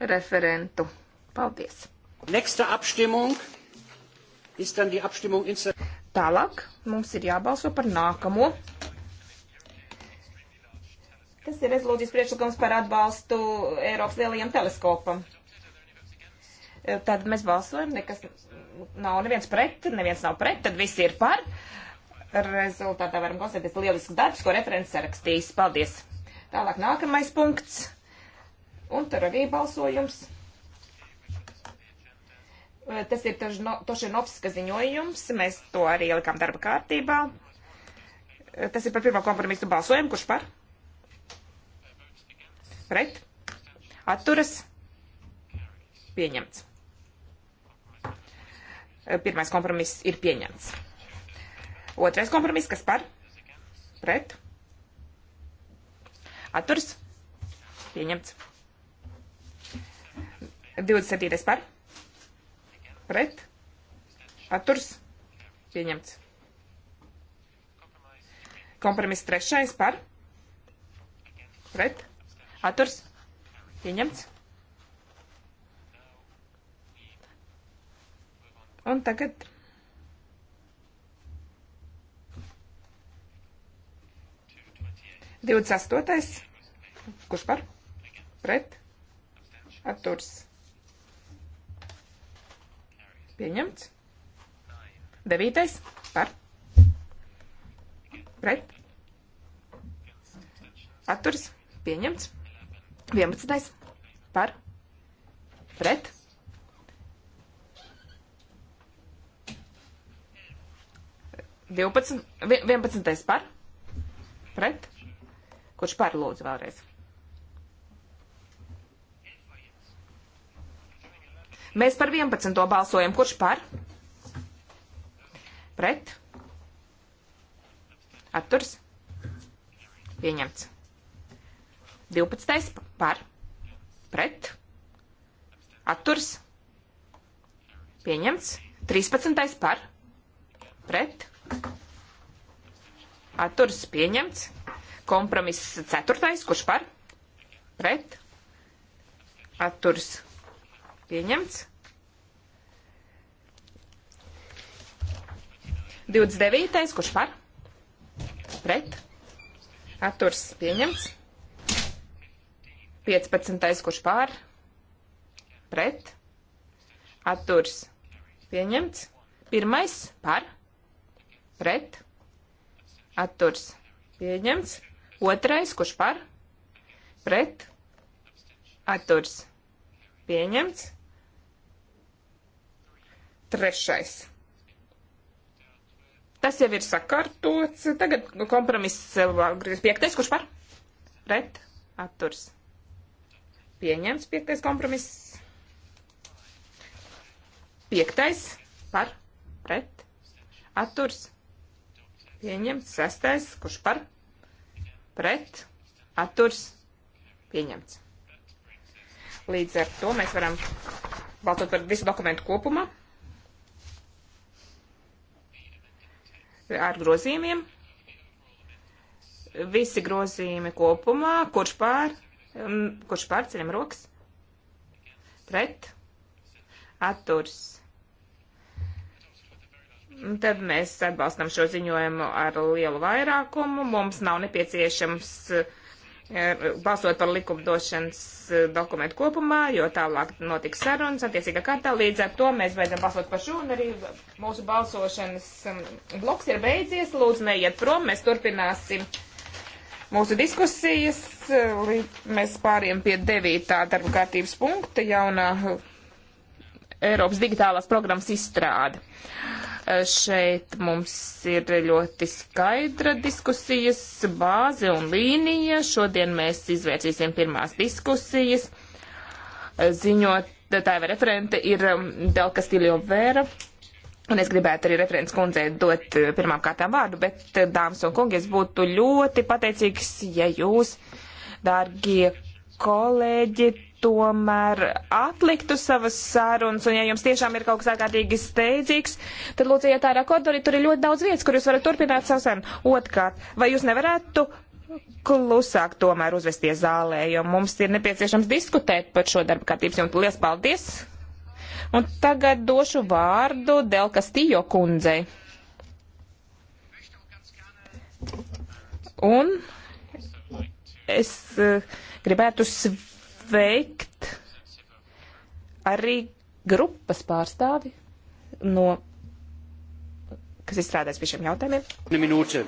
referentu. Paldies. Nächste Abstimmung ist dann die Abstimmung in Tālāk mums ir jābalso par nākamo. Tas ir rezolūcijas priekšlikums par atbalstu Eiropas lielajam teleskopam. Tad mēs balsojam, nekas nav neviens pret, neviens nav pret, tad visi ir par. Uh, Rezultātā varam konstatēt lielisku darbs, ko referents sarakstījis. Paldies! Tālāk nākamais punkts. Un tur arī balsojums. Eh, tas ir Tošinovska ziņojums. Mēs to arī ielikām darba kārtībā. Eh, tas ir par pirmo kompromisu balsojumu. Kurš par? Pret? Atturas? Pieņemts. Eh, pirmais kompromiss ir pieņemts. Otrais kompromiss, kas par? Pret. Atturs. Pieņemts. 27. par? Pret. Atturs. Pieņemts. Kompromiss trešais par? Pret. Atturs. Pieņemts. Un tagad 28. Kurš par? Pret? Atturs. Pieņemts. 9. Par? Pret? Atturs. Pieņemts. 11. Par? Pret? Divpadsmit, vienpadsmitais par, pret, Kurš par lūdzu vēlreiz? Mēs par 11. balsojam. Kurš par? Pret? Atturs? Pieņemts. 12. par? Pret? Atturs? Pieņemts. 13. par? Pret? Atturs? Pieņemts. Kompromiss ceturtais, kurš par? Pret. Atturs pieņemts. 29. kurš par? Pret. Atturs pieņemts. 15. kurš pār? Pret. Atturs pieņemts. 1. par? Pret. Atturs pieņemts. Otrais, kurš par, pret, atturs, pieņemts. Trešais. Tas jau ir sakārtots. Tagad kompromiss piektais, kurš par, pret, atturs, pieņemts. Piektais kompromiss. Piektais par, pret, atturs, pieņemts. Sestais, kurš par, pret pret, atturs, pieņemts. Līdz ar to mēs varam balsot par visu dokumentu kopumā ar grozījumiem. Visi grozījumi kopumā, kurš pār, mm, kurš pār ceļam rokas, pret, atturs, Tad mēs atbalstam šo ziņojumu ar lielu vairākumu. Mums nav nepieciešams eh, balsot par likumdošanas eh, dokumentu kopumā, jo tālāk notiks sarunas attiecīgā kārtā. Līdz ar to mēs beidzam balsot par šo un arī mūsu balsošanas mm, bloks ir beidzies. Lūdzu, neiet prom, mēs turpināsim mūsu diskusijas. Mēs pāriem pie devītā darba kārtības punkta jaunā Eiropas digitālās programmas izstrāde. Eh, šeit mums ir ļoti skaidra diskusijas bāze un līnija. Šodien mēs izvērsīsim pirmās diskusijas. Eh, ziņot, tā jau referente ir mm, Delka Stiljo Vēra. Un es gribētu arī referents kundzei dot eh, pirmām kārtām vārdu, bet, dāmas un kungi, es būtu ļoti pateicīgs, ja jūs, dārgie kolēģi, tomēr atliktu savas sarunas, un ja jums tiešām ir kaut kas ārkārtīgi steidzīgs, tad lūdzu iet ārā koridorī, tur ir ļoti daudz vietas, kur jūs varat turpināt savu sarunu. Otkārt, vai jūs nevarētu klusāk tomēr uzvesties zālē, jo mums ir nepieciešams diskutēt par šo darba kārtības jumtu. Lielas paldies! Un tagad došu vārdu Delka Stījo kundzei. Un es eh, gribētu sveikt veikt arī grupas pārstāvi no kas ir strādājis pie šiem jautājumiem.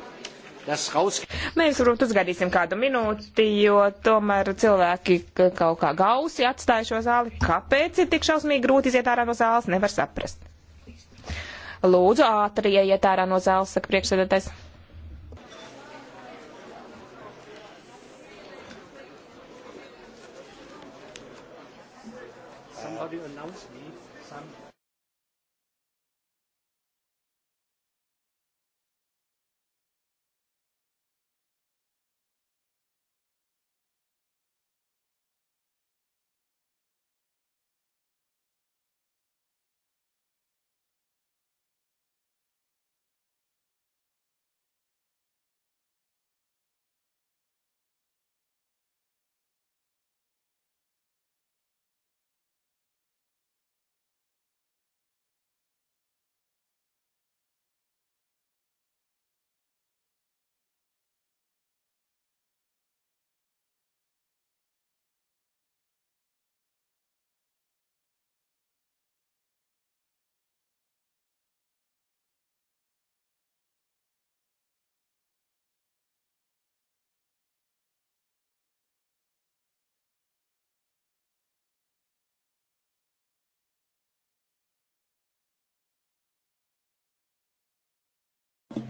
Mēs varbūt uzgaidīsim kādu minūti, jo tomēr cilvēki kaut kā gausi atstāja šo zāli. Kāpēc ir tik šausmīgi grūti iziet ārā no zāles, nevar saprast. Lūdzu, ātri ieiet ārā no zāles, saka priekšsēdētājs.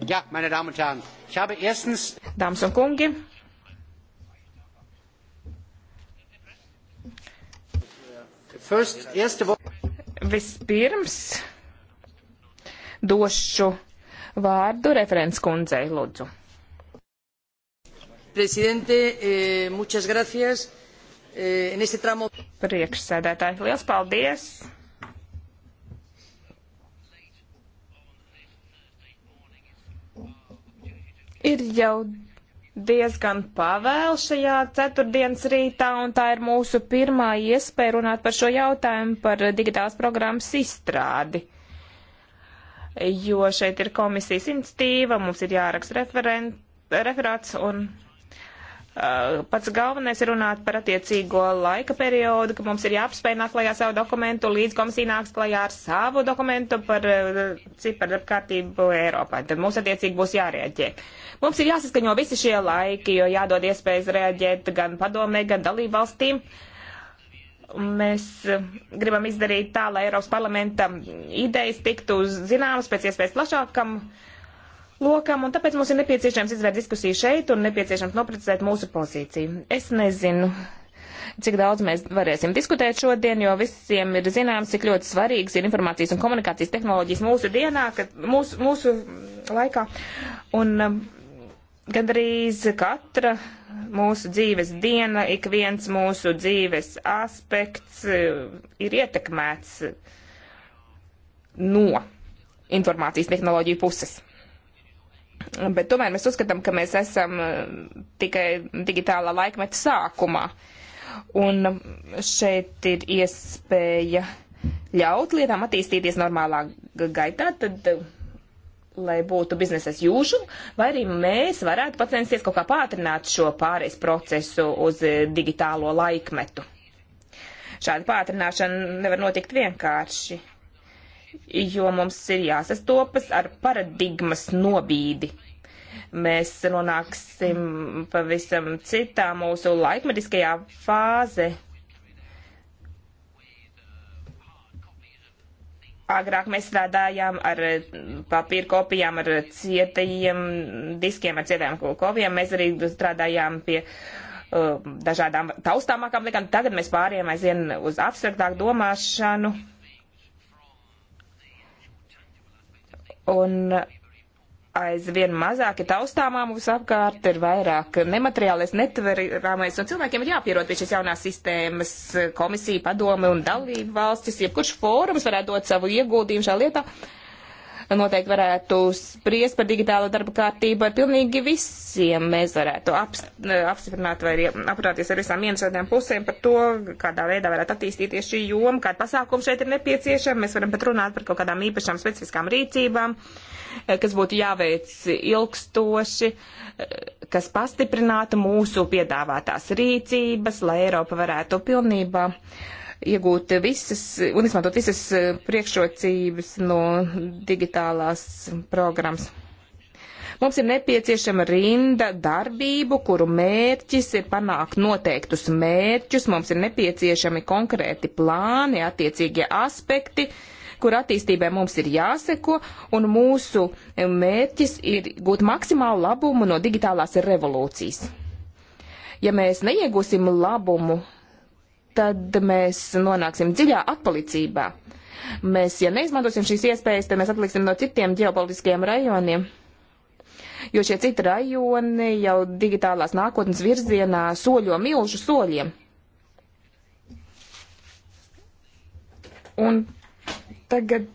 Ja, meine Damen und Herren, ich habe erstens. Dāmas un kungi. First, erste... Vispirms došu vārdu referents kundzei, lūdzu. Presidente, eh, muchas gracias. Eh, en este tramo. Priekšsēdētāji, liels paldies! ir jau diezgan pavēl šajā ceturtdienas rītā, un tā ir mūsu pirmā iespēja runāt par šo jautājumu par digitālas programmas izstrādi. Jo šeit ir komisijas institīva, mums ir jāraksta referents, referāts, un Eh, pats galvenais ir runāt par attiecīgo laika periodu, ka mums ir jāapspēj nākt klajā savu dokumentu, līdz komisija nāks klajā ar savu dokumentu par eh, ciparu apkārtību Eiropā. Tad mums attiecīgi būs jārēģē. Mums ir jāsaskaņo visi šie laiki, jo jādod iespējas rēģēt gan padomē, gan dalībvalstīm mēs eh, gribam izdarīt tā, lai Eiropas parlamenta idejas tiktu zināmas pēc iespējas plašākam lokam, un tāpēc mums ir nepieciešams izvērt diskusiju šeit un nepieciešams noprecizēt mūsu pozīciju. Es nezinu, cik daudz mēs varēsim diskutēt šodien, jo visiem ir zināms, cik ļoti svarīgs ir informācijas un komunikācijas tehnoloģijas mūsu dienā, kad mūsu, mūsu laikā. Un um, gandrīz katra mūsu dzīves diena, ik viens mūsu dzīves aspekts uh, ir ietekmēts no informācijas tehnoloģiju puses. Bet tomēr mēs uzskatām, ka mēs esam eh, tikai digitālā laikmeta sākumā. Un um, šeit ir iespēja ļaut lietām attīstīties normālā gaitā, tad, um, lai būtu biznesa jūžu, vai arī mēs varētu pacensties kaut kā pātrināt šo pārejas procesu uz eh, digitālo laikmetu. Šāda pātrināšana nevar notikt vienkārši jo mums ir jāsastopas ar paradigmas nobīdi. Mēs nonāksim pavisam citā mūsu laikmetiskajā fāze. Agrāk mēs strādājām ar papīra kopijām, ar cietajiem diskiem, ar cietajām kopijām. Mēs arī strādājām pie uh, dažādām taustāmākām lietām. Tagad mēs pārējām aizvien uz abstraktāku domāšanu. Un aizvien mazāk ir taustāmā mums apkārt, ir vairāk nemateriālais, netverāmais, un cilvēkiem ir jāpierod pie šīs jaunās sistēmas komisija, padome un dalība valstis, jebkurš fórums varētu dot savu ieguldījumu šā lietā. Uh, noteikti varētu spriest par digitālo darba kārtību ar pilnīgi visiem. Mēs varētu aps, apstiprināt vai aprunāties ar visām ieinteresētām pusēm par to, kādā veidā varētu attīstīties šī joma, kāda pasākuma šeit ir nepieciešama. Mēs varam pat runāt par kaut kādām īpašām specifiskām rīcībām, kas būtu jāveic ilgstoši, kas pastiprinātu mūsu piedāvātās rīcības, lai Eiropa varētu pilnībā uh, iegūt visas un izmantot visas eh, priekšrocības no digitālās programmas. Mums ir nepieciešama rinda darbību, kuru mērķis ir panākt noteiktus mērķus, mums ir nepieciešami konkrēti plāni, attiecīgie aspekti, kur attīstībai mums ir jāseko, un mūsu eh, mērķis ir gūt maksimālu labumu no digitālās revolūcijas. Ja mēs neiegūsim labumu tad mēs nonāksim dziļā atpalicībā. Mēs, ja neizmantosim šīs iespējas, tad mēs atliksim no citiem ģeopolitiskajiem rajoniem. Jo šie citi rajoni jau digitālās nākotnes virzienā soļo milzu soļiem. Un tagad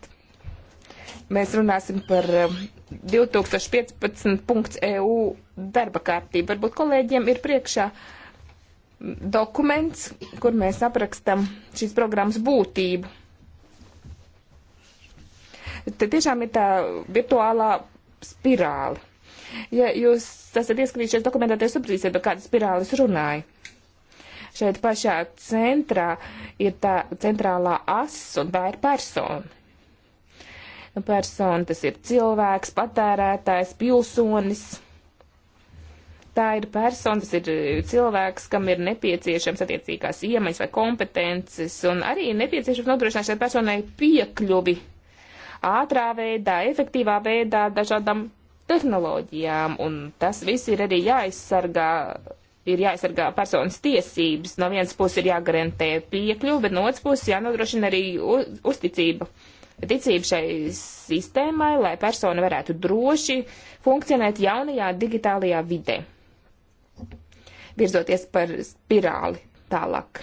mēs runāsim par 2015.eu eh, e darba kārtību. Varbūt kolēģiem ir priekšā uh, dokuments, kur mēs aprakstam šīs programmas būtību. Te tiešām ir tā virtuālā spirāli. Ja jūs esat ieskrījušies dokumentā, tad sapratīsiet, par kādas spirāles runāju. Šeit pašā centrā ir tā centrālā as, un tā ir persona. Nu, persona tas ir cilvēks, patērētājs, pilsonis tā ir persona, tas ir eh, cilvēks, kam ir nepieciešams attiecīgās iemaņas vai kompetences, un arī nepieciešams nodrošināt šai personai piekļuvi ātrā veidā, efektīvā veidā dažādām tehnoloģijām, un tas viss ir arī jāaizsargā. Ir jāaizsargā personas tiesības. No vienas puses ir jāgarantē piekļuvi, bet no otras puses jānodrošina arī uzticība ticību šai sistēmai, lai persona varētu droši funkcionēt jaunajā digitālajā vidē virzoties par spirāli tālāk.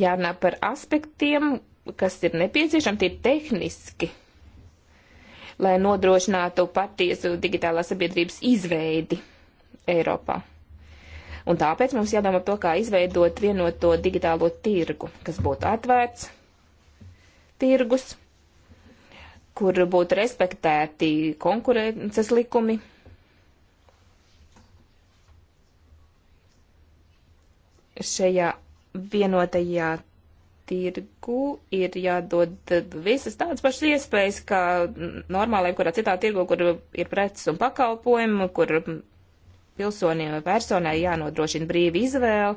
Jārunā par aspektiem, kas ir nepieciešami, tie ir tehniski, lai nodrošinātu patiesu digitālās sabiedrības izveidi Eiropā. Un tāpēc mums jādomā par to, kā izveidot vienoto digitālo tirgu, kas būtu atvērts tirgus, kur būtu respektēti konkurences likumi šajā vienotajā tirgu ir jādod visas tādas pašas iespējas, kā normālajai, kurā citā tirgu, kur ir preces un pakalpojumi, kur pilsoniem vai personai jānodrošina brīva izvēle,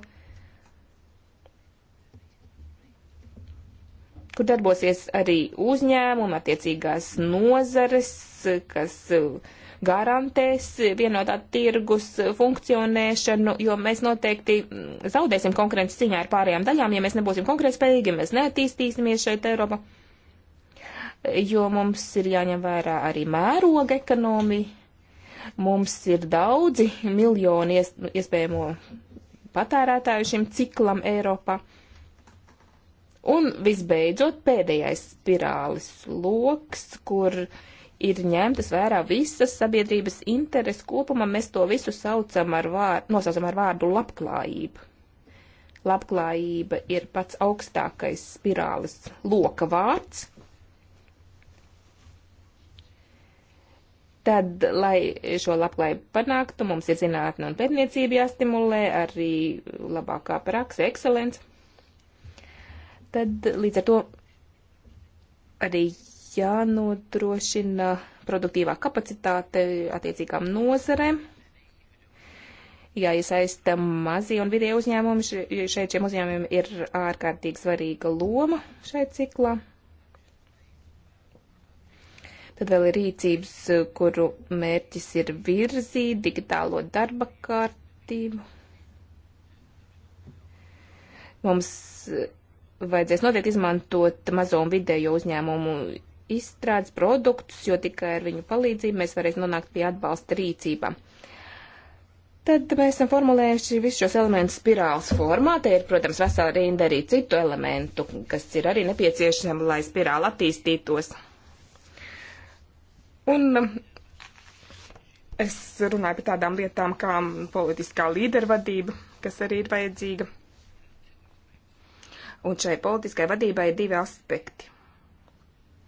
kur darbosies arī uzņēmumi, attiecīgās nozares, kas uh, garantēs vienotā tirgus funkcionēšanu, jo mēs noteikti zaudēsim konkurences ciņā ar pārējām daļām, ja mēs nebūsim konkurētspējīgi, ja mēs neattīstīsimies šeit Eiropā. Jo mums ir jāņem vērā arī mēroga ekonomija, mums ir daudzi miljoni iespējamo patērētāju šim ciklam Eiropā. Un visbeidzot pēdējais spirālis loks, kur uh, ir ņemtas vērā visas sabiedrības intereses kopumā. Mēs to visu saucam ar vārdu, nosaucam ar vārdu labklājība. Labklājība ir pats augstākais spirāles loka vārds. Tad, lai šo labklājību panāktu, mums ir zinātne un pētniecība jāstimulē, arī labākā praksa, ekscelence. Tad līdz ar to arī jānodrošina produktīvā kapacitāte attiecīgām nozarēm, jāiesaista mazie un vidēji uzņēmumi. Šeit šiem uzņēmumiem ir ārkārtīgi svarīga loma šai ciklā. Tad vēl ir rīcības, kuru mērķis ir virzīt digitālo darba kārtību. Mums vajadzēs noteikti izmantot mazo un vidējo uzņēmumu izstrādes produktus, jo tikai ar viņu palīdzību mēs varēsim nonākt pie atbalsta rīcībām. Tad mēs esam formulējuši visus šos elementus spirāls formā. Te ir, protams, vesela rinda arī citu elementu, kas ir arī nepieciešama, lai spirāla attīstītos. Un um, es runāju par tādām lietām kā politiskā līdervadība, kas arī ir vajadzīga. Un šai politiskai vadībai ir divi aspekti.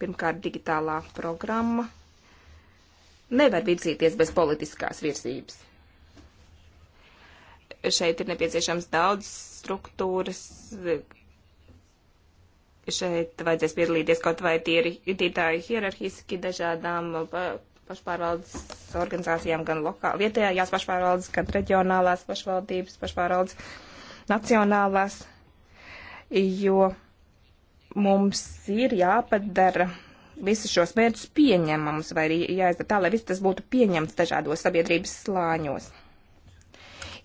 Pirmkārt, digitālā programma nevar virzīties bez politiskās virzības. Šeit ir nepieciešams daudz struktūras, šeit vajadzēs piedalīties kaut vai tīrītāji hierarhiski dažādām uh, pašpārvaldes organizācijām, gan lokāli vietējās pašpārvaldes, gan reģionālās pašvaldības, pašpārvaldes nacionālās, jo mums ir jāpadara visus šos mērķus pieņemams, vai arī jāizdara tā, lai viss tas būtu pieņemts dažādos sabiedrības slāņos.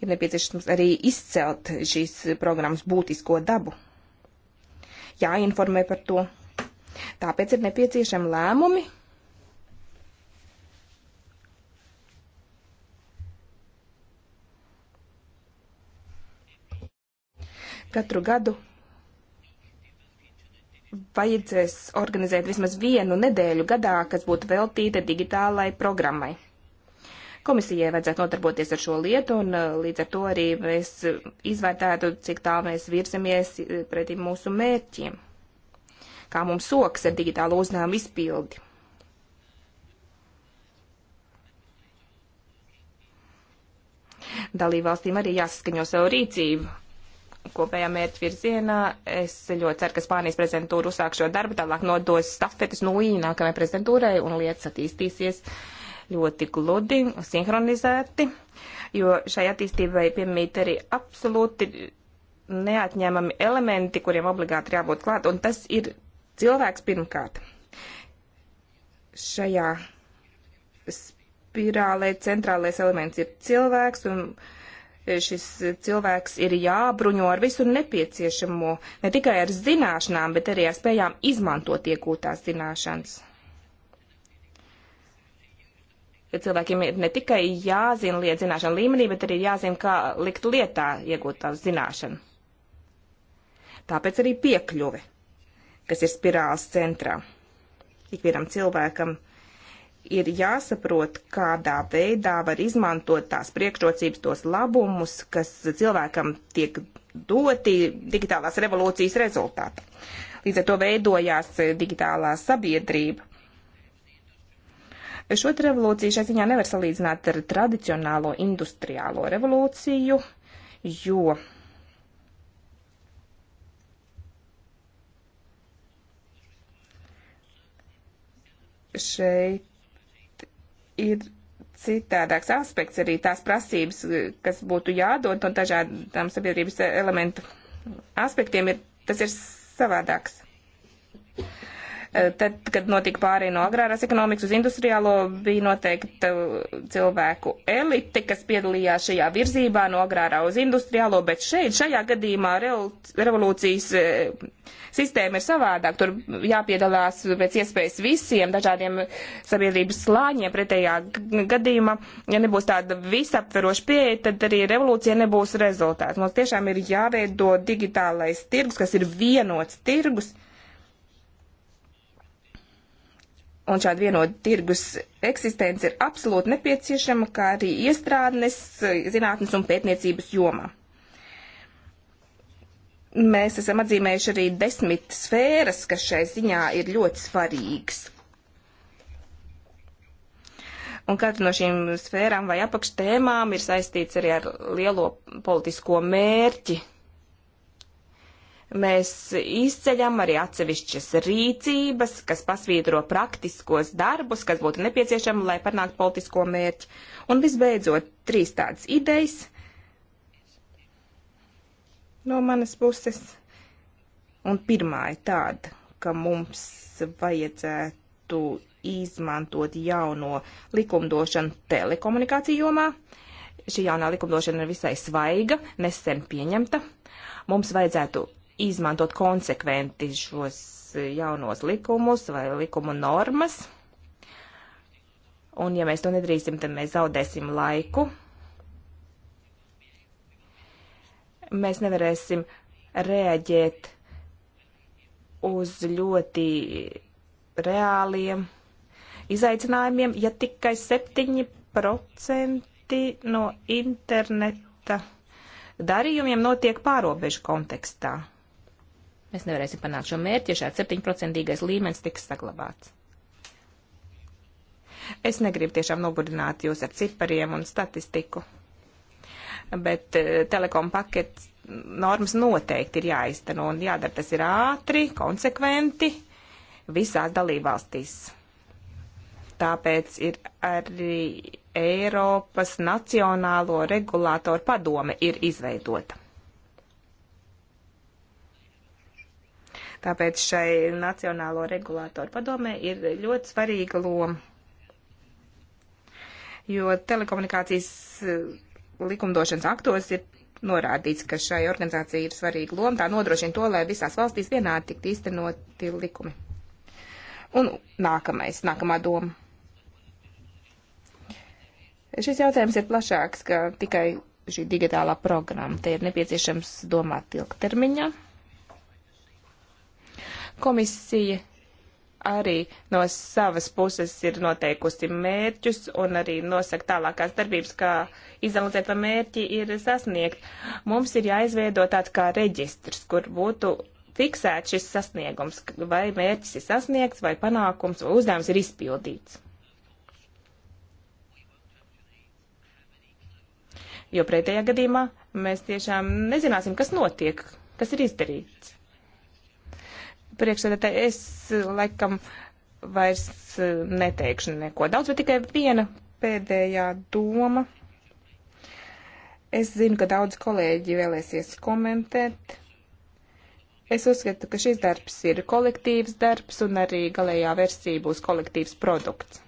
Ir nepieciešams arī izcelt šīs programmas būtisko dabu. Jāinformē par to. Tāpēc ir nepieciešami lēmumi, katru gadu vajadzēs organizēt vismaz vienu nedēļu gadā, kas būtu veltīta digitālai programmai. Komisijai vajadzētu notarboties ar šo lietu, un uh, līdz ar to arī mēs izvērtētu, cik tā mēs virzamies uh, pretī mūsu mērķiem, kā mums soks ar digitālo uzņēmumu izpildi. Dalībvalstīm arī jāsaskaņo savu rīcību kopējā mērķa virzienā. Es ļoti ceru, ka Spānijas prezidentūra uzsāk šo darbu, tālāk nodos stafetes nūjiņu nākamajai prezidentūrai un lietas attīstīsies ļoti gludi, sinhronizēti, jo šai attīstībai piemīt arī absolūti neatņēmami elementi, kuriem obligāti ir jābūt klāt, un tas ir cilvēks pirmkārt. Šajā spirālē centrālais elements ir cilvēks, un šis cilvēks ir jābruņo ar visu nepieciešamo, ne tikai ar zināšanām, bet arī ar spējām izmantot iegūtās zināšanas. Cilvēkiem ir ne tikai jāzina lietas zināšanu līmenī, bet arī jāzina, kā likt lietā iegūtās zināšanu. Tāpēc arī piekļuve, kas ir spirāls centrā. Ikvienam cilvēkam ir jāsaprot, kādā veidā var izmantot tās priekšrocības, tos labumus, kas cilvēkam tiek doti digitālās revolūcijas rezultātā. Līdz ar to veidojās digitālā sabiedrība. Šo revolūciju šai ziņā nevar salīdzināt ar tradicionālo industriālo revolūciju, jo šeit ir citādāks aspekts arī tās prasības, kas būtu jādod no dažādām sabiedrības elementu aspektiem, ir, tas ir savādāks. Eh, tad, kad notika pārī no agrārās ekonomikas uz industriālo, bija noteikti eh, cilvēku elite, kas piedalījās šajā virzībā no agrārā uz industriālo, bet šeit, šajā gadījumā revolūcijas eh, sistēma ir savādāk. Tur jāpiedalās pēc iespējas visiem dažādiem sabiedrības slāņiem. Pretējā gadījumā, ja nebūs tāda visaptveroša pieeja, tad arī revolūcija nebūs rezultāts. Mums tiešām ir jāveido digitālais tirgus, kas ir vienots tirgus. un šāda vienota tirgus eksistence ir absolūti nepieciešama, kā arī iestrādnes zinātnes un pētniecības jomā. Mēs esam atzīmējuši arī desmit sfēras, kas šai ziņā ir ļoti svarīgas. Un katra no šīm sfērām vai apakštēmām ir saistīts arī ar lielo politisko mērķi, Mēs izceļam arī atsevišķas rīcības, kas pasvītro praktiskos darbus, kas būtu nepieciešami, lai panāktu politisko mērķi. Un visbeidzot, trīs tādas idejas no manas puses. Un pirmā ir tāda, ka mums vajadzētu izmantot jauno likumdošanu telekomunikāciju jomā. Šī jaunā likumdošana ir visai svaiga, nesen pieņemta. Mums vajadzētu izmantot konsekventi šos e, jaunos likumus vai likumu normas. Un ja mēs to nedrīksim, tad mēs zaudēsim laiku. Mēs nevarēsim reaģēt uz ļoti reāliem izaicinājumiem, ja tikai 7% no interneta darījumiem notiek pārobežu kontekstā. Mēs nevarēsim panākt šo mērķi, ja šāds 7% līmenis tiks saglabāts. Es negribu tiešām nobudināt jūs ar cipariem un statistiku, bet eh, telekom pakets normas noteikti ir jāizteno un jādara tas ir ātri, konsekventi visās dalībvalstīs. Tāpēc ir arī Eiropas Nacionālo regulātoru padome ir izveidota. Tāpēc šai Nacionālo regulātoru padomē ir ļoti svarīga loma. Jo telekomunikācijas eh, likumdošanas aktos ir norādīts, ka šai organizācijai ir svarīga loma. Tā nodrošina to, lai visās valstīs vienādi tiktu īstenoti likumi. Un nākamais, nākamā doma. Šis jautājums ir plašāks, ka tikai šī digitālā programma. Te ir nepieciešams domāt ilgtermiņā. Komisija arī no savas puses ir noteikusi mērķus un arī nosaka tālākās darbības, kā izanalizēt, vai mērķi ir sasniegt. Mums ir jāizveido tāds kā reģistrs, kur būtu fiksēts šis sasniegums, vai mērķis ir sasniegts, vai panākums, vai uzdevums ir izpildīts. Jo pretējā gadījumā mēs tiešām nezināsim, kas notiek, kas ir izdarīts. Priekšsēdētāji, es laikam vairs e, neteikšu neko daudz, bet tikai viena pēdējā doma. Es zinu, ka daudz kolēģi vēlēsies komentēt. Es uzskatu, ka šis darbs ir kolektīvs darbs un arī galējā versija būs kolektīvs produkts.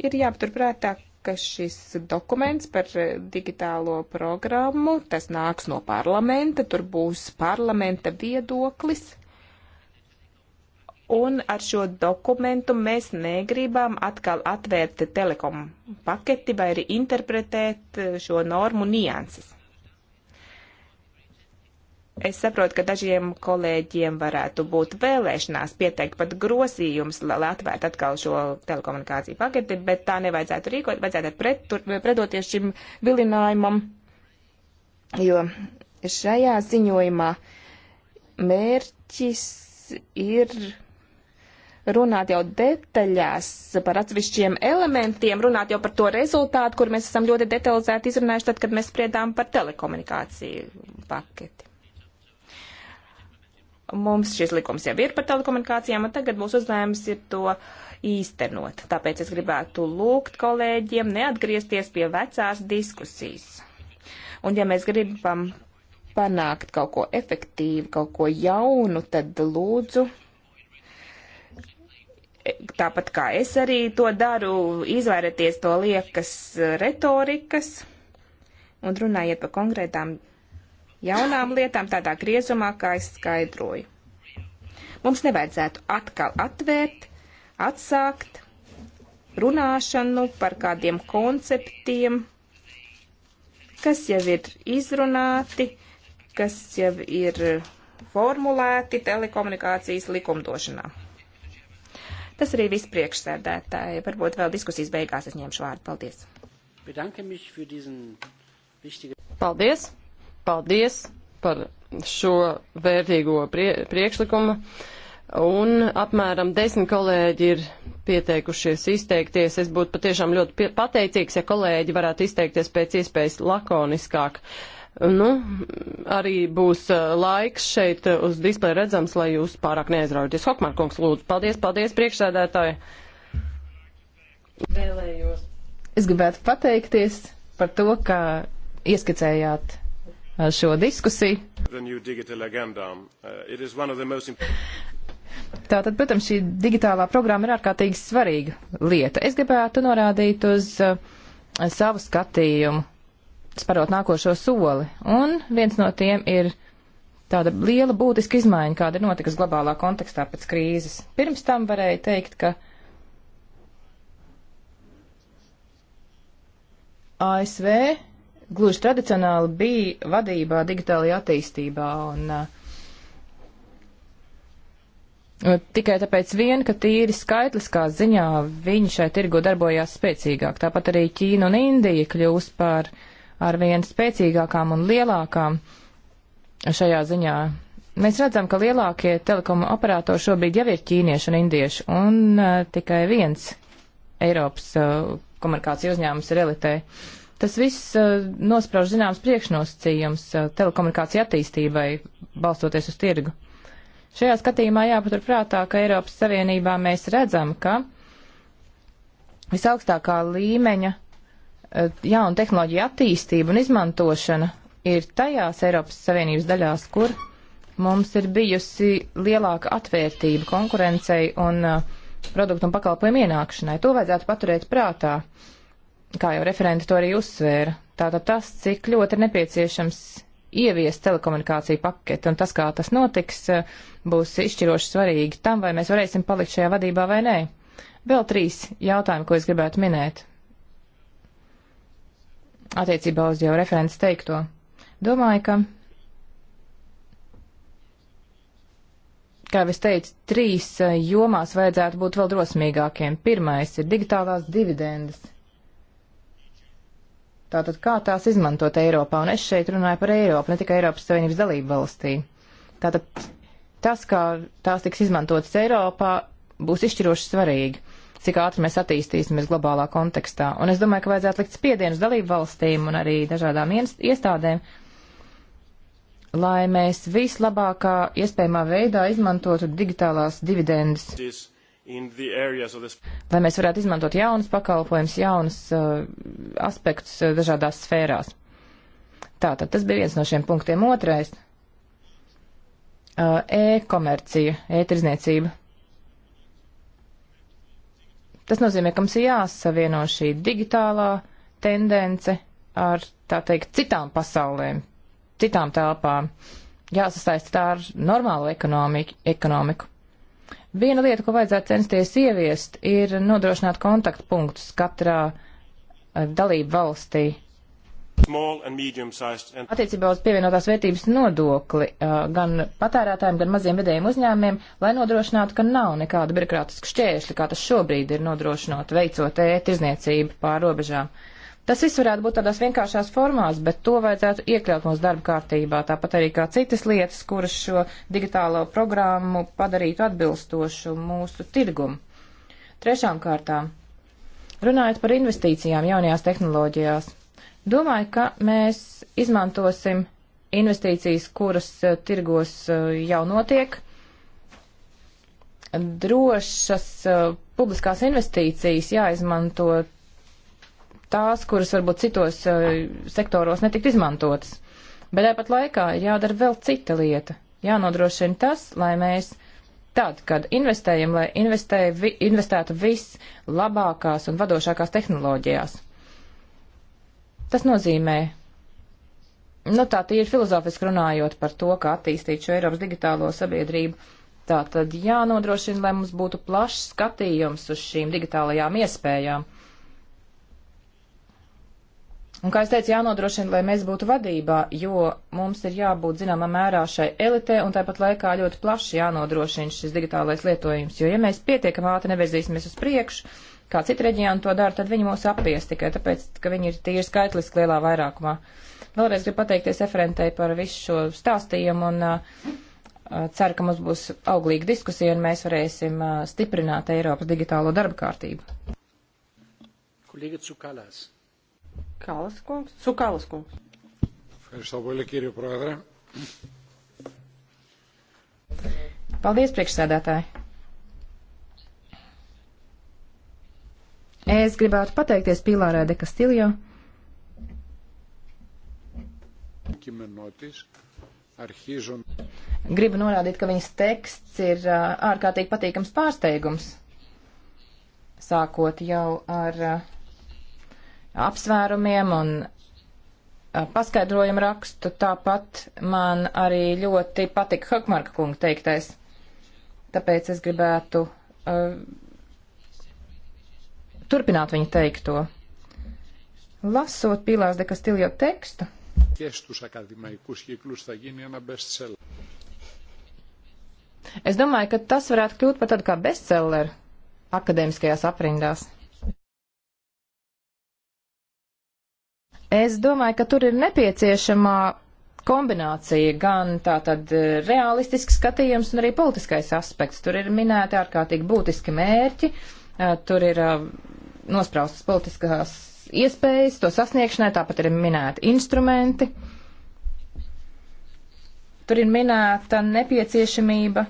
Ir jāpaturprātā, ka šis dokuments par eh, digitālo programmu, tas nāks no parlamenta, tur būs parlamenta viedoklis. Un ar šo dokumentu mēs negribam atkal atvērt telekom paketi vai arī interpretēt eh, šo normu nianses. Es saprotu, ka dažiem kolēģiem varētu būt vēlēšanās pieteikt pat grosījums, lai atvērtu atkal šo telekomunikāciju paketi, bet tā nevajadzētu rīkot, vajadzētu pret, tur, pretoties šim vilinājumam, jo šajā ziņojumā mērķis ir runāt jau detaļās par atsevišķiem elementiem, runāt jau par to rezultātu, kur mēs esam ļoti detalizēti izrunājuši tad, kad mēs spriedām par telekomunikāciju paketi. Mums šis likums jau ir par telekomunikācijām, un tagad mūsu uzdevums ir to īstenot. Tāpēc es gribētu lūgt kolēģiem neatgriezties pie vecās diskusijas. Un ja mēs gribam panākt kaut ko efektīvu, kaut ko jaunu, tad lūdzu tāpat kā es arī to daru, izvairieties to liekas retorikas un runājiet par konkrētām jaunām lietām tādā griezumā, kā es skaidroju. Mums nevajadzētu atkal atvērt, atsākt runāšanu par kādiem konceptiem, kas jau ir izrunāti, kas jau ir formulēti telekomunikācijas likumdošanā. Tas arī viss priekšsēdētāji. Varbūt vēl diskusijas beigās es ņemšu vārdu. Paldies! Paldies! Paldies par šo vērtīgo prie, priekšlikumu. Un apmēram desmit kolēģi ir pieteikušies izteikties. Es būtu patiešām ļoti pateicīgs, ja kolēģi varētu izteikties pēc iespējas lakoniskāk. Nu, arī būs uh, laiks šeit uz displeja redzams, lai jūs pārāk neaizraujaties. Hokmār kungs, lūdzu, paldies, paldies priekšsēdētāji. Vēlējos. Es gribētu pateikties par to, ka ieskicējāt Uh, šo diskusiju. Uh, Tātad, protams, šī digitālā programma ir ārkārtīgi svarīga lieta. Es gribētu norādīt uz uh, savu skatījumu, sparot nākošo soli. Un viens no tiem ir tāda liela būtiska izmaiņa, kāda ir notikusi globālā kontekstā pēc krīzes. Pirms tam varēja teikt, ka ASV gluži tradicionāli bija vadībā digitālajā attīstībā. Un, uh, tikai tāpēc vien, ka tīri skaitliskā ziņā viņi šai tirgu darbojās spēcīgāk. Tāpat arī Ķīna un Indija kļūs par arvien spēcīgākām un lielākām šajā ziņā. Mēs redzam, ka lielākie telekomu operatori šobrīd jau ir ķīnieši un indieši, un uh, tikai viens Eiropas uh, komunikāciju uzņēmums realitē. Uh, Tas viss eh, nosprauž zināms priekšnosacījums eh, telekomunikācija attīstībai, balstoties uz tirgu. Šajā skatījumā jāpaturprātā, ka Eiropas Savienībā mēs redzam, ka visaugstākā līmeņa eh, jauna tehnoloģija attīstība un izmantošana ir tajās Eiropas Savienības daļās, kur mums ir bijusi lielāka atvērtība konkurencei un produktu un pakalpojumu ienākšanai. To vajadzētu paturēt prātā. Uh, kā jau referenti to arī uzsvēra, tātad tas, cik ļoti ir nepieciešams ieviest telekomunikāciju paketi, un tas, kā tas notiks, eh, būs izšķiroši svarīgi tam, vai mēs varēsim palikt šajā vadībā vai nē. Vēl trīs jautājumi, ko es gribētu minēt. Attiecībā uz jau referents teikto. Domāju, ka, kā jau es teicu, trīs eh, jomās vajadzētu būt vēl drosmīgākiem. Pirmais ir digitālās dividendes Tātad kā tās izmantot Eiropā? Un es šeit runāju par Eiropu, ne tikai Eiropas Savienības dalību valstī. Tātad tas, kā tās tiks izmantotas Eiropā, būs izšķiroši svarīgi, cik ātri mēs attīstīsimies globālā kontekstā. Un es domāju, ka vajadzētu likt spiedienus dalību valstīm un arī dažādām iestādēm, lai mēs vislabākā iespējamā veidā izmantotu digitālās dividendes. This Lai mēs varētu izmantot jaunas pakalpojumus, jaunas uh, aspektus uh, dažādās sfērās. Tātad tas bija viens no šiem punktiem. Otrais uh, e - e-komercija, e-tirzniecība. Tas nozīmē, ka mums ir jāsavieno šī digitālā tendence ar, tā teikt, citām pasaulēm, citām telpām, jāsasaista tā ar normālu ekonomiku. ekonomiku. Viena lieta, ko vajadzētu censties ieviest, ir nodrošināt kontaktpunktus katrā eh, dalību valstī. Attiecībā uz pievienotās vērtības nodokli eh, gan patērētājiem, gan maziem vidējiem uzņēmumiem, lai nodrošinātu, ka nav nekāda birokrātiska šķēršļa, kā tas šobrīd ir nodrošinot, veicot e-tirzniecību pār robežām. Uh, Tas viss varētu būt tādās vienkāršās formās, bet to vajadzētu iekļaut mūsu darba kārtībā, tāpat arī kā citas lietas, kuras šo digitālo programmu padarītu atbilstošu mūsu tirgumu. Trešām kārtām, runājot par investīcijām jaunajās tehnoloģijās, domāju, ka mēs izmantosim investīcijas, kuras eh, tirgos eh, jau notiek, drošas eh, publiskās investīcijas jāizmanto tās, kuras varbūt citos eh, sektoros netiktu izmantotas. Bet tāpat laikā ir jādara vēl cita lieta. Jānodrošina tas, lai mēs tad, kad investējam, lai investē, vi, investētu vislabākās un vadošākās tehnoloģijās. Tas nozīmē, nu tā tīri filozofiski runājot par to, kā attīstīt šo Eiropas digitālo sabiedrību. Tā tad jānodrošina, lai mums būtu plašs skatījums uz šīm digitālajām iespējām. Un, kā es teicu, jānodrošina, lai mēs būtu vadībā, jo mums ir jābūt zināmā mērā šai elitē un tāpat laikā ļoti plaši jānodrošina šis digitālais lietojums, jo, ja mēs pietiekam ātri nevirzīsimies uz priekšu, kā citi reģioni to dara, tad viņi mūs apies tikai tāpēc, ka viņi ir tīri skaitliski lielā vairākumā. Vēlreiz gribu pateikties referentei par visu šo stāstījumu un uh, uh ceru, ka mums būs auglīga diskusija un mēs varēsim uh, stiprināt Eiropas digitālo darba kārtību. Kolēģi Cukalās. Κάλλας κόμψ, σου Κάλλας κόμψ. Ευχαριστώ πολύ κύριε Πρόεδρε. Paldies, priekšsēdētāji! Es gribētu pateikties Pilārē de Kastiljo. Gribu norādīt, ka viņas teksts ir ārkārtīgi patīkams pārsteigums, sākot jau ar uh, apsvērumiem un paskaidrojumu rakstu. Tāpat man arī ļoti patika Hakmarka kunga teiktais. Tāpēc es gribētu uh, turpināt viņa teikto. Lasot Pīlārs de Kastiljo tekstu. Es domāju, ka tas varētu kļūt pat tādu kā bestselleru akadēmiskajās aprindās. Es domāju, ka tur ir nepieciešama kombinācija gan tātad e, realistisks skatījums un arī politiskais aspekts. Tur ir minēti ārkārtīgi būtiski mērķi, e, tur ir e, nospraustas politiskās iespējas to sasniegšanai, tāpat ir minēti instrumenti. Tur ir minēta nepieciešamība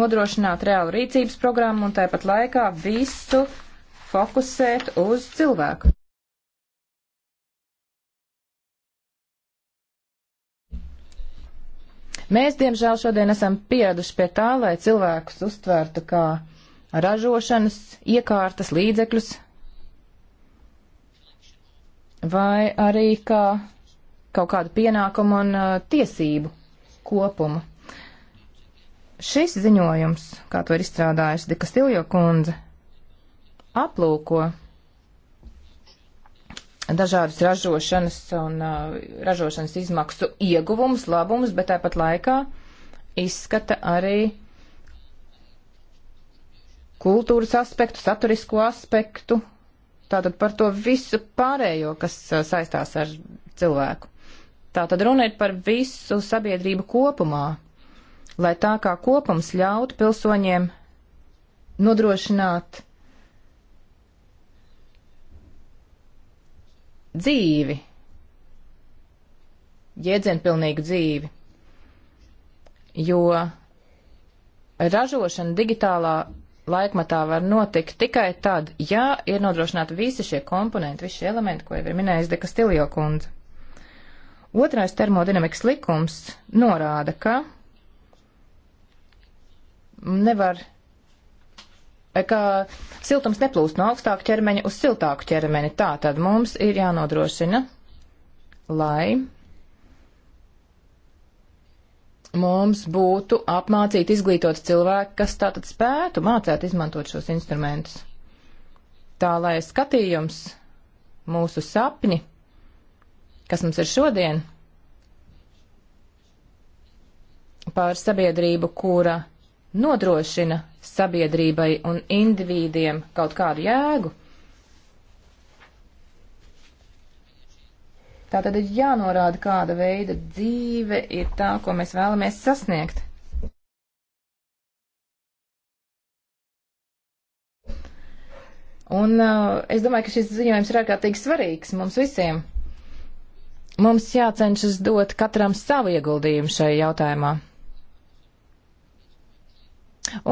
nodrošināt reālu rīcības programmu un tāpat laikā visu fokusēt uz cilvēku. Mēs, diemžēl, šodien esam pieraduši pie tā, lai cilvēkus uztvērtu kā ražošanas iekārtas līdzekļus vai arī kā kaut kādu pienākumu un uh, tiesību kopumu. Šis ziņojums, kā to ir izstrādājusi Dika Stiljo kundze, aplūko dažādus ražošanas un uh, ražošanas izmaksu ieguvumus, labumus, bet tāpat laikā izskata arī kultūras aspektu, saturisko aspektu, tātad par to visu pārējo, kas uh, saistās ar cilvēku. Tātad runa ir par visu sabiedrību kopumā, lai tā kā kopums ļautu pilsoņiem nodrošināt dzīvi, jēdzienpilnīgu dzīvi, jo ražošana digitālā laikmatā var notikt tikai tad, ja ir nodrošināti visi šie komponenti, visi šie elementi, ko jau ir minējis Deka Stiljo kundze. Otrais termodinamikas likums norāda, ka nevar ka siltums neplūst no augstāku ķermeņa uz siltāku ķermeni. Tā tad mums ir jānodrošina, lai mums būtu apmācīti, izglītoti cilvēki, kas tātad spētu mācēt izmantot šos instrumentus. Tā lai skatījums, mūsu sapņi, kas mums ir šodien, pār sabiedrību, kura nodrošina sabiedrībai un individiem kaut kādu jēgu. Tātad ir jānorāda, kāda veida dzīve ir tā, ko mēs vēlamies sasniegt. Un uh, es domāju, ka šis ziņojums ir ārkārtīgi svarīgs mums visiem. Mums jācenšas dot katram savu ieguldījumu šajā jautājumā.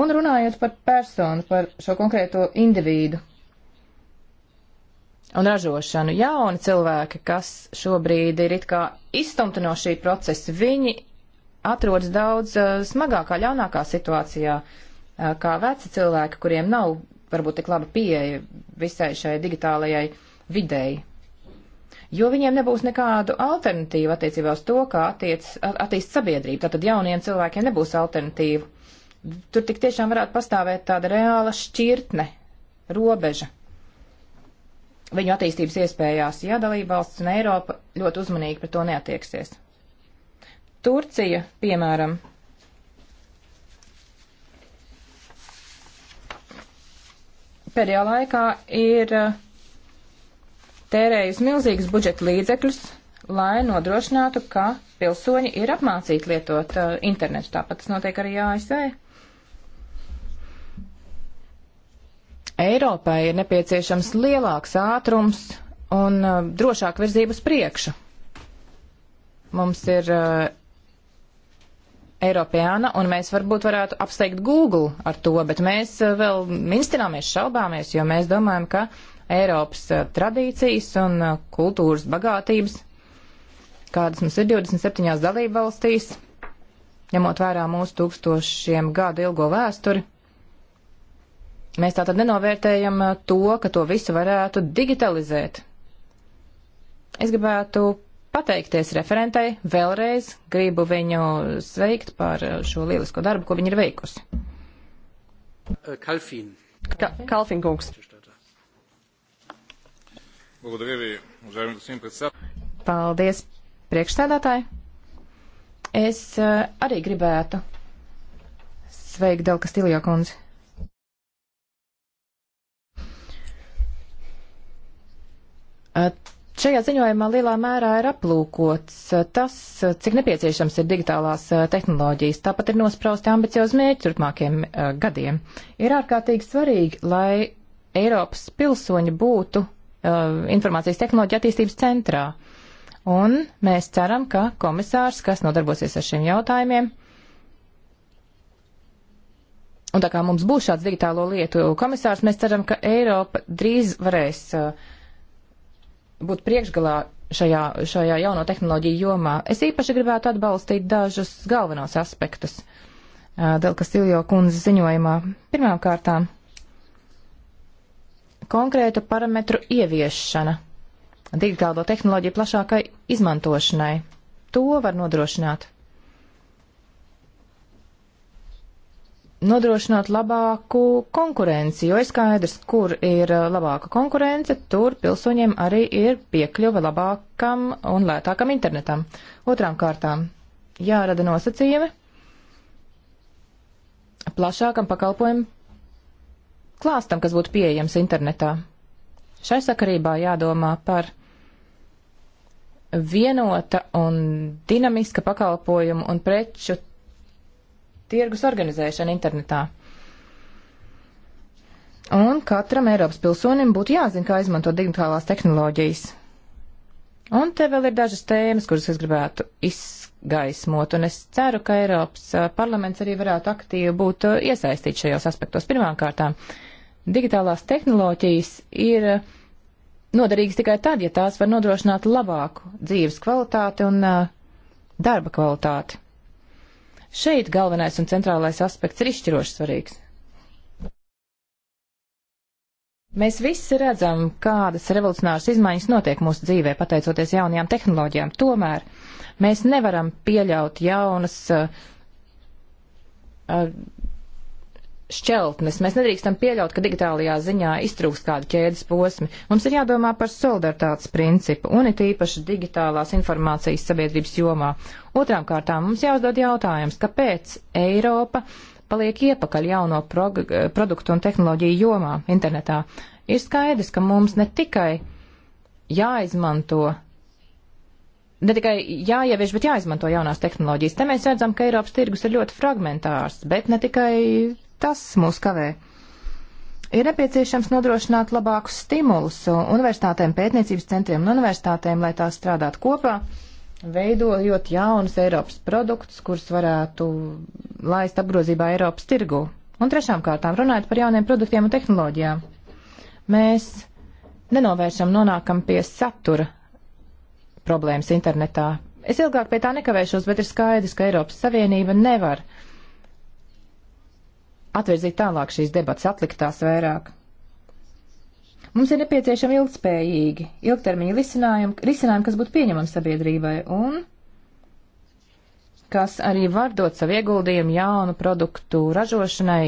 Un runājot par personu, par šo konkrēto individu un ražošanu, jauni cilvēki, kas šobrīd ir it kā izstumti no šī procesa, viņi atrodas daudz uh, smagākā, ļaunākā situācijā uh, kā veci cilvēki, kuriem nav varbūt tik laba pieeja visai šai digitālajai videi. Jo viņiem nebūs nekādu alternatīvu attiecībā uz to, kā attiec, attīst sabiedrība. Tātad jauniem cilvēkiem nebūs alternatīvu Tur tik tiešām varētu pastāvēt tāda reāla šķirtne, robeža viņu attīstības iespējās, ja dalībvalsts un Eiropa ļoti uzmanīgi pret to neatieksies. Turcija, piemēram, pēdējā laikā ir eh, tērējusi milzīgas budžeta līdzekļus, lai nodrošinātu, ka pilsoņi ir apmācīti lietot uh, internetu. Tāpat tas notiek arī ASV. E. Eiropai ir nepieciešams lielāks ātrums un uh, drošāk virzību uz priekšu. Mums ir uh, Eiropāna, un mēs varbūt varētu apsteigt Google ar to, bet mēs uh, vēl minstināmies, šaubāmies, jo mēs domājam, ka Eiropas uh, tradīcijas un uh, kultūras bagātības, kādas mums ir 27 dalība valstīs, ņemot vērā mūsu tūkstošiem gadu ilgo vēsturi, Mēs tātad nenovērtējam uh, to, ka to visu varētu digitalizēt. Es gribētu pateikties referentai vēlreiz, gribu viņu sveikt par uh, šo lielisko darbu, ko viņa ir veikusi. Uh, Kalfīn. Ka Kalfīn kungs. Paldies, priekšstādātāji. Es arī gribētu sveikt Delka Stiljo kundzi. Šajā ziņojumā lielā mērā ir aplūkots tas, cik nepieciešams ir digitālās tehnoloģijas. Tāpat ir nosprausti ambiciozi mērķi turpmākiem gadiem. Ir ārkārtīgi svarīgi, lai Eiropas pilsoņi būtu informācijas tehnoloģija attīstības centrā. Un mēs ceram, ka komisārs, kas nodarbosies ar šiem jautājumiem, un tā kā mums būs šāds digitālo lietu komisārs, mēs ceram, ka Eiropa drīz varēs uh, būt priekšgalā šajā, šajā jauno tehnoloģiju jomā. Es īpaši gribētu atbalstīt dažus galvenos aspektus Delka Siljo kundzes ziņojumā. Pirmām kārtām konkrētu parametru ieviešana digitālo tehnoloģiju plašākai izmantošanai. To var nodrošināt nodrošināt labāku konkurenci, jo ir skaidrs, kur ir uh, labāka konkurence, tur pilsoņiem arī ir piekļuve labākam un lētākam internetam. Otrām kārtām jārada nosacījumi plašākam pakalpojumu klāstam, kas būtu pieejams internetā. Šai sakarībā jādomā par vienota un dinamiska pakalpojumu un preču tirgus organizēšana internetā. Un katram Eiropas pilsonim būtu jāzina, kā izmantot digitālās tehnoloģijas. Un te vēl ir dažas tēmas, kuras es gribētu izgaismot, un es ceru, ka Eiropas eh, parlaments arī varētu aktīvi būt eh, iesaistīts šajos aspektos. Pirmkārtām, digitālās tehnoloģijas ir eh, noderīgas tikai tad, ja tās var nodrošināt labāku dzīves kvalitāti un darba kvalitāti. Šeit galvenais un centrālais aspekts ir izšķiroši svarīgs. Mēs visi redzam, kādas revolucionāras izmaiņas notiek mūsu dzīvē, pateicoties jaunajām tehnoloģijām. Tomēr mēs nevaram pieļaut jaunas uh, uh, šķeltnes. Mēs nedrīkstam pieļaut, ka digitālajā ziņā iztrūks kāda ķēdes posmi. Mums ir jādomā par solidaritātes principu un it īpaši digitālās informācijas sabiedrības jomā. Otrām kārtām mums jāuzdod jautājums, kāpēc Eiropa paliek iepakaļ jauno produktu un tehnoloģiju jomā internetā. Ir skaidrs, ka mums ne tikai jāizmanto. Ne tikai jāievieš, bet jāizmanto jaunās tehnoloģijas. Te mēs redzam, ka Eiropas tirgus ir ļoti fragmentārs, bet ne tikai tas mūs kavē. Ir nepieciešams nodrošināt labākus stimulus universitātēm, pētniecības centriem un universitātēm, lai tās strādātu kopā, veidojot jaunus Eiropas produktus, kurus varētu laist apgrozībā Eiropas tirgu. Un trešām kārtām runājot par jauniem produktiem un tehnoloģijām. Mēs nenovēršam nonākam pie satura problēmas internetā. Es ilgāk pie tā nekavēšos, bet ir skaidrs, ka Eiropas Savienība nevar uh, atvirzīt tālāk šīs debats, atlikt tās vairāk. Mums ir nepieciešami ilgspējīgi, ilgtermiņa risinājumi, risinājumi, kas būtu pieņemami sabiedrībai un kas arī var dot savu ieguldījumu jaunu produktu ražošanai,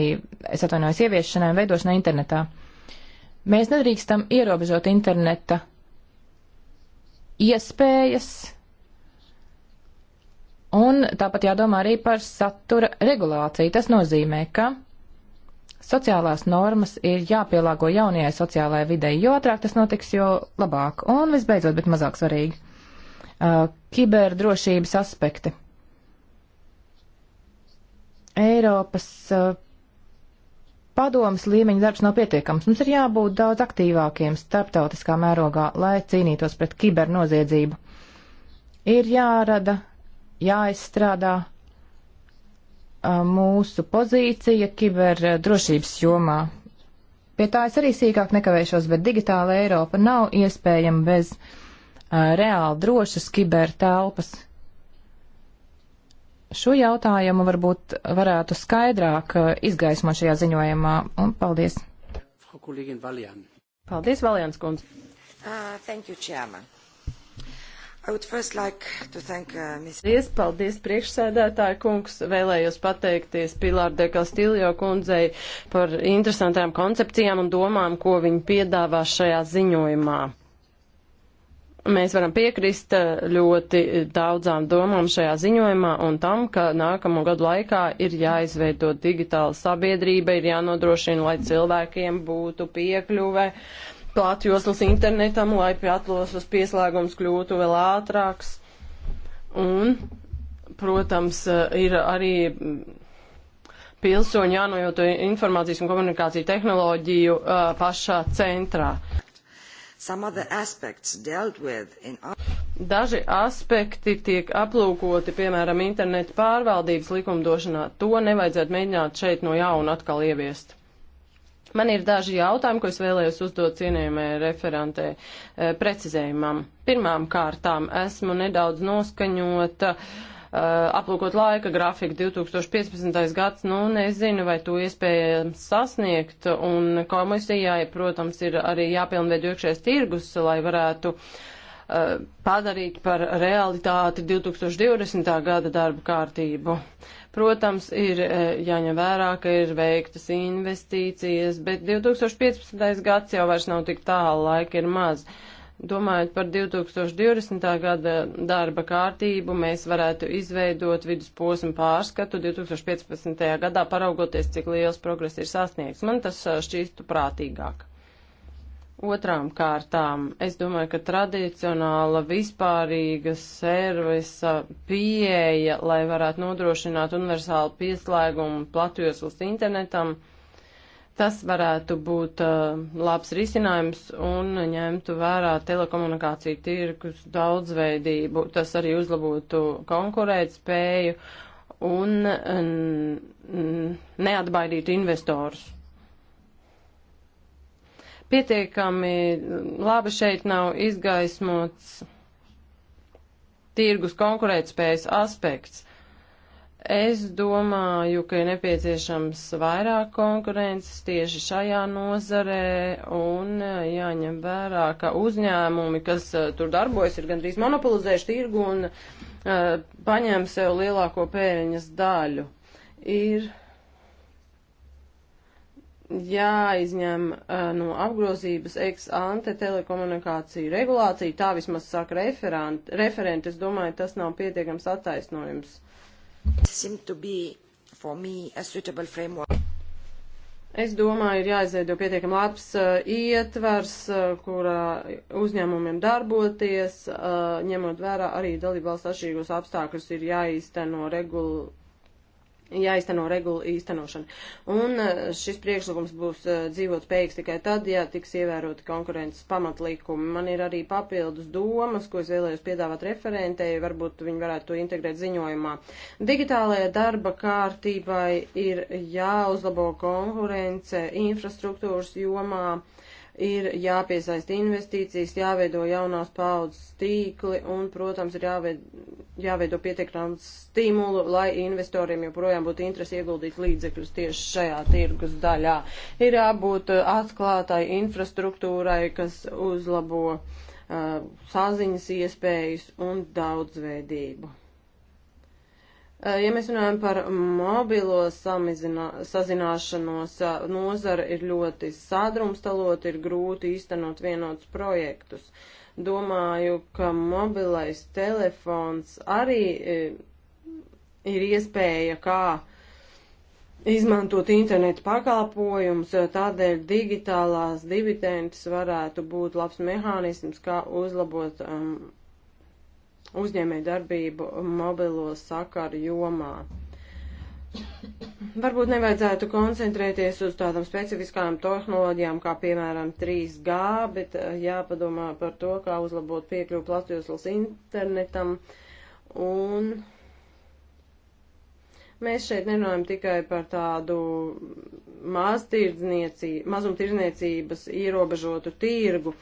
es atvainojos, ieviešanai un veidošanai internetā. Mēs nedrīkstam ierobežot interneta iespējas, un tāpat jādomā arī par satura regulāciju. Tas nozīmē, ka Sociālās normas ir jāpielāgo jaunajai sociālajai videi, jo ātrāk tas notiks, jo labāk. Un visbeidzot, bet mazāk svarīgi, uh, kiberdrošības aspekti. Eiropas uh, padomas līmeņa darbs nav pietiekams. Mums ir jābūt daudz aktīvākiem starptautiskā mērogā, lai cīnītos pret kibernoziedzību. Ir jārada, jāizstrādā Uh, mūsu pozīcija kiberdrošības uh, jomā. Pie tā es arī sīkāk nekavēšos, bet digitāla Eiropa nav iespējama bez uh, reāli drošas kibertelpas. Šo jautājumu varbūt varētu skaidrāk uh, izgaismot šajā ziņojumā, un paldies. Paldies, Valjāns kundze. Uh, thank you, Chairman. Like thank, uh, paldies, paldies priekšsēdētāja kungs. Vēlējos pateikties Pilāra de Kastiljo kundzei par interesantām koncepcijām un domām, ko viņa piedāvā šajā ziņojumā. Mēs varam piekrist uh, ļoti daudzām domām šajā ziņojumā un tam, ka nākamo gadu laikā ir jāizveido digitāla sabiedrība, ir jānodrošina, lai cilvēkiem būtu piekļuve. Uh, platjoslas internetam, lai platloslas pieslēgums kļūtu vēl ātrāks. Un, protams, ir arī pilsoņi jānojauto informācijas un komunikāciju tehnoloģiju uh, pašā centrā. In... Daži aspekti tiek aplūkoti, piemēram, interneta pārvaldības likumdošanā. To nevajadzētu mēģināt šeit no jauna atkal ieviest. Man ir daži jautājumi, ko es vēlējos uzdot cienījumai referentē e, precizējumam. Pirmām kārtām esmu nedaudz noskaņota. Uh, e, aplūkot laika grafiku 2015. gads, nu nezinu, vai to iespējams sasniegt, un komisijai, protams, ir arī jāpilnveido iekšējais tirgus, lai varētu uh, e, padarīt par realitāti 2020. gada darba kārtību. Uh, Protams, ir e, jāņem vērā, ka ir veiktas investīcijas, bet 2015. gads jau vairs nav tik tālu, laika ir maz. Domājot par 2020. gada darba kārtību, mēs varētu izveidot vidusposmu pārskatu 2015. gadā, paraugoties, cik liels progress ir sasniegts. Man tas e, šķīstu prātīgāk. Otrām kārtām, es domāju, ka tradicionāla vispārīga servisa pieeja, lai varētu nodrošināt universālu pieslēgumu platjoslas internetam, tas varētu būt uh, labs risinājums un ņemtu vērā telekomunikāciju tirkus daudzveidību. Tas arī uzlabotu konkurētspēju un mm, neatbaidītu investorus pietiekami labi šeit nav izgaismots tirgus konkurētspējas aspekts. Es domāju, ka ir nepieciešams vairāk konkurences tieši šajā nozarē un e, jāņem vērā, ka uzņēmumi, kas e, tur darbojas, ir gandrīz monopolizējuši tirgu un uh, e, paņēma sev lielāko pēriņas daļu. Ir jāizņem uh, no apgrozības ex ante telekomunikāciju regulāciju, tā vismaz saka referent, referent, es domāju, tas nav pietiekams attaisnojums. Es domāju, ir jāizveido pietiekami labs uh, ietvers, uh, kurā uzņēmumiem darboties, uh, ņemot vērā arī dalībvalsts atšķirīgos apstākļus, ir jāīsteno regula jāizteno regula īstenošana. Un uh, šis priekšlikums būs uh, dzīvot spējīgs tikai tad, ja tiks ievēroti konkurences pamatlīkumi. Man ir arī papildus domas, ko es vēlējos piedāvāt referentei, varbūt viņi varētu to integrēt ziņojumā. Digitālajā darba kārtībai ir jāuzlabo konkurence infrastruktūras jomā ir jāpiesaista investīcijas, jāveido jaunās paudzes tīkli un, protams, ir jāveido, jāveido pietiekams stimulu, lai investoriem joprojām būtu interesi ieguldīt līdzekļus tieši šajā tirgus daļā. Ir jābūt uh, atklātai infrastruktūrai, kas uzlabo uh, saziņas iespējas un daudzveidību. Eh, ja mēs runājam par mobilo sazināšanos, eh, nozara ir ļoti sadrumstalot, ir grūti īstenot vienotus projektus. Domāju, ka mobilais telefons arī eh, ir iespēja kā izmantot internetu pakalpojumus, tādēļ digitālās dividendes varētu būt labs mehānisms, kā uzlabot um, uzņēmēju darbību mobilo sakaru jomā. Varbūt nevajadzētu koncentrēties uz tādām specifiskām tehnoloģijām, kā piemēram 3G, bet eh, jāpadomā par to, kā uzlabot piekļuvu platjoslas internetam un uh, Mēs šeit nerunājam tikai par tādu mazumtirdzniecības ierobežotu tirgu.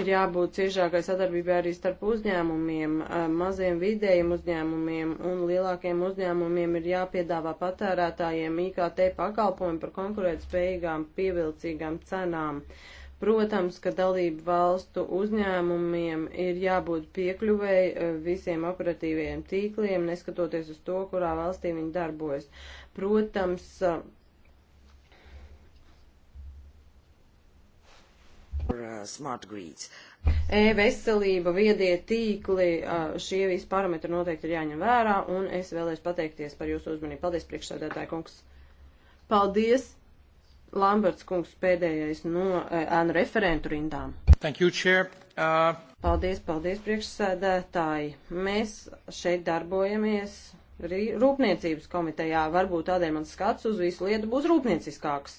Ir jābūt ciešākai sadarbībai arī starp uzņēmumiem, eh, maziem vidējiem uzņēmumiem un lielākiem uzņēmumiem ir jāpiedāvā patērētājiem IKT pakalpojumi par konkurētspējīgām, pievilcīgām cenām. Uh, Protams, ka dalību valstu uzņēmumiem ir jābūt piekļuvēji eh, visiem operatīviem tīkliem, neskatoties uz to, kurā valstī viņi darbojas. Protams, uh, smart grids. E-veselība, viedie tīkli, eh, šie visi parametri noteikti ir jāņem vērā, un es vēlēšu pateikties par jūsu uzmanību. Paldies, priekšsēdētāji kungs! Paldies! Lamberts kungs pēdējais no eh, ēnu referentu rindām. Thank you, Chair. Uh... Paldies, paldies, priekšsēdētāji. Mēs šeit darbojamies rūpniecības komitejā. Varbūt tādēļ mans skats uz visu lietu būs rūpnieciskāks.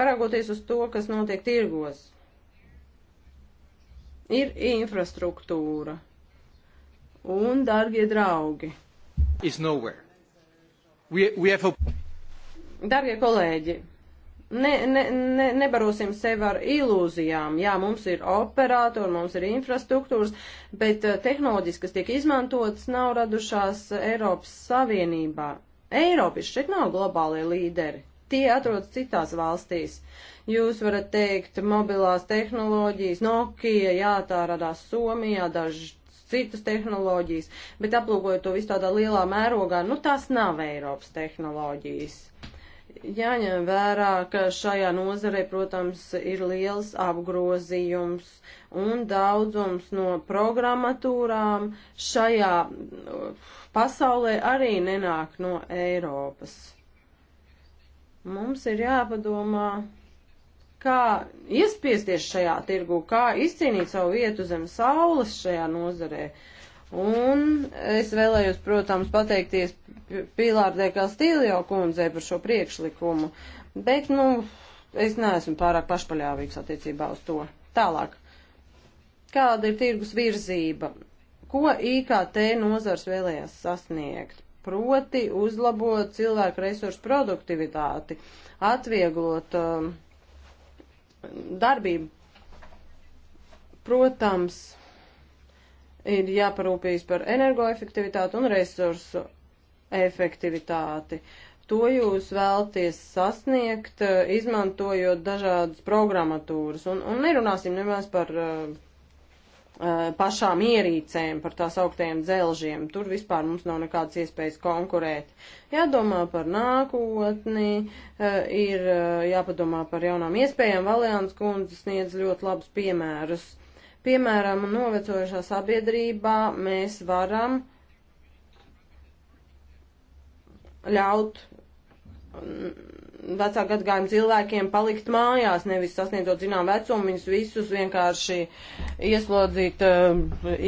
Paraugoties uz to, kas notiek tirgos, ir infrastruktūra un, dārgie draugi, is nowhere. We, we have a... Darbie kolēģi, ne, ne, ne, nebarosim sevi ar ilūzijām. Jā, mums ir operatori, mums ir infrastruktūras, bet eh, tehnoloģijas, kas tiek izmantotas, nav radušās Eiropas Savienībā. Eiropieši šeit nav globālie līderi tie atrodas citās valstīs. Jūs varat teikt, mobilās tehnoloģijas, Nokia, jā, tā radās Somijā, dažas citas tehnoloģijas, bet aplūkojot to visu tādā lielā mērogā, nu tās nav Eiropas tehnoloģijas jāņem vērā, ka šajā nozarē, protams, ir liels apgrozījums un daudzums no programmatūrām šajā uh, pasaulē arī nenāk no Eiropas. Mums ir jāpadomā, kā iespiesties šajā tirgu, kā izcīnīt savu vietu zem saules šajā nozarē. Un es vēlējos, protams, pateikties Pilārdē kā Stīlio kundzei par šo priekšlikumu, bet, nu, es neesmu pārāk pašpaļāvīgs attiecībā uz to. Tālāk. Kāda ir tirgus virzība? Ko IKT nozars vēlējās sasniegt? Proti uzlabot cilvēku resursu produktivitāti, atvieglot um, darbību. Protams, ir jāparūpīs par energoefektivitāti un resursu efektivitāti. To jūs vēlties sasniegt, eh, izmantojot dažādas programmatūras. Un, un nerunāsim nemaz par uh, pašām ierīcēm, par tās augtajiem dzelžiem. Tur vispār mums nav nekādas iespējas konkurēt. Jādomā par nākotni, uh, ir uh, jāpadomā par jaunām iespējām. Valjāns kundze sniedz ļoti labus piemērus. Piemēram, novecojušā sabiedrībā mēs varam uh, ļaut mm, vecāku gadgājumu cilvēkiem palikt mājās, nevis sasniedzot zinām vecumu, viņus visus vienkārši ieslodzīt eh,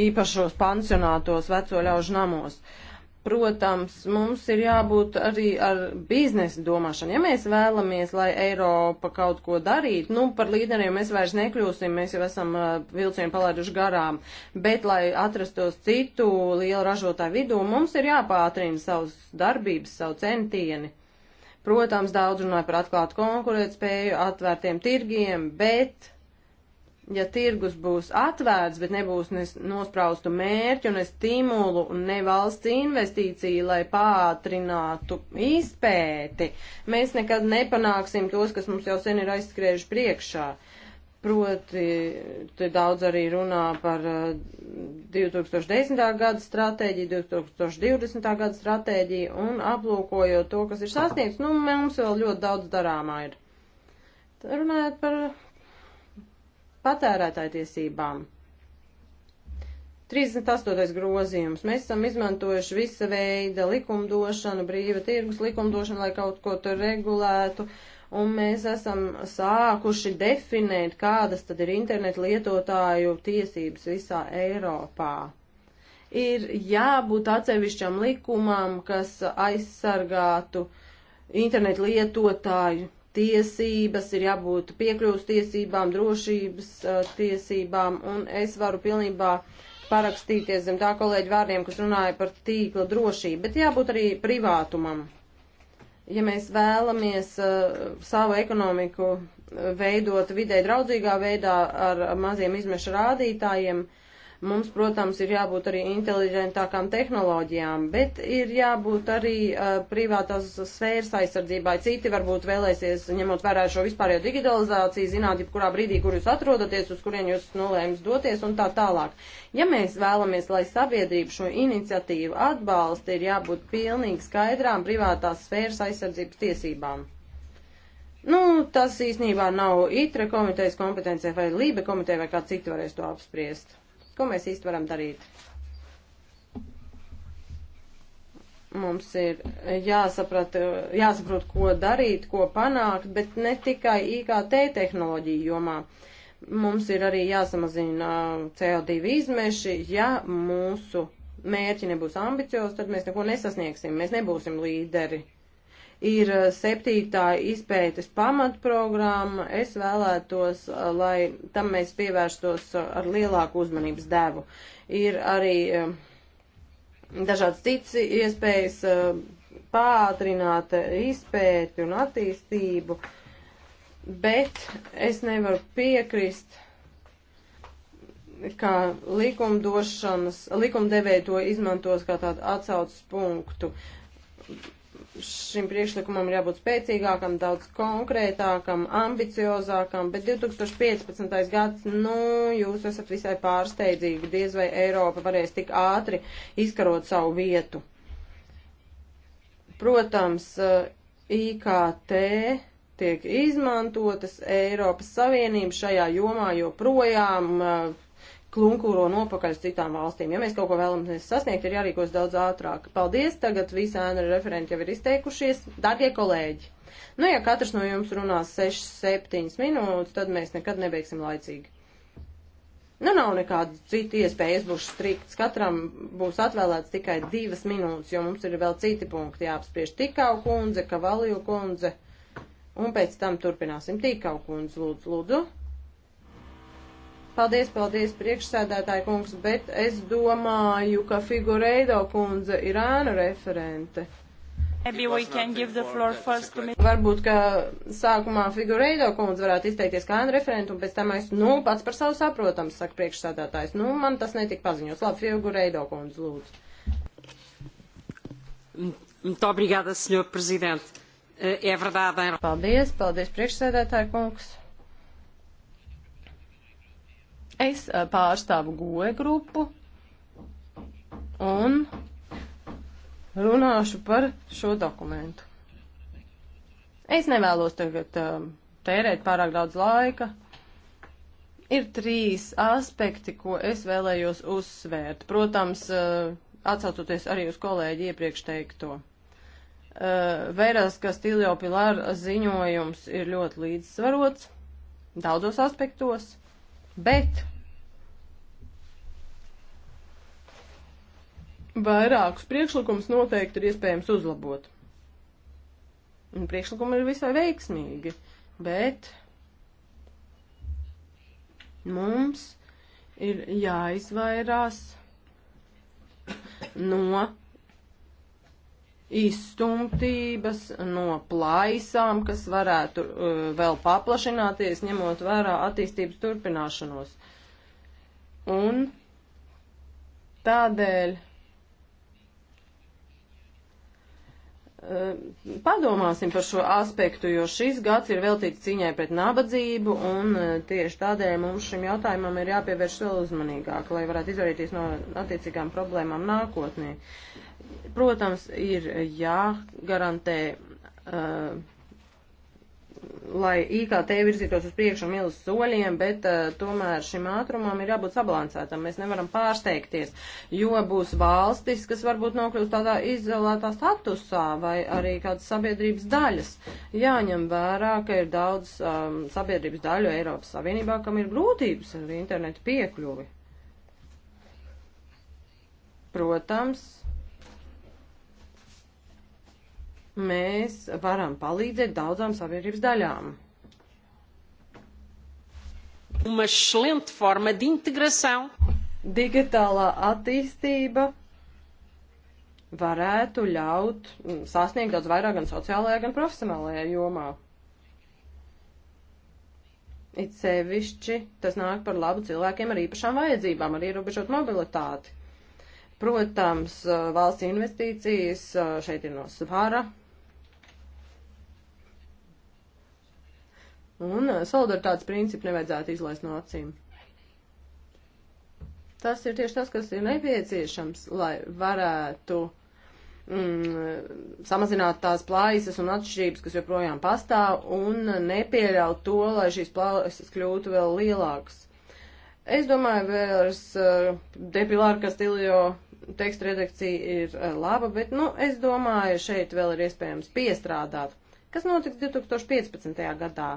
īpašos pansionātos veco ļaužu namos. Uh, protams, mums ir jābūt arī ar biznesa domāšanu. Ja mēs vēlamies, lai Eiropa kaut ko darītu, nu, par līderiem mēs vairs nekļūsim, mēs jau esam uh, vilcienu palaiduši garām, bet, lai atrastos citu lielu ražotāju vidū, mums ir jāpātrina savas darbības, savu centieni. Protams, daudz runāja par atklātu konkurētspēju, atvērtiem tirgiem, bet ja tirgus būs atvērts, bet nebūs ne nospraustu mērķu, ne stimulu, ne valsts investīciju, lai pātrinātu izpēti, mēs nekad nepanāksim tos, kas mums jau sen ir aizskrējuši priekšā. Proti, te daudz arī runā par 2010. Eh, gada stratēģiju, 2020. gada stratēģiju un aplūkojot to, kas ir sasniegts, nu, mums vēl ļoti daudz darāmā ir. Runājot par patērētājtiesībām. 38. grozījums. Mēs esam izmantojuši visa veida likumdošanu, brīva tirgus likumdošanu, lai kaut ko tur regulētu, un mēs esam sākuši definēt, kādas tad ir internetu lietotāju tiesības visā Eiropā. Ir jābūt atsevišķam likumam, kas aizsargātu internetu lietotāju tiesības, ir jābūt piekļuvas tiesībām, drošības uh, tiesībām, un es varu pilnībā parakstīties zem tā kolēģi vārdiem, kas runāja par tīkla drošību, bet jābūt arī privātumam. Ja mēs vēlamies uh, savu ekonomiku veidot vidē draudzīgā veidā ar maziem izmešu rādītājiem, uh, Mums, protams, ir jābūt arī inteliģentākām tehnoloģijām, bet ir jābūt arī uh, privātās sfēras aizsardzībai. Citi varbūt vēlēsies, ņemot vērā šo vispārējo digitalizāciju, zināt, kurā brīdī, kur jūs atrodaties, uz kurien jūs nolēmis doties un tā tālāk. Ja mēs vēlamies, lai sabiedrība šo iniciatīvu atbalsta, ir jābūt pilnīgi skaidrām privātās sfēras aizsardzības tiesībām. Nu, tas īstenībā nav ITRE komitejas kompetencija vai LIBE komiteja vai kā citi varēs to apspriest. Ko mēs īsti varam darīt? Mums ir jāsaprat, jāsaprot, ko darīt, ko panākt, bet ne tikai IKT tehnoloģiju jomā. Mums ir arī jāsamazina uh, CO2 izmeši, ja mūsu mērķi nebūs ambiciozi, tad mēs neko nesasniegsim, mēs nebūsim līderi ir eh, septītā izpētes pamatprogramma. Es vēlētos, eh, lai tam mēs pievērstos eh, ar lielāku uzmanības devu. Ir arī dažādas citas iespējas pātrināt izpēti un attīstību, bet es nevaru piekrist kā likumdošanas, likumdevēja to izmantos kā tādu atsaucas punktu šim priekšlikumam ir jābūt spēcīgākam, daudz konkrētākam, ambiciozākam, bet 2015. gads, nu, jūs esat visai pārsteidzīgi, diez vai Eiropa varēs tik ātri izkarot savu vietu. Protams, eh, IKT tiek izmantotas Eiropas Savienība šajā jomā joprojām. Uh, klunkuro nopakaļ uz citām valstīm. Ja mēs kaut ko vēlamies sasniegt, ir jārīkos daudz ātrāk. Paldies, tagad visi ēna referenti jau ir izteikušies. Darbie kolēģi, nu ja katrs no jums runās 6-7 minūtes, tad mēs nekad nebeigsim laicīgi. Nu, nav nekāda cita iespēja, es būšu strikts. Katram būs atvēlēts tikai divas minūtes, jo mums ir vēl citi punkti jāapspriež. Tikau kundze, Kavaliju kundze, un pēc tam turpināsim. Tikau kundze, lūdzu, lūdzu. Paldies, paldies, priekšsēdētāji kungs, bet es domāju, ka Figureido kundze ir ēnu referente. Varbūt, ka sākumā Figureido kundze varētu izteikties kā ēnu referentu, un pēc tam es, nu, pats par savu saprotams, saka priekšsēdētājs. Nu, man tas netika paziņots. Labi, Figureido kundze, lūdzu. Muito obrigada, senhor presidente. Eh, é verdade. Paldies, paldies, priekšsēdētāji kungs. Es eh, pārstāvu goe grupu un runāšu par šo dokumentu. Es nevēlos tagad um, tērēt pārāk daudz laika. Ir trīs aspekti, ko es vēlējos uzsvērt. Protams, uh, atsaucoties arī uz kolēģi iepriekš teikto. Uh, Vēras, ka Stiljo Pilāra ziņojums ir ļoti līdzsvarots daudzos aspektos bet vairākus priekšlikumus noteikti ir iespējams uzlabot. Un priekšlikumi ir visai veiksmīgi, bet mums ir jāizvairās no izstumtības, no plaisām, kas varētu uh, vēl paplašināties, ņemot vērā attīstības turpināšanos. Un tādēļ eh, padomāsim par šo aspektu, jo šis gads ir veltīts cīņai pret nabadzību, un eh, tieši tādēļ mums šim jautājumam ir jāpievērš vēl uzmanīgāk, lai varētu izvairīties no attiecīgām problēmām nākotnē. Protams, ir jāgarantē, uh, lai IKT virzītos uz priekšu milz soļiem, bet uh, tomēr šim ātrumam ir jābūt sabalansētam. Mēs nevaram pārsteigties, jo būs valstis, kas varbūt nokļūst tādā izolētā statusā vai arī kādas sabiedrības daļas. Jāņem vērā, ka ir daudz um, sabiedrības daļu Eiropas Savienībā, kam ir grūtības ar internetu piekļuvi. Protams, mēs varam palīdzēt daudzām sabiedrības daļām. Uma excelente forma de integração. Digitālā attīstība varētu ļaut mm, sasniegt daudz vairāk gan sociālajā, gan profesionālajā jomā. It sevišķi tas nāk par labu cilvēkiem ar īpašām vajadzībām, ar ierobežot mobilitāti. Protams, valsts investīcijas šeit ir no svara, Un eh, solidaritātes principu nevajadzētu izlaist no acīm. Tas ir tieši tas, kas ir nepieciešams, lai varētu mm, samazināt tās plājas un atšķirības, kas joprojām pastāv, un nepieļaut to, lai šīs plājas kļūtu vēl lielākas. Es domāju, vēlreiz uh, eh, Depilāra Kastiljo teksta redakcija ir uh, laba, bet, nu, es domāju, šeit vēl ir iespējams piestrādāt. Kas notiks 2015. gadā?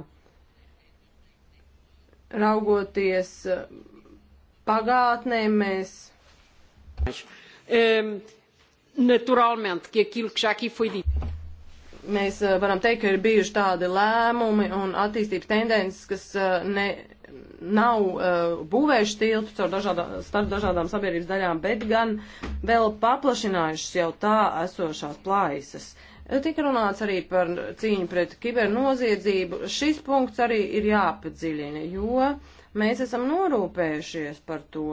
Raugoties eh, pagātnē, mēs. Ehm, naturalmente, que aquilo que já aqui foi dito mēs eh, varam teikt, ka ir bijuši tādi lēmumi un attīstības tendences, kas eh, ne, nav uh, būvējuši tiltu dažādā, starp dažādām sabiedrības daļām, bet gan vēl paplašinājušas jau tā esošās plaisas. Uh, Tika runāts arī par cīņu pret kibernoziedzību. Šis punkts arī ir jāpadziļina, jo mēs esam norūpējušies par to.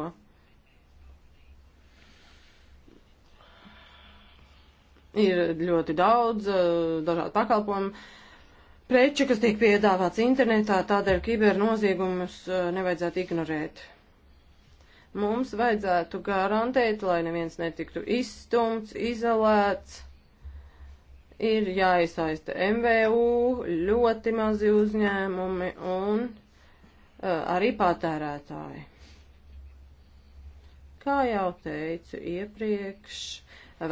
Ir ļoti daudz uh, dažādu pakalpojumu preču, kas tiek piedāvāts internetā, tādēļ kibernoziegumus uh, nevajadzētu ignorēt. Mums vajadzētu garantēt, lai neviens netiktu izstumts, izolēts ir jāiesaista MVU, ļoti mazi uzņēmumi un uh, arī patērētāji. Kā jau teicu iepriekš,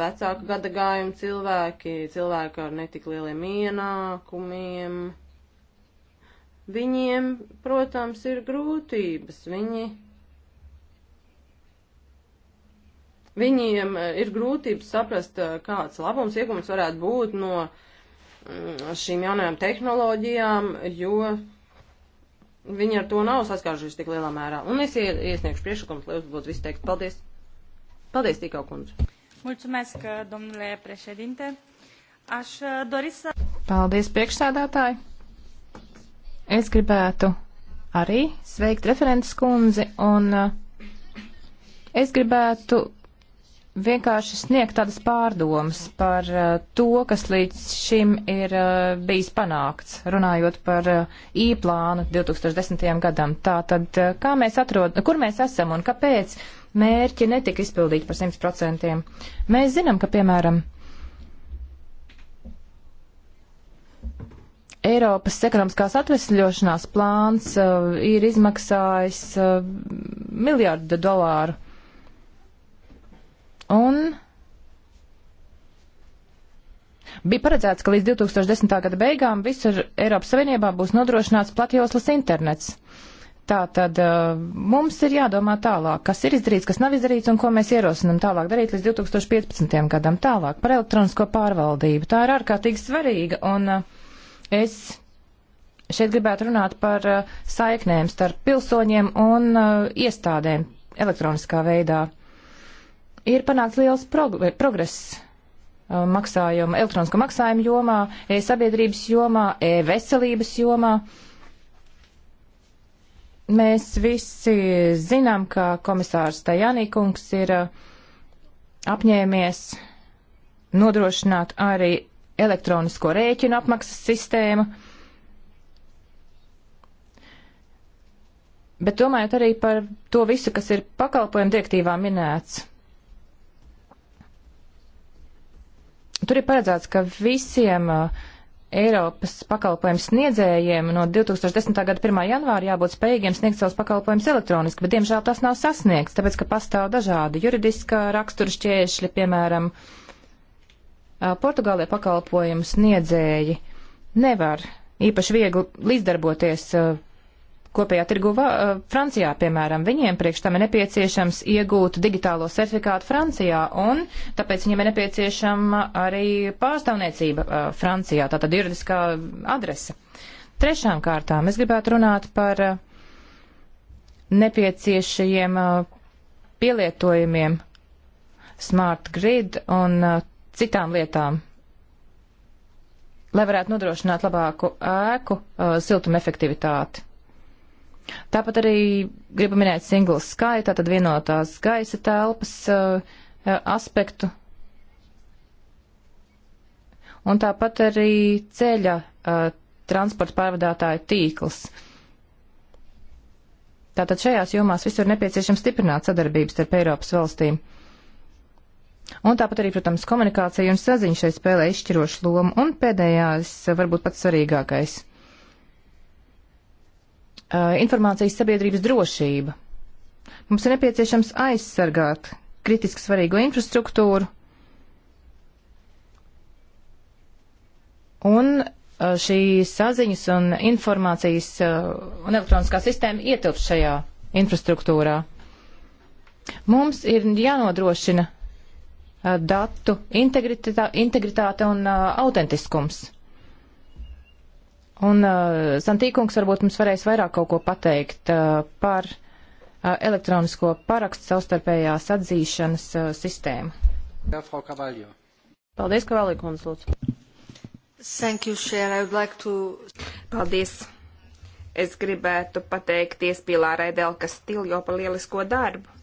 vecāku gada gājumu cilvēki, cilvēki ar netik lieliem ienākumiem, viņiem, protams, ir grūtības. Viņi Viņiem eh, ir grūtības saprast, eh, kāds labums iegums varētu būt no mm, šīm jaunajām tehnoloģijām, jo viņi ar to nav saskārušies tik lielā mērā. Un es iesniegšu priekšlikumus, lai uzbūtu visu teikt. Paldies! Paldies, Tikau kundze! Mulțumesc, eh, domnule președinte! Aș dori să... Paldies, priekšsādātāji! Es gribētu arī sveikt referents kundzi un es gribētu vienkārši sniegt tādas pārdomas par uh, to, kas līdz šim ir uh, bijis panākts, runājot par uh, īplānu 2010. gadam. Tātad, kā mēs atrodam, kur mēs esam un kāpēc mērķi netika izpildīti par 100%? Mēs zinām, ka, piemēram, Eiropas ekonomiskās atvesļošanās plāns uh, ir izmaksājis uh, miljardu dolāru Un bija paredzēts, ka līdz 2010. gada beigām visur Eiropas Savienībā būs nodrošināts platjoslas internets. Tā tad uh, mums ir jādomā tālāk, kas ir izdarīts, kas nav izdarīts un ko mēs ierosinam tālāk darīt līdz 2015. gadam tālāk par elektronisko pārvaldību. Tā ir ārkārtīgi svarīga un uh, es šeit gribētu runāt par uh, saiknēm starp pilsoņiem un iestādēm elektroniskā veidā. Ir panākts liels prog progress uh, maksājuma, elektronisko maksājumu jomā, e-sabiedrības jomā, e-veselības jomā. Mēs visi zinām, ka komisārs Tajānīkungs ir uh, apņēmies nodrošināt arī elektronisko rēķinu apmaksas sistēmu. Bet domājot arī par to visu, kas ir pakalpojumu direktīvā minēts Tur ir paredzēts, ka visiem uh, Eiropas pakalpojumu sniedzējiem no 2010. gada 1. janvāra jābūt spējīgiem sniegt savus pakalpojumus elektroniski, bet diemžēl tas nav sasniegts, tāpēc, ka pastāv dažādi juridiskā rakstura šķēršļi, piemēram, uh, Portugālē pakalpojumu sniedzēji nevar īpaši viegli līdzdarboties uh, kopējā tirgu eh, Francijā, piemēram. Viņiem priekš tam ir nepieciešams iegūt digitālo certifikātu Francijā, un tāpēc viņiem ir nepieciešama arī pārstāvniecība eh, Francijā, tātad juridiskā adrese. Trešām kārtām es gribētu runāt par eh, nepieciešajiem pielietojumiem smart grid un citām lietām lai varētu nodrošināt labāku ēku uh, siltuma efektivitāti. Tāpat arī gribu minēt single sky, tātad vienotās gaisa telpas uh, aspektu. Un tāpat arī ceļa uh, transporta pārvadātāju tīkls. Tātad šajās jomās visur nepieciešams stiprināt sadarbības starp Eiropas valstīm. Un tāpat arī, protams, komunikācija un saziņa šeit spēlē izšķirošu lomu. Un pēdējais, eh, varbūt pats svarīgākais Uh, informācijas sabiedrības drošība. Mums ir nepieciešams aizsargāt kritiski svarīgo infrastruktūru un uh, šī saziņas un informācijas uh, un elektroniskā sistēma ietilpst šajā infrastruktūrā. Mums ir jānodrošina datu integritā, integritāte un autentiskums. Un uh, Santīkungs varbūt mums varēs vairāk kaut ko pateikt uh, par uh, elektronisko parakstu savstarpējās atzīšanas uh, sistēmu. Jā, Frau Kavaljo. Paldies, Kavaljo kundze, lūdzu. Thank you, Chair. I would like to... Paldies. Es gribētu pateikties Pilārai Delka Stiljo par lielisko darbu.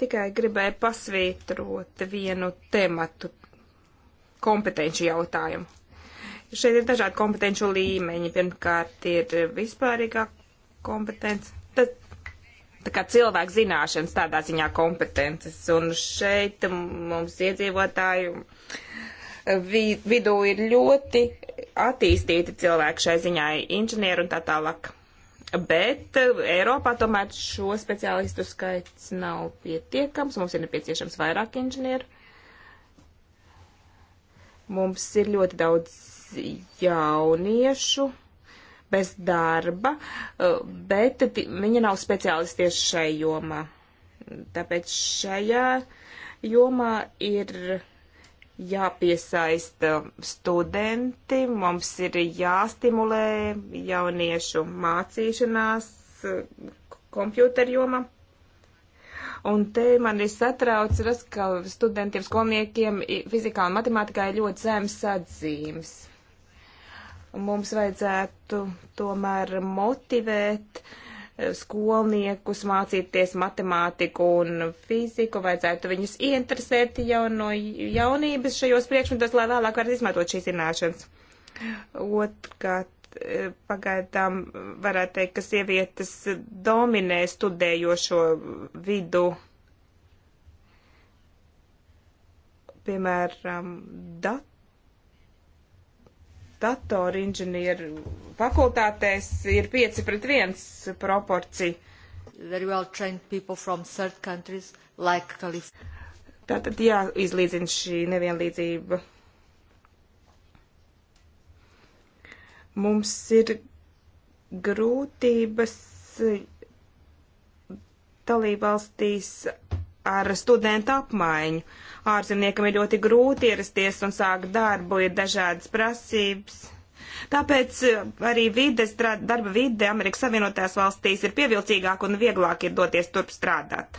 Tikai gribēju pasvītrot vienu tematu kompetenci jautājumu. Šeit ir dažādi kompetenci līmeņi. Pirmkārt, ir vispārīgā kompetence, tad tā kā cilvēku zināšanas tādā ziņā kompetences. Un šeit mums iedzīvotāju vidū ir ļoti attīstīti cilvēki šai ziņā, inženieri un tā tālāk. Bet eh, Eiropā tomēr šo speciālistu skaits nav pietiekams, mums ir nepieciešams vairāk inženieru. Mums ir ļoti daudz jauniešu bez darba, eh, bet viņi nav speciālisti tieši šai jomā. Tāpēc šajā jomā ir jāpiesaista studenti, mums ir jāstimulē jauniešu mācīšanās eh, kompjuterjoma. jomā Un te mani satrauc tas, ka studentiem, skolniekiem fizikā un matemātikā ir ļoti zemes atzīmes. Un mums vajadzētu tomēr motivēt e, skolniekus mācīties matemātiku un fiziku, vajadzētu viņus interesēt jau no jaunības šajos priekšmetos, lai vēlāk varētu izmantot šīs zināšanas. Otkārt, E, pagaidām varētu teikt, ka sievietes dominē studējošo vidu. Piemēram, dat datoru inženieru fakultātēs ir 5 pret 1 proporcija. Very well trained people from third countries like California. Tātad jāizlīdzina šī nevienlīdzība Mums ir grūtības dalībvalstīs ar studentu apmaiņu. Ārzemniekam ir ļoti grūti ierasties un sākt darbu, ir dažādas prasības. Tāpēc arī vides, darba vide Amerikas Savienotās valstīs ir pievilcīgāk un vieglāk ir doties turp strādāt.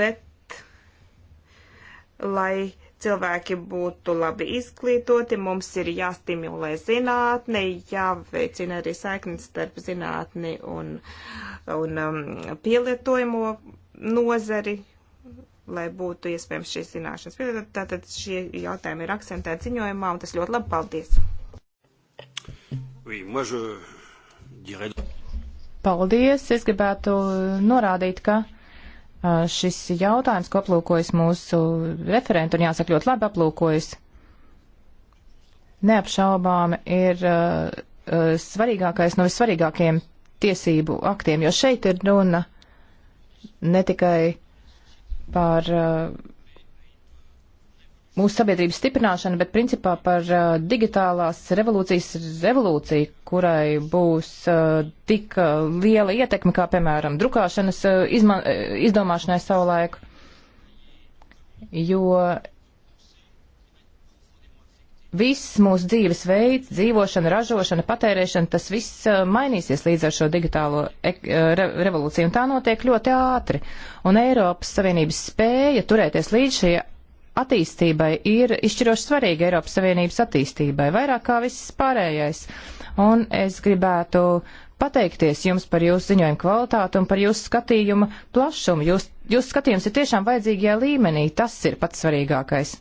Bet, lai cilvēki būtu labi izglītoti, mums ir jāstimulē zinātne, jāveicina arī saiknes starp zinātni un, un um, pielietojumu nozari, lai būtu iespējams šīs zināšanas. Tātad šie jautājumi ir akcentēti ziņojumā, un tas ļoti labi paldies. Oui, moi je dirais... Paldies! Es gribētu norādīt, ka šis jautājums, ko aplūkojas mūsu referenti, un jāsaka ļoti labi aplūkojas, neapšaubām ir uh, svarīgākais no vissvarīgākajiem tiesību aktiem, jo šeit ir runa ne tikai par uh, mūsu sabiedrības stiprināšanu, bet principā par uh, digitālās revolūcijas revolūciju, kurai būs uh, tik uh, liela ietekme, kā piemēram drukāšanas uh, izman, uh, izdomāšanai savulaik. Jo viss mūsu dzīves veids, dzīvošana, ražošana, patērēšana, tas viss uh, mainīsies līdz ar šo digitālo uh, re revolūciju, un tā notiek ļoti ātri. Un Eiropas Savienības spēja turēties līdz šie attīstībai ir izšķiroši svarīga Eiropas Savienības attīstībai, vairāk kā viss pārējais. Un es gribētu pateikties jums par jūsu ziņojumu kvalitāti un par jūsu skatījuma plašumu. Jūs, jūsu skatījums ir tiešām vajadzīgajā līmenī, tas ir pats svarīgākais.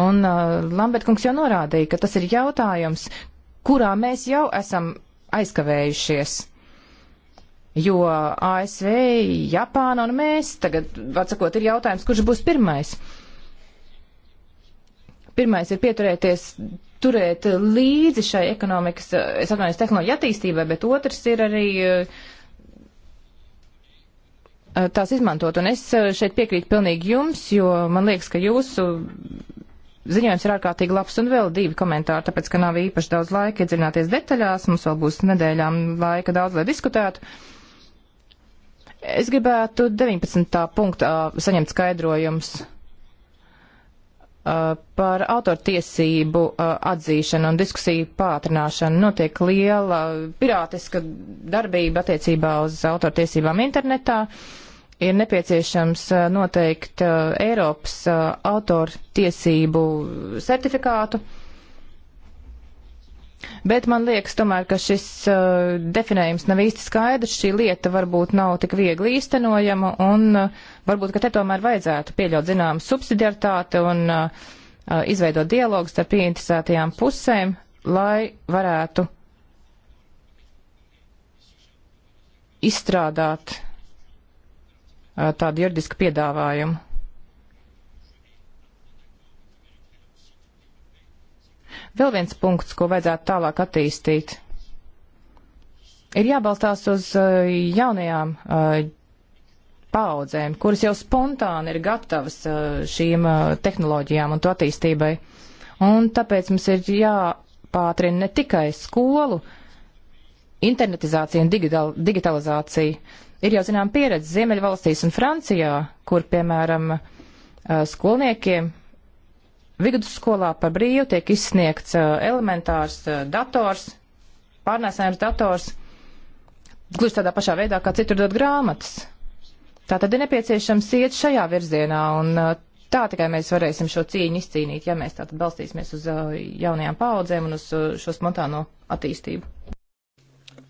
Un uh, Lambertkungs jau norādīja, ka tas ir jautājums, kurā mēs jau esam aizkavējušies. Jo ASV, Japāna un mēs tagad, atsakot, ir jautājums, kurš būs pirmais. Uh, Pirmais ir pieturēties, turēt līdzi šai ekonomikas, es atvainojos, tehnoloģija attīstībai, bet otrs ir arī eh, tās izmantot. Un es eh, šeit piekrītu pilnīgi jums, jo man liekas, ka jūsu ziņojums ir ārkārtīgi labs un vēl divi komentāri, tāpēc, ka nav īpaši daudz laika iedzināties detaļās, mums vēl būs nedēļām laika daudz, lai diskutētu. Es gribētu 19. punktā saņemt skaidrojums Uh, par autortiesību uh, atzīšanu un diskusiju pātrināšanu notiek liela pirātiska darbība attiecībā uz autortiesībām internetā. Ir nepieciešams uh, noteikt Eiropas autortiesību certifikātu. Uh, Bet man liekas, tomēr, ka šis uh, definējums nav īsti skaidrs, šī lieta varbūt nav tik viegli īstenojama, un uh, varbūt, ka te tomēr vajadzētu pieļaut zināmu subsidiartāti un uh, uh, izveidot dialogu starp ieinteresētajām pusēm, lai varētu izstrādāt uh, tādu juridisku piedāvājumu. Vēl viens punkts, ko vajadzētu tālāk attīstīt. Ir jābalstās uz eh, jaunajām eh, paudzēm, kuras jau spontāni ir gatavas eh, šīm tehnoloģijām un to attīstībai. Un tāpēc mums ir jāpātrina ne tikai skolu internetizācija un digital, digitalizācija. Ir jau zinām pieredze Ziemeļvalstīs un Francijā, kur, piemēram, skolniekiem Vidusskolā par brīvu tiek izsniegts eh, elementārs eh, dators, pārnēsājums dators, gluži tādā pašā veidā, kā citur dod grāmatas. Tā tad ir nepieciešams iet šajā virzienā, un eh, tā tikai mēs varēsim šo cīņu izcīnīt, ja mēs tātad balstīsimies uz jaunajām paudzēm un uz šo spontāno attīstību.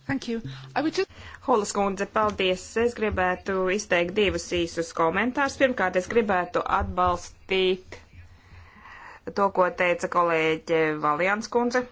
Thank you. I would just... Holas kundze, paldies. Es gribētu izteikt divus īsus komentārus. Pirmkārt, es gribētu atbalstīt to, ko teica kolēģe Valjans kundze.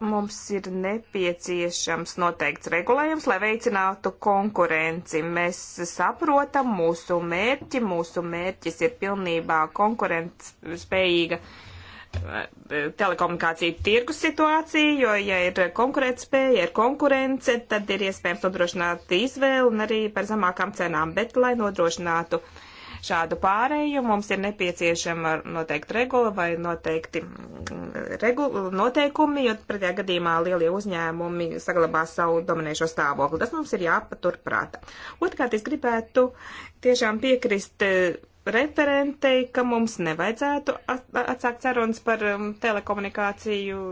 Mums ir nepieciešams noteikts regulējums, lai veicinātu konkurenci. Mēs saprotam mūsu mērķi, mūsu mērķis ir pilnībā konkurentspējīga eh, telekomunikāciju tirgus situāciju, jo, ja ir konkurētspēja, ja ir konkurence, tad ir iespējams nodrošināt izvēli un arī par zemākām cenām. Bet, lai nodrošinātu uh, šādu pārēju, mums ir nepieciešama noteikti regula vai noteikti mm, regula, noteikumi, jo pretējā gadījumā lielie uzņēmumi saglabās savu dominējošo stāvokli. Tas mums ir jāpatur prāta. Otrkārt, es gribētu tiešām piekrist e, referentei, ka mums nevajadzētu atsākt sarunas par mm, telekomunikāciju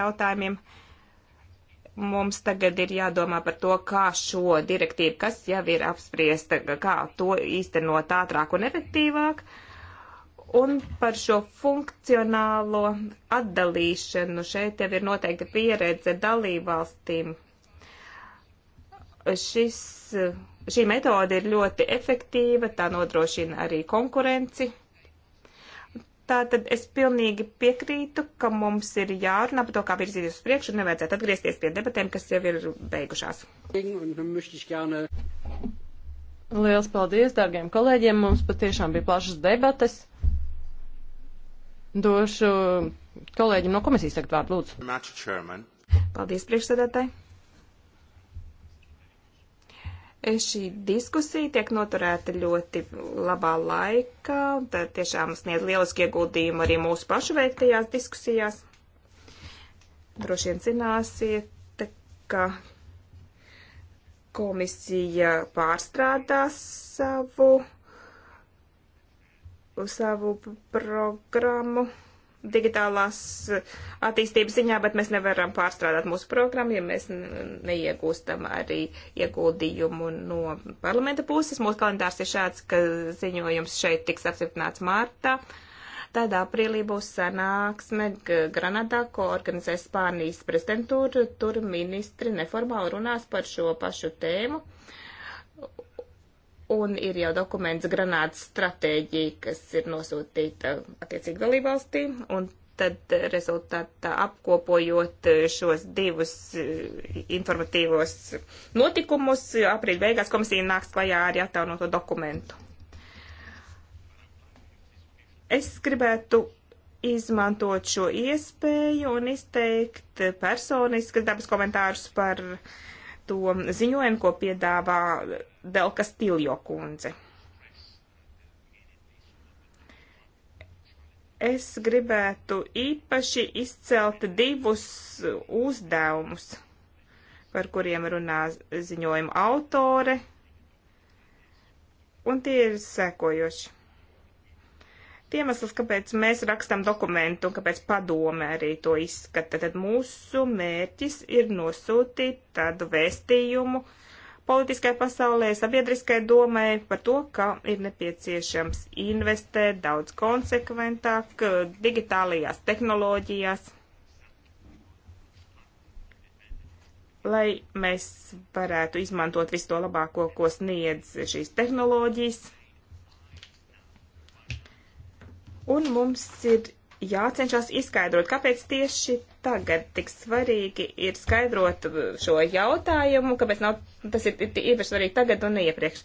jautājumiem. Uh, mums tagad ir jādomā par to, kā šo direktīvu, kas jau ir apspriesta, kā to īstenot ātrāk un efektīvāk, un par šo funkcionālo atdalīšanu. Šeit jau ir noteikta pieredze dalībvalstīm. Šis, šī metode ir ļoti efektīva, tā nodrošina arī konkurenci Tātad es pilnīgi piekrītu, ka mums ir jārunā par to, kā virzīties uz priekšu, un nevajadzētu atgriezties pie debatēm, kas jau ir beigušās. Liels paldies, dārgiem kolēģiem, mums patiešām bija plašas debates. Došu kolēģim no komisijas tagad vārdu, lūdzu. Paldies, priekšsēdētāji. Šī diskusija tiek noturēta ļoti labā laikā, tā tiešām sniedz lielisku ieguldījumu arī mūsu pašu veiktajās diskusijās. Droši vien zināsiet, ka komisija pārstrādās savu, savu programmu digitālās eh, attīstības ziņā, bet mēs nevaram pārstrādāt mūsu programmu, ja mēs neiegūstam arī ieguldījumu no parlamenta puses. Mūsu kalendārs ir šāds, ka ziņojums šeit tiks apstiprināts mārtā. Tad aprīlī būs sanāksme Granadā, ko organizē Spānijas prezidentūra. Tur ministri neformāli runās par šo pašu tēmu. Uh, un ir jau dokuments Granādas stratēģija, kas ir nosūtīta uh, attiecīgi dalībvalstī, un tad uh, rezultātā apkopojot uh, šos divus informatīvos notikumus, aprīļa beigās komisija nāks klajā arī atjaunoto dokumentu. Es gribētu izmantot šo iespēju un izteikt personiskas dabas komentārus par to ziņojumu, ko piedāvā Delka Stiljo kundze. Es gribētu īpaši izcelt divus uzdevumus, par kuriem runā ziņojuma autore, un tie ir sekojoši. Iemesls, kāpēc mēs rakstām dokumentu un kāpēc padome arī to izskata, tad mūsu mērķis ir nosūtīt tādu vēstījumu, uh, politiskai pasaulē, sabiedriskai domai par to, ka ir nepieciešams investēt daudz konsekventāk eh, digitālajās tehnoloģijās, lai mēs varētu izmantot visu to labāko, ko sniedz šīs tehnoloģijas. Un mums ir jācenšas izskaidrot, kāpēc tieši tagad tik svarīgi ir skaidrot šo jautājumu, kāpēc nav, tas ir īpaši svarīgi tagad un iepriekš.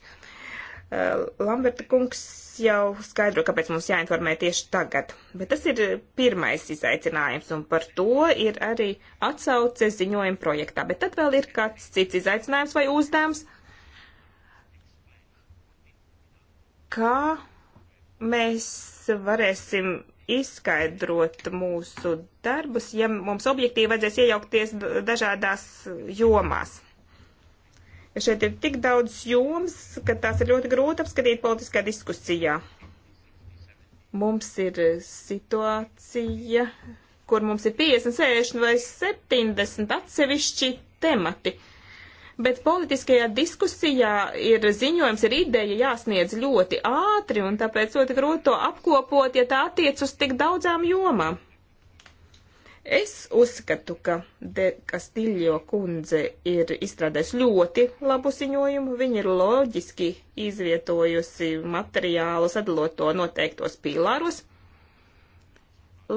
Lamberta kungs jau skaidro, kāpēc mums jāinformē tieši tagad, bet tas ir pirmais izaicinājums, un par to ir arī atsauce ziņojuma projektā, bet tad vēl ir kāds cits izaicinājums vai uzdevums, kā mēs varēsim izskaidrot mūsu darbus, ja mums objektīvi vajadzēs iejaukties dažādās jomās. Ja šeit ir tik daudz joms, ka tās ir ļoti grūti apskatīt politiskā diskusijā. Mums ir situācija, kur mums ir 50, 60 vai 70 atsevišķi temati. Uh, bet politiskajā diskusijā ir ziņojums, ir ideja jāsniedz ļoti ātri, un tāpēc ļoti grūti to apkopot, ja tā attiec uz tik daudzām jomām. Es uzskatu, ka De Kastiljo kundze ir izstrādājusi ļoti labu ziņojumu, viņa ir loģiski izvietojusi materiālu, sadalot to noteiktos pīlāros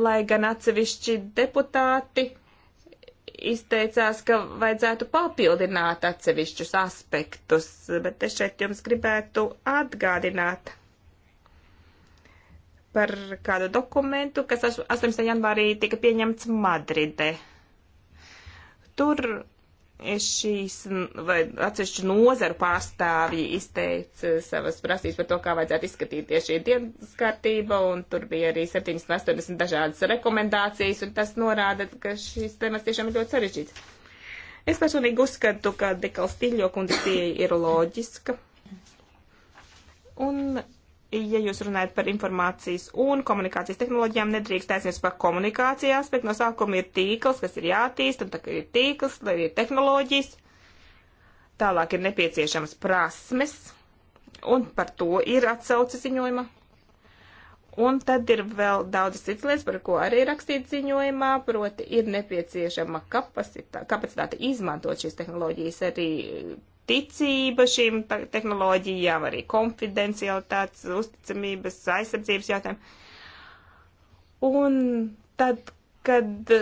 lai gan atsevišķi deputāti izteicās, ka vajadzētu papildināt atsevišķus aspektus, bet es šeit jums gribētu atgādināt par kādu dokumentu, kas 18. janvārī tika pieņemts Madride. Tur šīs vai atsevišķu nozaru pārstāvji izteica eh, savas prasības par to, kā vajadzētu izskatīties šī dienas kārtība, un tur bija arī 780 dažādas rekomendācijas, un tas norāda, ka šis temats tiešām ir ļoti sarežģīts. Es personīgi uzskatu, ka dekalstīļo kundze pieeja ir loģiska, un ja jūs runājat par informācijas un komunikācijas tehnoloģijām, nedrīkst aizmirst par komunikāciju aspektu. No sākuma ir tīkls, kas ir jātīsta, un tā kā ir tīkls, lai ir tehnoloģijas. Tālāk ir nepieciešamas prasmes, un par to ir atsauce ziņojuma. Un tad ir vēl daudzas citas lietas, par ko arī rakstīt ziņojumā, proti ir nepieciešama kapacitāte, kapacitāte izmantot šīs tehnoloģijas arī ticība šīm tehnoloģijām, arī konfidencialitātes, uzticamības, aizsardzības jautājumu. Un tad, kad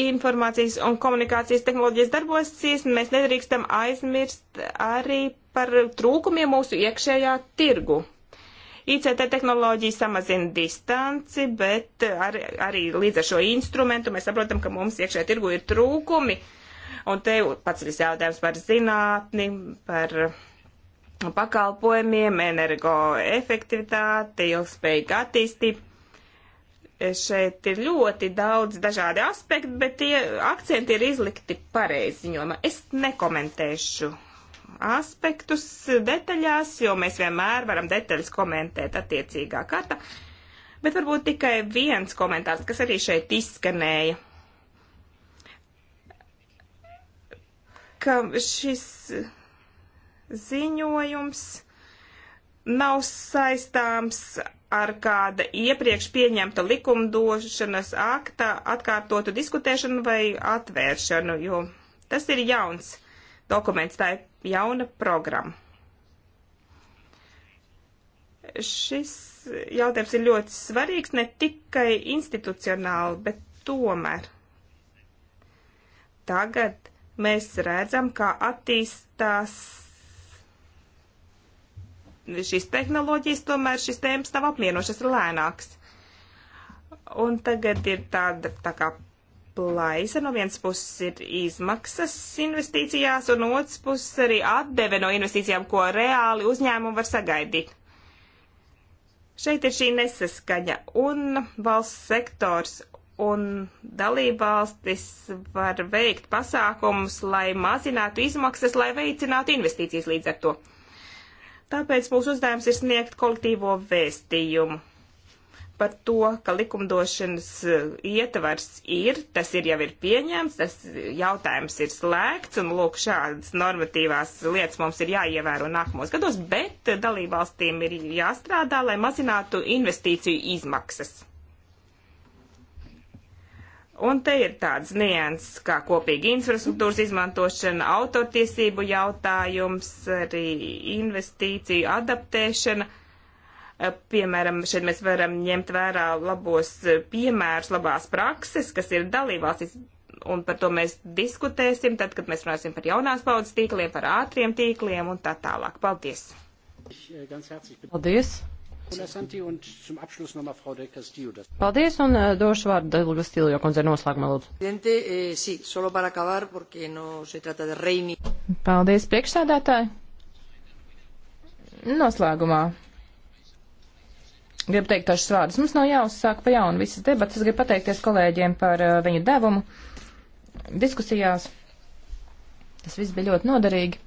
informācijas un komunikācijas tehnoloģijas darbosies, mēs nedrīkstam aizmirst arī par trūkumiem mūsu iekšējā tirgu. ICT tehnoloģija samazina distanci, bet ar, arī līdz ar šo instrumentu mēs saprotam, ka mums iekšējā tirgu ir trūkumi. Uh, Un te pats ir jautājums par zinātni, par pakalpojumiem, energoefektivitāti, ilgspējīgu attīstību. Šeit ir ļoti daudz dažādi aspekti, bet tie akcenti ir izlikti pareizi ziņojumā. Es nekomentēšu aspektus detaļās, jo mēs vienmēr varam detaļas komentēt attiecīgā kārta. Bet varbūt tikai viens komentārs, kas arī šeit izskanēja ka šis ziņojums nav saistāms ar kāda iepriekš pieņemta likumdošanas akta atkārtotu diskutēšanu vai atvēršanu, jo tas ir jauns dokuments, tā ir jauna programma. Šis jautājums ir ļoti svarīgs ne tikai institucionāli, bet tomēr tagad mēs redzam, kā attīstās šīs tehnoloģijas, tomēr šis tēmas nav apmienošas, ir lēnāks. Un tagad ir tāda tā kā plaisa, no vienas puses ir izmaksas investīcijās, un otrs puses arī atdeve no investīcijām, ko reāli uzņēmumi var sagaidīt. Šeit ir šī nesaskaņa, un valsts sektors un dalībvalstis var veikt pasākumus, lai mazinātu izmaksas, lai veicinātu investīcijas līdz ar to. Tāpēc mūsu uzdevums ir sniegt kolektīvo vēstījumu par to, ka likumdošanas eh, ietvars ir, tas ir jau ir pieņemts, tas jautājums ir slēgts, un lūk, šādas normatīvās lietas mums ir jāievēro nākamos gados, bet dalībvalstīm ir jāstrādā, lai mazinātu investīciju izmaksas. Un te ir tāds nianses, kā kopīga infrastruktūras izmantošana, autortiesību jautājums, arī investīciju adaptēšana. Eh, piemēram, šeit mēs varam ņemt vērā labos eh, piemērus, labās prakses, kas ir dalībvalstīs, un par to mēs diskutēsim, tad, kad mēs runāsim par jaunās paudzes tīkliem, par ātriem tīkliem un tā tālāk. Paldies! Eh, Paldies! Paldies un eh, došu vārdu Delga Stiljo kundze noslēgumā lūdzu. Eh, Paldies priekšsādātāji. Noslēgumā gribu teikt dažus vārdus. Mums nav jāuzsāk pa jaunu visas debatas. Es gribu pateikties kolēģiem par uh, viņu devumu diskusijās. Tas viss bija ļoti noderīgi.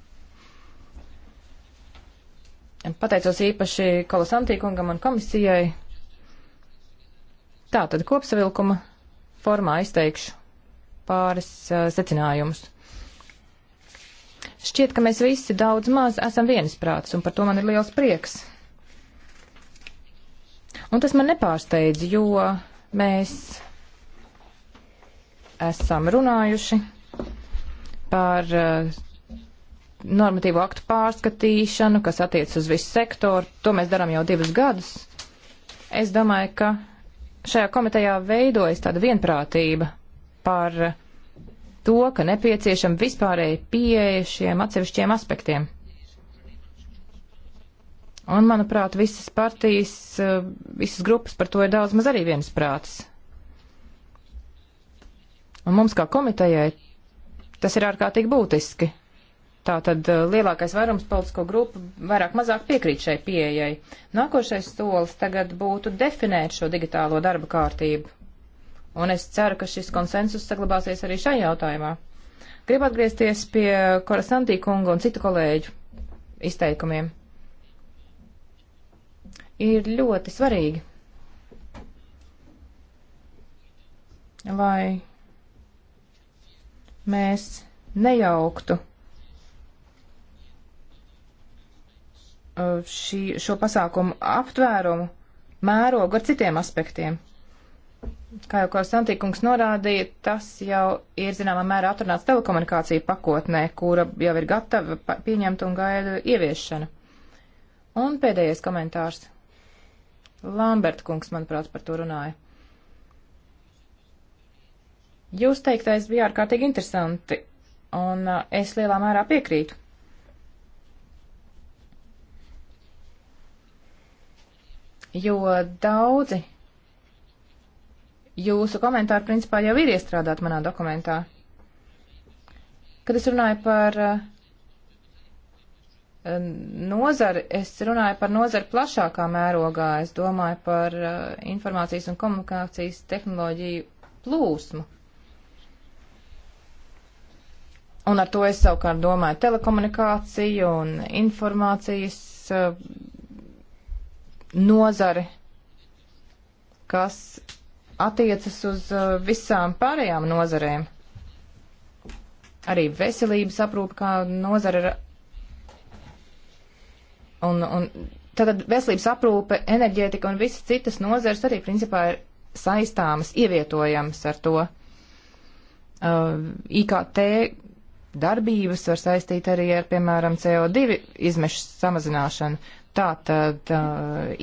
Pateicos īpaši Kolosantī kungam un komisijai. Tā tad kopsavilkuma formā izteikšu pāris uh, secinājumus. Šķiet, ka mēs visi daudz maz esam viensprāts, un par to man ir liels prieks. Un tas man nepārsteidz, jo mēs esam runājuši par uh, normatīvo aktu pārskatīšanu, kas attiec uz visu sektoru. To mēs darām jau divus gadus. Es domāju, ka šajā komitejā veidojas tāda vienprātība par to, ka nepieciešama vispārēja pieeja šiem atsevišķiem aspektiem. Un, manuprāt, visas partijas, visas grupas par to ir daudz maz arī vienas prātas. Un mums kā komitejai tas ir ārkārtīgi būtiski Tātad eh, lielākais vairums politisko grupu vairāk mazāk piekrīt šai pieejai. Nākošais solis tagad būtu definēt šo digitālo darba kārtību. Un es ceru, ka šis konsensus saglabāsies arī šajā jautājumā. Gribu atgriezties pie Korasantī kunga un citu kolēģu izteikumiem. Ir ļoti svarīgi, lai mēs nejauktu Uh, šī, šo pasākumu aptvērumu, mērogu ar citiem aspektiem. Kā jau Konstantīkungs norādīja, tas jau ir zināmā mērā atrunāts telekomunikāciju pakotnē, kura jau ir gatava pieņemt un gaida ieviešana. Un pēdējais komentārs. Lamberta kungs, manuprāt, par to runāja. Jūs teiktais bija ārkārtīgi interesanti, un uh, es lielā mērā piekrītu. jo daudzi jūsu komentāri principā jau ir iestrādāti manā dokumentā. Kad es runāju par eh, nozari, es runāju par nozari plašākā mērogā, es domāju par eh, informācijas un komunikācijas tehnoloģiju plūsmu. Un ar to es savukārt domāju telekomunikāciju un informācijas eh, nozari, kas attiecas uz uh, visām pārējām nozarēm. Arī veselības aprūpe kā nozara un, un tātad veselības aprūpe, enerģētika un visas citas nozars arī principā ir saistāmas, ievietojamas ar to. Uh, IKT darbības var saistīt arī ar, piemēram, CO2 izmešu samazināšanu. Tātad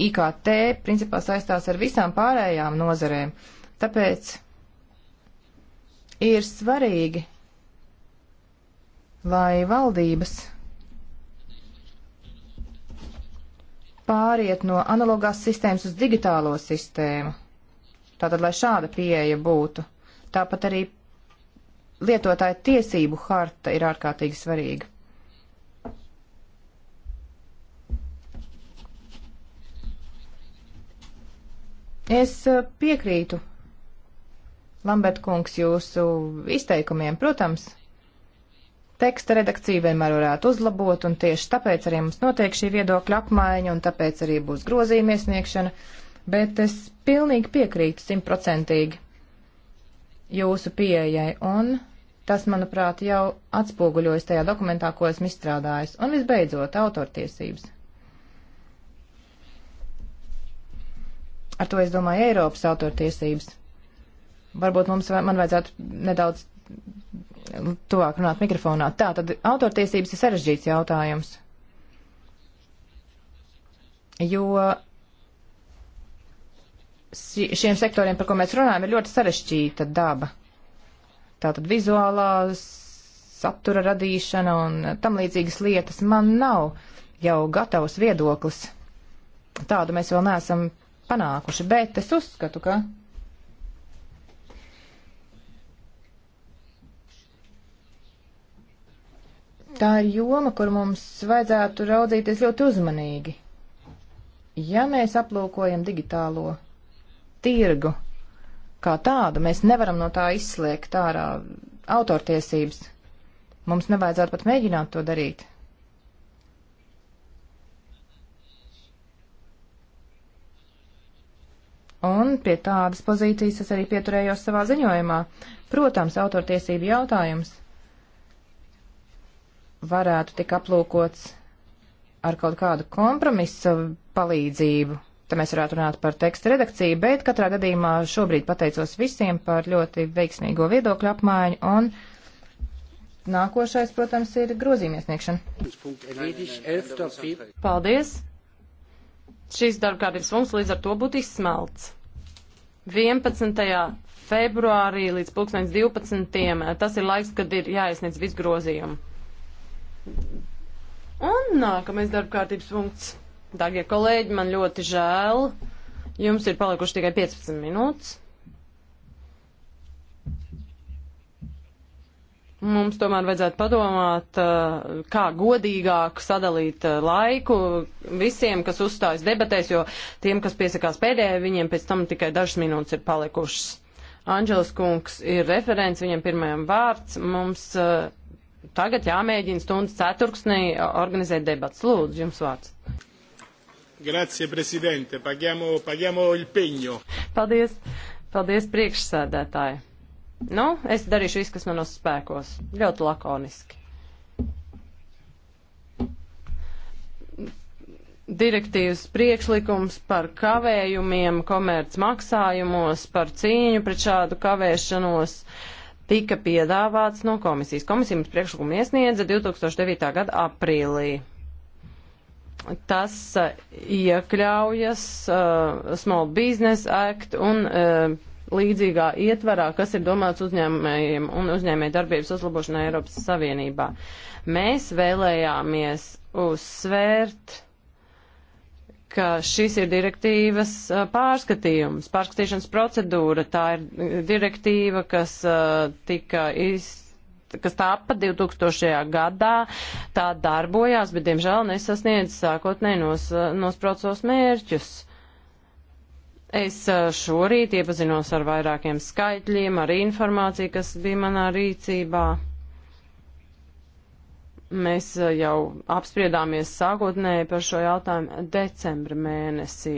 IKT principā saistās ar visām pārējām nozarēm, tāpēc ir svarīgi, lai valdības pāriet no analogās sistēmas uz digitālo sistēmu. Tātad, lai šāda pieeja būtu. Tāpat arī lietotāja tiesību harta ir ārkārtīgi svarīga. Es eh, piekrītu, Lambert kungs, jūsu izteikumiem, protams, teksta redakciju vienmēr varētu uzlabot, un tieši tāpēc arī mums notiek šī viedokļa apmaiņa, un tāpēc arī būs grozījuma iesniegšana, bet es pilnīgi piekrītu simtprocentīgi jūsu pieejai, un tas, manuprāt, jau atspoguļojas tajā dokumentā, ko esmu izstrādājis, un visbeidzot, autortiesības. Ar to es domāju Eiropas autortiesības. Varbūt mums man vajadzētu nedaudz tuvāk runāt mikrofonā. Tā, tad autortiesības ir sarežģīts jautājums. Jo šiem sektoriem, par ko mēs runājam, ir ļoti sarežģīta daba. Tātad vizuālā satura radīšana un tam līdzīgas lietas man nav jau gatavs viedoklis. Tādu mēs vēl neesam panākuši, bet es uzskatu, ka tā ir joma, kur mums vajadzētu raudzīties ļoti uzmanīgi. Ja mēs aplūkojam digitālo tirgu kā tādu, mēs nevaram no tā izslēgt ārā autortiesības. Mums nevajadzētu pat mēģināt to darīt. un pie tādas pozīcijas es arī pieturējos savā ziņojumā. Protams, autortiesību jautājums varētu tik aplūkots ar kaut kādu kompromisu palīdzību. Te mēs varētu runāt par tekstu redakciju, bet katrā gadījumā šobrīd pateicos visiem par ļoti veiksmīgo viedokļu apmaiņu un nākošais, protams, ir grozījumiesniegšana. Paldies! šīs darbkārtības punkts līdz ar to būtu izsmelts. 11. februārī līdz 2012. Eh, tas ir laiks, kad ir jāiesniedz visgrozījumi. Un nākamais darbkārtības punkts. Dārgie kolēģi, man ļoti žēl. Jums ir palikuši tikai 15 minūtes. Mums tomēr vajadzētu padomāt, eh, kā godīgāk sadalīt eh, laiku visiem, kas uzstājas debatēs, jo tiem, kas piesakās pēdējai, viņiem pēc tam tikai dažas minūtes ir palikušas. Anģels kungs ir referents, viņam pirmajam vārds. Mums eh, tagad jāmēģina stundas ceturksnī organizēt debats. Lūdzu, jums vārds. Grazie, prezidente. Pagiamo, pagiamo il peņo. Paldies, paldies priekšsēdētāji. Nu, es darīšu visu, kas manos spēkos. Ļoti lakoniski. direktīvas priekšlikums par kavējumiem komerc maksājumos, par cīņu pret šādu kavēšanos tika piedāvāts no komisijas. Komisija mums priekšlikumu iesniedza 2009. gada aprīlī. Tas uh, iekļaujas uh, Small Business Act un uh, līdzīgā ietvarā, kas ir domāts uzņēmējiem un uzņēmēju darbības uzlabošanai Eiropas Savienībā. Mēs vēlējāmies uzsvērt, ka šis ir direktīvas pārskatījums, pārskatīšanas procedūra. Tā ir direktīva, kas tika izstrādāta kas tāpa 2000. gadā, tā darbojās, bet, diemžēl, nesasniedz sākotnēji nos, nospraucos mērķus. Es eh, šorīt iepazinos ar vairākiem skaitļiem, ar informāciju, kas bija manā rīcībā. Mēs eh, jau apspriedāmies sākotnēji par šo jautājumu decembra mēnesī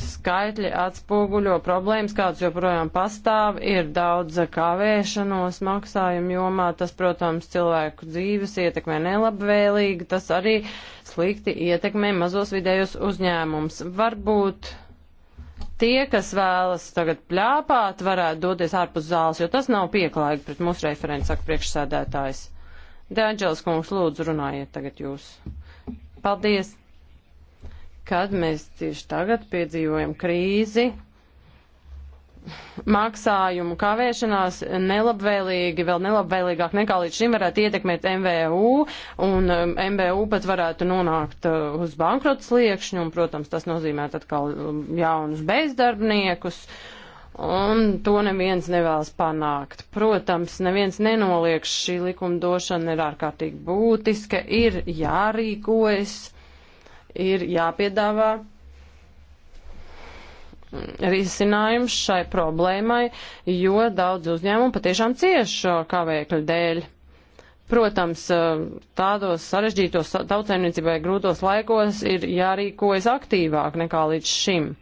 skaitļi atspoguļo problēmas, kādas joprojām pastāv, ir daudz kavēšanos maksājumu jomā, tas, protams, cilvēku dzīves ietekmē nelabvēlīgi, tas arī slikti ietekmē mazos vidējos uzņēmums. Varbūt tie, kas vēlas tagad pļāpāt, varētu doties ārpus zāles, jo tas nav pieklājīgi pret mūsu referents, saka priekšsēdētājs. Dēņģels kungs, lūdzu, runājiet tagad jūs. Paldies! kad mēs tieši tagad piedzīvojam krīzi, maksājumu kavēšanās nelabvēlīgi, vēl nelabvēlīgāk nekā līdz šim varētu ietekmēt MVU, un MVU um, pat varētu nonākt uh, uz bankrotas liekšņu, un, protams, tas nozīmē atkal um, jaunus bezdarbniekus. Un to neviens nevēlas panākt. Protams, neviens nenoliek šī likumdošana ir ārkārtīgi būtiska, ir jārīkojas ir jāpiedāvā risinājums šai problēmai, jo daudz uzņēmumu patiešām cieš šo kavēkļu dēļ. Protams, tādos sarežģītos tautsēmniecībai grūtos laikos ir jārīkojas aktīvāk nekā līdz šim.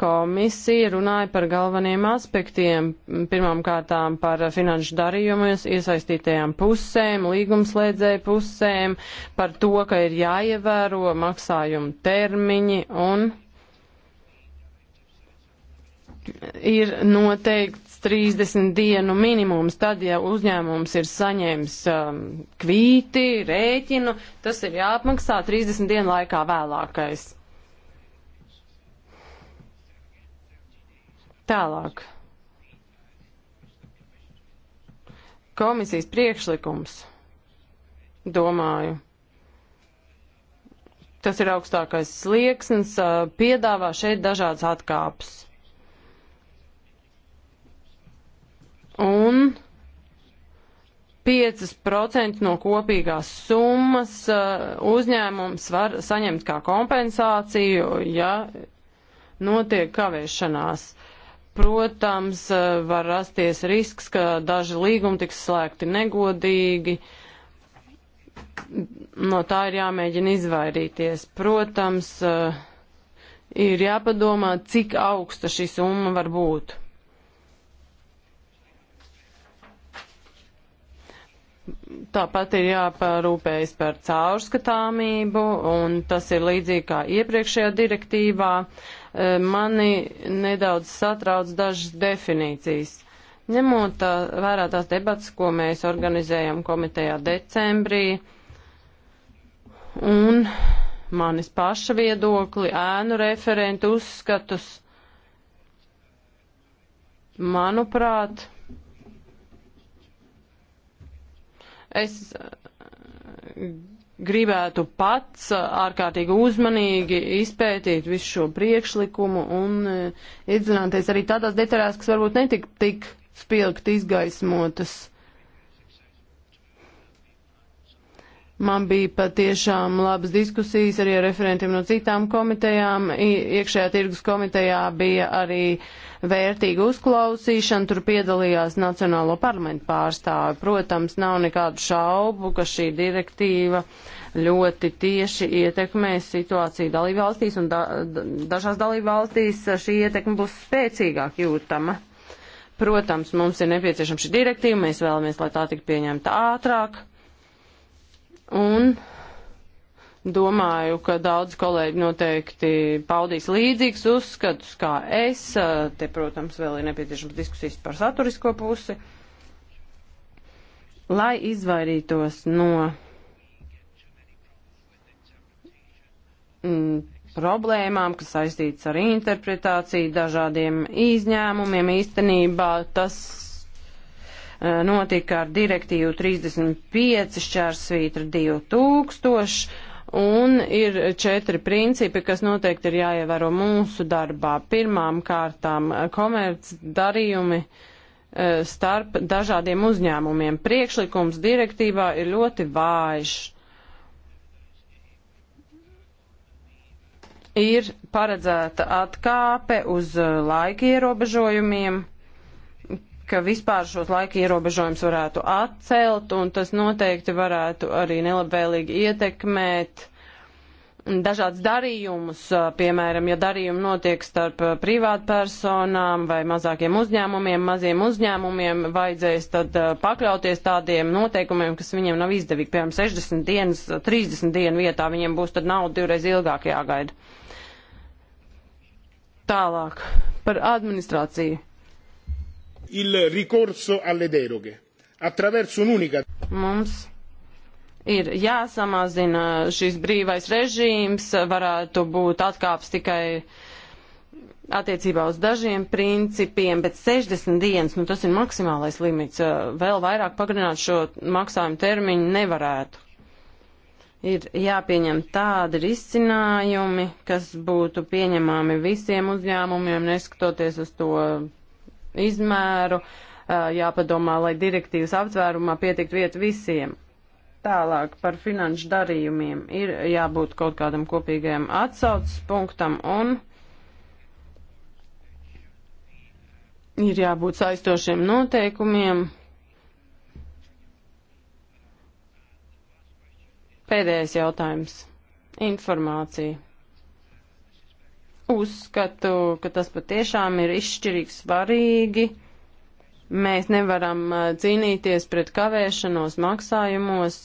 Komisija runāja par galveniem aspektiem, pirmām kārtām par finanšu darījumus, iesaistītajām pusēm, līgumslēdzēju pusēm, par to, ka ir jāievēro maksājumu termiņi un ir noteikts 30 dienu minimums. Tad, ja uzņēmums ir saņēmis um, kvīti, rēķinu, tas ir jāapmaksā 30 dienu laikā vēlākais. Tālāk. Komisijas priekšlikums, domāju, tas ir augstākais slieksnis, piedāvā šeit dažādas atkāpes. Un 5% no kopīgās summas uzņēmums var saņemt kā kompensāciju, ja notiek kavēšanās. Protams, eh, var rasties risks, ka daži līgumi tiks slēgti negodīgi. No tā ir jāmēģina izvairīties. Protams, eh, ir jāpadomā, cik augsta šī summa var būt. Tāpat ir jāparūpējas par caurskatāmību, un tas ir līdzīgi kā iepriekšējā direktīvā. Uh, mani nedaudz satrauc dažas definīcijas. Ņemot tā, vērā tās debatas, ko mēs organizējam komitejā decembrī, un manis paša viedokli, ēnu referentu uzskatus, manuprāt, es gribētu pats uh, ārkārtīgi uzmanīgi izpētīt visu šo priekšlikumu un uh, iedzināties arī tādās detaļās, kas varbūt netika tik spilgt izgaismotas. Man bija patiešām labas diskusijas arī ar referentiem no citām komitejām. Iekšējā tirgus komitejā bija arī vērtīga uzklausīšana, tur piedalījās Nacionālo parlamentu pārstāvi. Protams, nav nekādu šaubu, ka šī direktīva ļoti tieši ietekmēs situāciju dalībvalstīs, un da, dažās dalībvalstīs šī ietekme būs spēcīgāk jūtama. Protams, mums ir nepieciešama šī direktīva, mēs vēlamies, lai tā tiktu pieņemta ātrāk Un domāju, ka daudz kolēģi noteikti paudīs līdzīgus uzskatus kā es. Te, protams, vēl ir nepieciešams diskusijas par saturisko pusi. Lai izvairītos no mm, problēmām, kas saistīts ar interpretāciju, dažādiem izņēmumiem īstenībā tas Eh, notika ar direktīvu 35 šķērsvītra 2000 un ir četri principi, kas noteikti ir jāievēro mūsu darbā. Pirmām kārtām eh, komerc darījumi eh, starp dažādiem uzņēmumiem. Priekšlikums direktīvā ir ļoti vājš. Ir paredzēta atkāpe uz laika ierobežojumiem ka vispār šos laika ierobežojumus varētu atcelt, un tas noteikti varētu arī nelabvēlīgi ietekmēt dažādas darījumus, piemēram, ja darījumi notiek starp privātpersonām vai mazākiem uzņēmumiem, maziem uzņēmumiem, vajadzēs tad pakļauties tādiem noteikumiem, kas viņiem nav izdevīgi, piemēram, 60 dienas, 30 dienu vietā viņiem būs tad nauda divreiz ilgāk jāgaida. Tālāk par administrāciju il ricorso alle deroghe attraverso un'unica. Mums ir jāsamazina šis brīvais režīms, varētu būt atkāps tikai attiecībā uz dažiem principiem, bet 60 dienas, nu tas ir maksimālais limits, vēl vairāk pagarināt šo maksājumu termiņu nevarētu. Ir jāpieņem tādi risinājumi, kas būtu pieņemami visiem uzņēmumiem, neskatoties uz to izmēru, jāpadomā, lai direktīvas aptvērumā pietikt vieta visiem. Tālāk par finanšu darījumiem ir jābūt kaut kādam kopīgajam atsaucas punktam un ir jābūt saistošiem noteikumiem. Pēdējais jautājums. Informācija. Uzskatu, ka tas patiešām ir izšķirīgi svarīgi. Mēs nevaram uh, cīnīties pret kavēšanos maksājumos,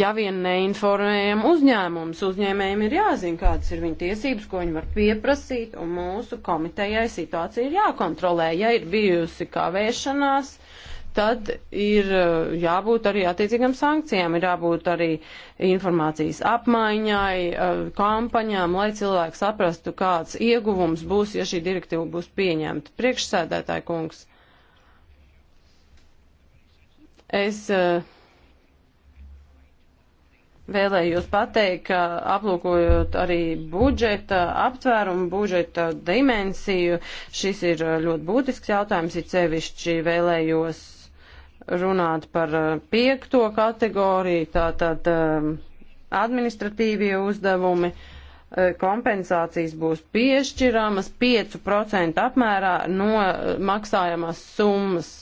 ja vien neinformējam uzņēmumus. Uzņēmējiem ir jāzina, kādas ir viņu tiesības, ko viņi var pieprasīt, un mūsu komitejai situācija ir jākontrolē. Ja ir bijusi kavēšanās, tad ir eh, jābūt arī attiecīgam sankcijām, ir jābūt arī informācijas apmaiņai, eh, kampaņām, lai cilvēki saprastu, kāds ieguvums būs, ja šī direktīva būs pieņemta. Priekšsēdētāji kungs, es eh, vēlējos pateikt, ka aplūkojot arī budžeta aptvērumu, budžeta dimensiju, šis ir ļoti būtisks jautājums, it sevišķi vēlējos runāt par uh, piekto kategoriju, tātad um, administratīvie uzdevumi, uh, kompensācijas būs piešķiramas 5% apmērā no uh, maksājamās summas.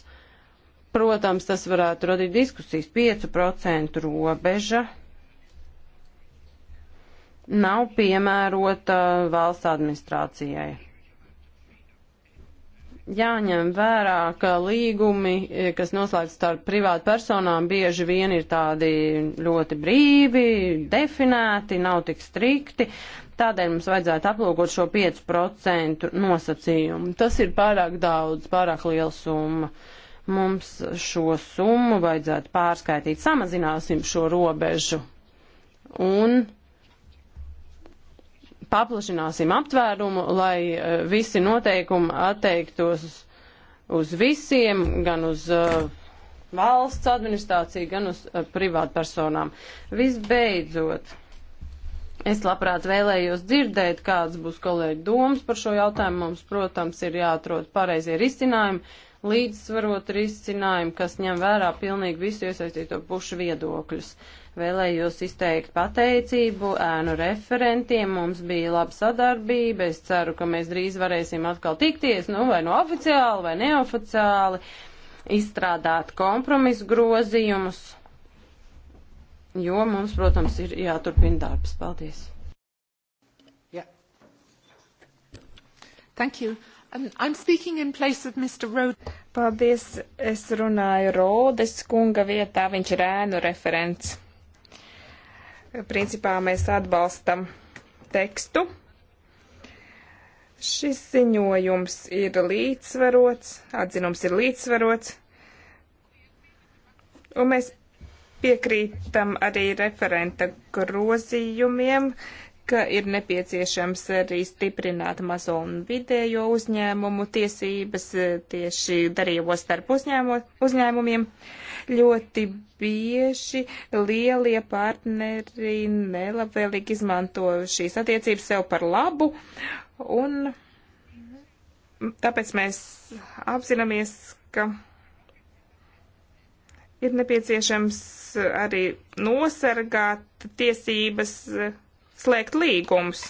Protams, tas varētu radīt diskusijas 5% robeža. Nav piemērota valsts administrācijai jāņem vērā, ka līgumi, eh, kas noslēgts starp privātu personām, bieži vien ir tādi ļoti brīvi, definēti, nav tik strikti. Tādēļ mums vajadzētu aplūkot šo 5% nosacījumu. Tas ir pārāk daudz, pārāk liela summa. Mums šo summu vajadzētu pārskaitīt, samazināsim šo robežu. Un paplašināsim aptvērumu, lai e, visi noteikumi atteiktos uz visiem, gan uz uh, valsts administrāciju, gan uz uh, privātpersonām. Visbeidzot, es labprāt vēlējos dzirdēt, kādas būs kolēģi domas par šo jautājumu. Mums, protams, ir jāatrod pareizie risinājumi, līdzsvarot risinājumi, kas ņem vērā pilnīgi visu iesaistīto pušu viedokļus. Uh, Vēlējos izteikt pateicību ēnu referentiem, mums bija laba sadarbība, es ceru, ka mēs drīz varēsim atkal tikties, nu vai nu no oficiāli vai neoficiāli, izstrādāt kompromisu grozījumus, jo mums, protams, ir jāturpina darbs. Paldies! Yeah. Thank you. Um, I'm speaking in place of Mr. Rode. Paldies, es runāju Rodes kunga vietā, viņš ir ēnu referents. Principā mēs atbalstam tekstu. Šis ziņojums ir līdzsvarots, atzinums ir līdzsvarots, un mēs piekrītam arī referenta grozījumiem, ka ir nepieciešams arī stiprināt mazo un vidējo uzņēmumu tiesības e, tieši darījumos starp uzņēmu, uzņēmumiem. Ļoti bieži lielie partneri nelabvēlīgi izmanto šīs attiecības sev par labu, un tāpēc mēs apzināmies, ka ir nepieciešams arī nosargāt tiesības slēgt līgumus.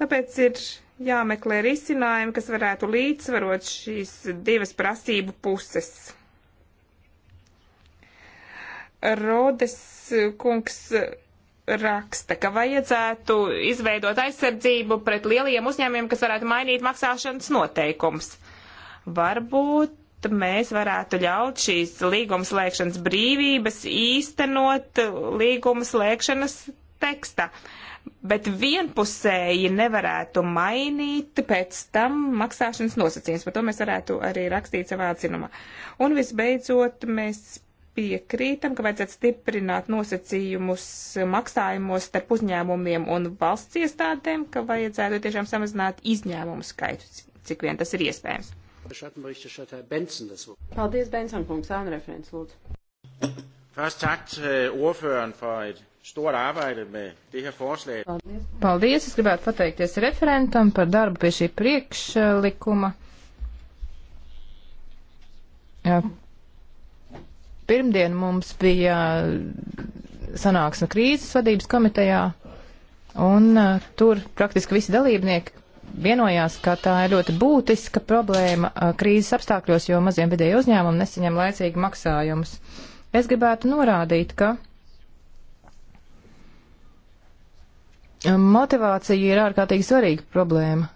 Tāpēc ir jāmeklē risinājumi, kas varētu līdzsvarot šīs divas prasību puses. Rodes kungs raksta, ka vajadzētu izveidot aizsardzību pret lielajiem uzņēmumiem, kas varētu mainīt maksāšanas noteikums. Varbūt mēs varētu ļaut šīs līguma slēgšanas brīvības īstenot līguma slēgšanas tekstā. Bet vienpusēji nevarētu mainīt pēc tam maksāšanas nosacījums. Par to mēs varētu arī rakstīt savā atzinumā. Un visbeidzot, mēs piekrītam, ka vajadzētu stiprināt nosacījumus maksājumos starp uzņēmumiem un valsts iestādēm, ka vajadzētu tiešām samazināt izņēmumu skaitu, cik vien tas ir iespējams. Paldies, Benson kungs, ānu referents, lūdzu. Først tak til ordføreren for et stort arbejde med det her forslag. Paldies. Paldies, es gribētu pateikties referentam par darbu pie šī priekšlikuma. Jā. Pirmdien mums bija sanāksme krīzes vadības komitejā, un uh, tur praktiski visi dalībnieki vienojās, ka tā ir ļoti būtiska problēma uh, krīzes apstākļos, jo maziem vidēji uzņēmumi nesaņem laicīgi maksājumus. Es gribētu norādīt, ka um, motivācija ir ārkārtīgi svarīga problēma.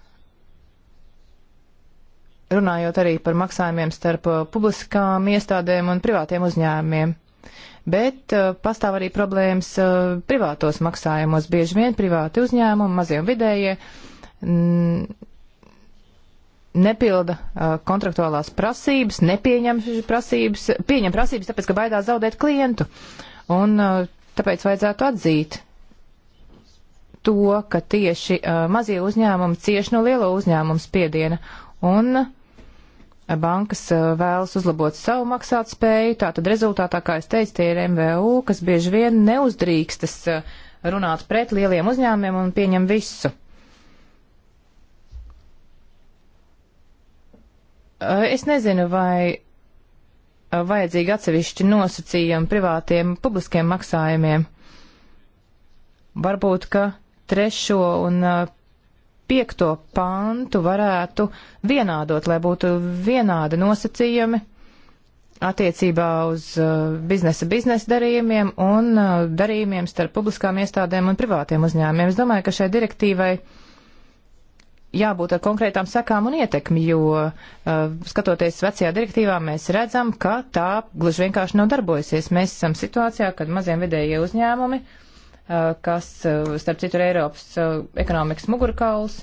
Runājot arī par maksājumiem starp uh, publiskām iestādēm un privātiem uzņēmumiem. Bet uh, pastāv arī problēmas uh, privātos maksājumos. Bieži vien privāti uzņēmumi, mazie un vidējie, uh, nepilda uh, kontraktuālās prasības, nepieņem prasības, pieņem prasības, tāpēc, ka baidās zaudēt klientu. Un uh, tāpēc vajadzētu atzīt to, ka tieši uh, mazie uzņēmumi cieši no lielo uzņēmumu spiediena. Un bankas vēlas uzlabot savu maksātspēju, tātad rezultātā, kā es teicu, tie ir MVU, kas bieži vien neuzdrīkstas runāt pret lieliem uzņēmumiem un pieņem visu. Eh, es nezinu, vai eh, vajadzīgi atsevišķi nosacījumi privātiem publiskiem maksājumiem. Varbūt, ka trešo un eh, piekto pantu varētu vienādot, lai būtu vienādi nosacījumi attiecībā uz biznesa biznesa darījumiem un darījumiem starp publiskām iestādēm un privātiem uzņēmumiem. Es domāju, ka šai direktīvai uh, jābūt ar konkrētām sekām un ietekmi, jo eh, skatoties vecajā direktīvā, mēs redzam, ka tā gluži vienkārši nav darbojusies. Mēs esam situācijā, kad maziem vidējie uzņēmumi, eh, kas, eh, starp citu, ir Eiropas ekonomikas mugurkauls,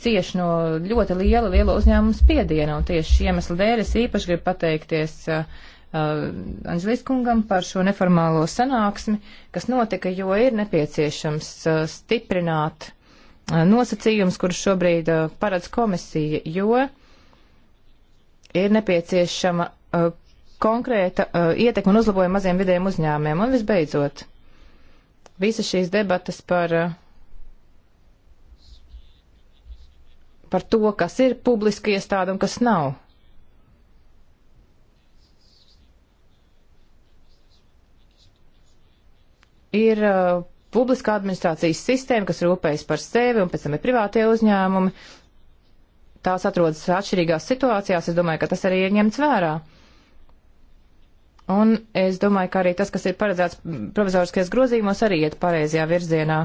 cieši no ļoti liela, liela uzņēmuma spiediena, un tieši iemesla dēļ es īpaši gribu pateikties uh, Anģelīs kungam par šo neformālo sanāksmi, kas notika, jo ir nepieciešams uh, stiprināt Eh, nosacījums, kurus šobrīd eh, paredz komisija, jo ir nepieciešama eh, konkrēta ietekma un uzlabojuma maziem vidējiem uzņēmiem. Un visbeidzot, visas šīs debatas par, par to, kas ir publiski iestāde un kas nav. Ir uh, publiskā administrācijas sistēma, kas rūpējas par sevi, un pēc tam ir privātie uzņēmumi. Tās atrodas atšķirīgās situācijās, es domāju, ka tas arī ir ņemts vērā. Un es domāju, ka arī tas, kas ir paredzēts provizoriskajos grozījumos, arī iet pareizajā virzienā.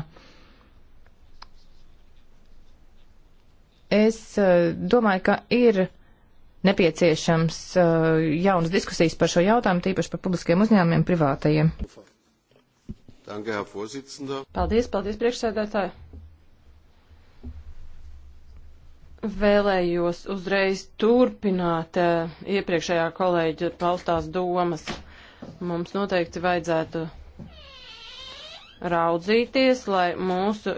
Es eh, domāju, ka ir nepieciešams eh, jaunas diskusijas par šo jautājumu, tīpaši par publiskiem uzņēmumiem, privātajiem. Ufa. Danke, Herr Vorsitzender. Paldies, paldies, priekšsēdētāji. Vēlējos uzreiz turpināt eh, iepriekšējā kolēģa paustās domas. Mums noteikti vajadzētu raudzīties, lai mūsu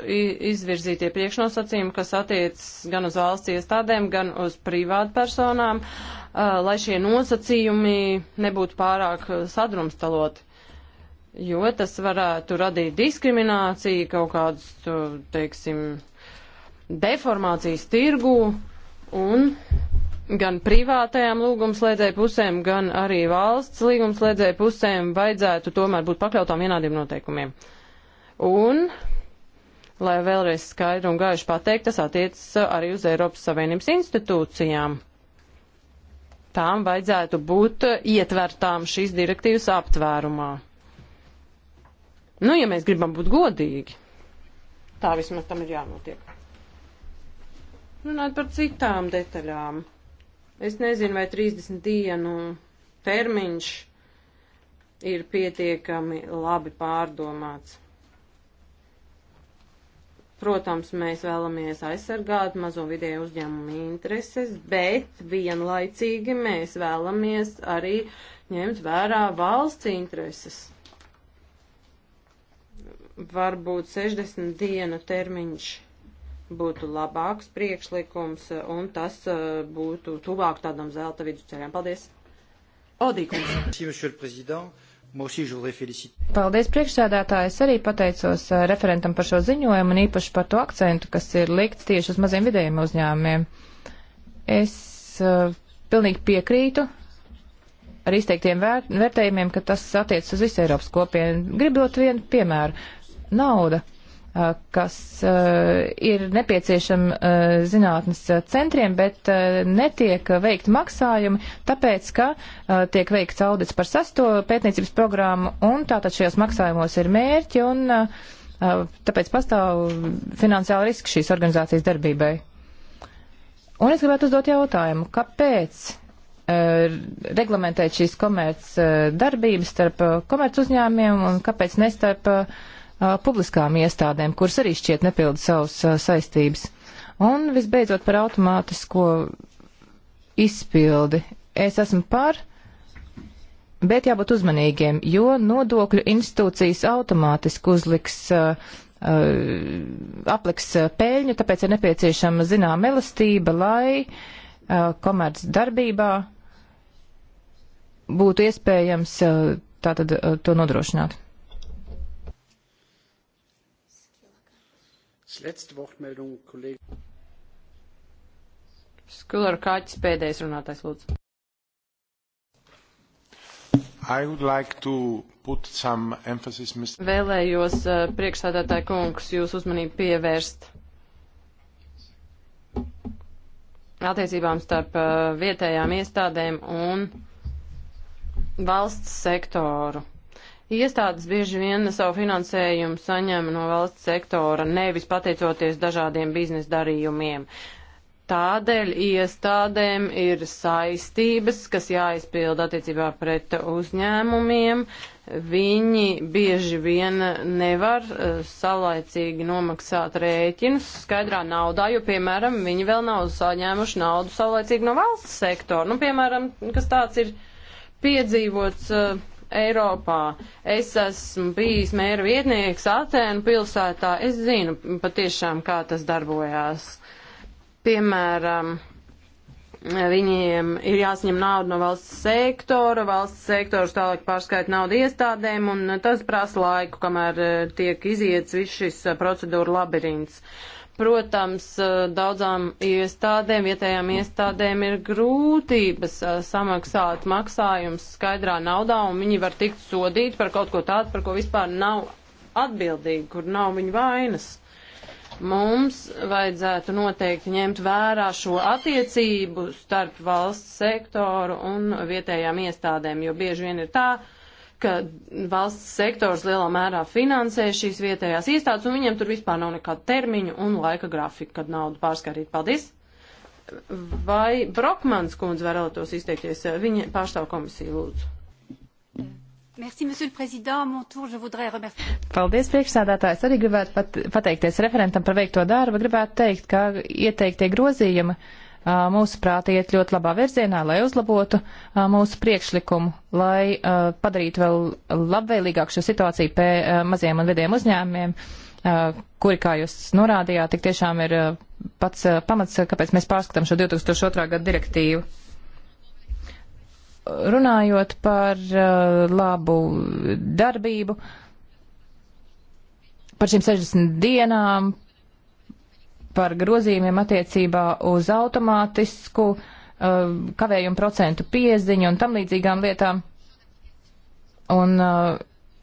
izvirzītie priekšnosacījumi, kas attiecas gan uz valsts iestādēm, gan uz privātpersonām, eh, lai šie nosacījumi nebūtu pārāk eh, sadrumstaloti jo tas varētu radīt diskrimināciju, kaut kādus, teiksim, deformācijas tirgū un gan privātajām līgumslēdzēju pusēm, gan arī valsts līgumslēdzēju pusēm vajadzētu tomēr būt pakļautām vienādiem noteikumiem. Un, lai vēlreiz skaidri un gaiši pateikt, tas attiecas arī uz Eiropas Savienības institūcijām. Tām vajadzētu būt ietvertām šīs direktīvas aptvērumā. Nu, ja mēs gribam būt godīgi, tā vismaz tam ir jānotiek. Runāt par citām detaļām. Es nezinu, vai 30 dienu termiņš ir pietiekami labi pārdomāts. Protams, mēs vēlamies aizsargāt mazo vidēju uzņēmumu intereses, bet vienlaicīgi mēs vēlamies arī ņemt vērā valsts intereses varbūt 60 dienu termiņš būtu labāks priekšlikums, eh, un tas eh, būtu tuvāk tādam zelta vidusceļam. Paldies! Odīkums! Paldies priekšsēdētāji, es arī pateicos eh, referentam par šo ziņojumu un īpaši par to akcentu, kas ir likts tieši uz maziem vidējiem uzņēmumiem. Es uh, pilnīgi piekrītu ar izteiktiem vērt, vērtējumiem, ka tas attiecas uz visu Eiropas kopienu. Gribu dot vienu piemēru nauda, kas ir nepieciešama zinātnes centriem, bet netiek veikt maksājumi, tāpēc, ka tiek veikts audits par sasto pētniecības programmu, un tātad šajos maksājumos ir mērķi, un tāpēc pastāv finansiāli riski šīs organizācijas darbībai. Un es gribētu uzdot jautājumu, kāpēc uh, reglamentēt šīs komerc uh, darbības starp uh, komerc uzņēmiem un kāpēc ne starp uh, publiskām iestādēm, kuras arī šķiet nepilda savas saistības. Un visbeidzot par automātisko izpildi. Es esmu par, bet jābūt uzmanīgiem, jo nodokļu institūcijas automātiski uzliks uh, apliks peļņu, tāpēc ir nepieciešama zinām elastība, lai uh, komerc darbībā būtu iespējams uh, tātad to nodrošināt. Letzte Wortmeldung, Kollege. Skulera Kāķis pēdējais runātais, lūdzu. Like emphasis, Mr... Vēlējos uh, priekšstādātāja kungs jūs uzmanību pievērst attiecībām starp uh, vietējām iestādēm un valsts sektoru. Iestādes bieži vien savu finansējumu saņem no valsts sektora, nevis pateicoties dažādiem biznesa darījumiem. Tādēļ iestādēm ir saistības, kas jāizpild attiecībā pret uzņēmumiem. Viņi bieži vien nevar eh, saulaicīgi nomaksāt rēķinus skaidrā naudā, jo, piemēram, viņi vēl nav saņēmuši naudu saulaicīgi no valsts sektora. Nu, piemēram, kas tāds ir piedzīvots. Uh, Eiropā. Es esmu bijis mēra vietnieks Atēnu pilsētā. Es zinu patiešām, kā tas darbojās. Piemēram, viņiem ir jāsaņem nauda no valsts sektora, valsts sektors tālāk pārskaita naudu iestādēm, un tas prasa laiku, kamēr eh, tiek iziets viss šis eh, procedūra labirints. Uh, Protams, eh, daudzām iestādēm, vietējām iestādēm ir grūtības eh, samaksāt maksājumus skaidrā naudā, un viņi var tikt sodīti par kaut ko tādu, par ko vispār nav atbildīgi, kur nav viņa vainas. Mums vajadzētu noteikti ņemt vērā šo attiecību starp valsts sektoru un vietējām iestādēm, jo bieži vien ir tā, uh, ka valsts sektors lielā mērā finansē šīs vietējās iestādes, un viņiem tur vispār nav nekāda termiņa un laika grafika, kad naudu pārskaitīt. Paldies! Vai Brokmans kundze vēlētos izteikties? Viņa pārstāv komisiju, lūdzu. Merci, Monsieur le Président. Mon tour, je voudrais remercier. Paldies, priekšsādātājs. Arī gribētu pat, pateikties referentam par veikto darbu. Gribētu teikt, ka ieteiktie grozījumi uh, Uh, mūsu prāti iet ļoti labā virzienā, lai uzlabotu uh, mūsu priekšlikumu, lai uh, padarītu vēl labvēlīgāku šo situāciju pie maziem un vidiem uzņēmumiem, kuri, kā jūs norādījāt, tik tiešām ir pats pamats, kāpēc mēs pārskatām šo 2002. gadu direktīvu runājot par uh, labu darbību, par šīm 60 dienām, par grozījumiem attiecībā uz automātisku uh, kavējumu procentu pieziņu un tam līdzīgām lietām. Un uh,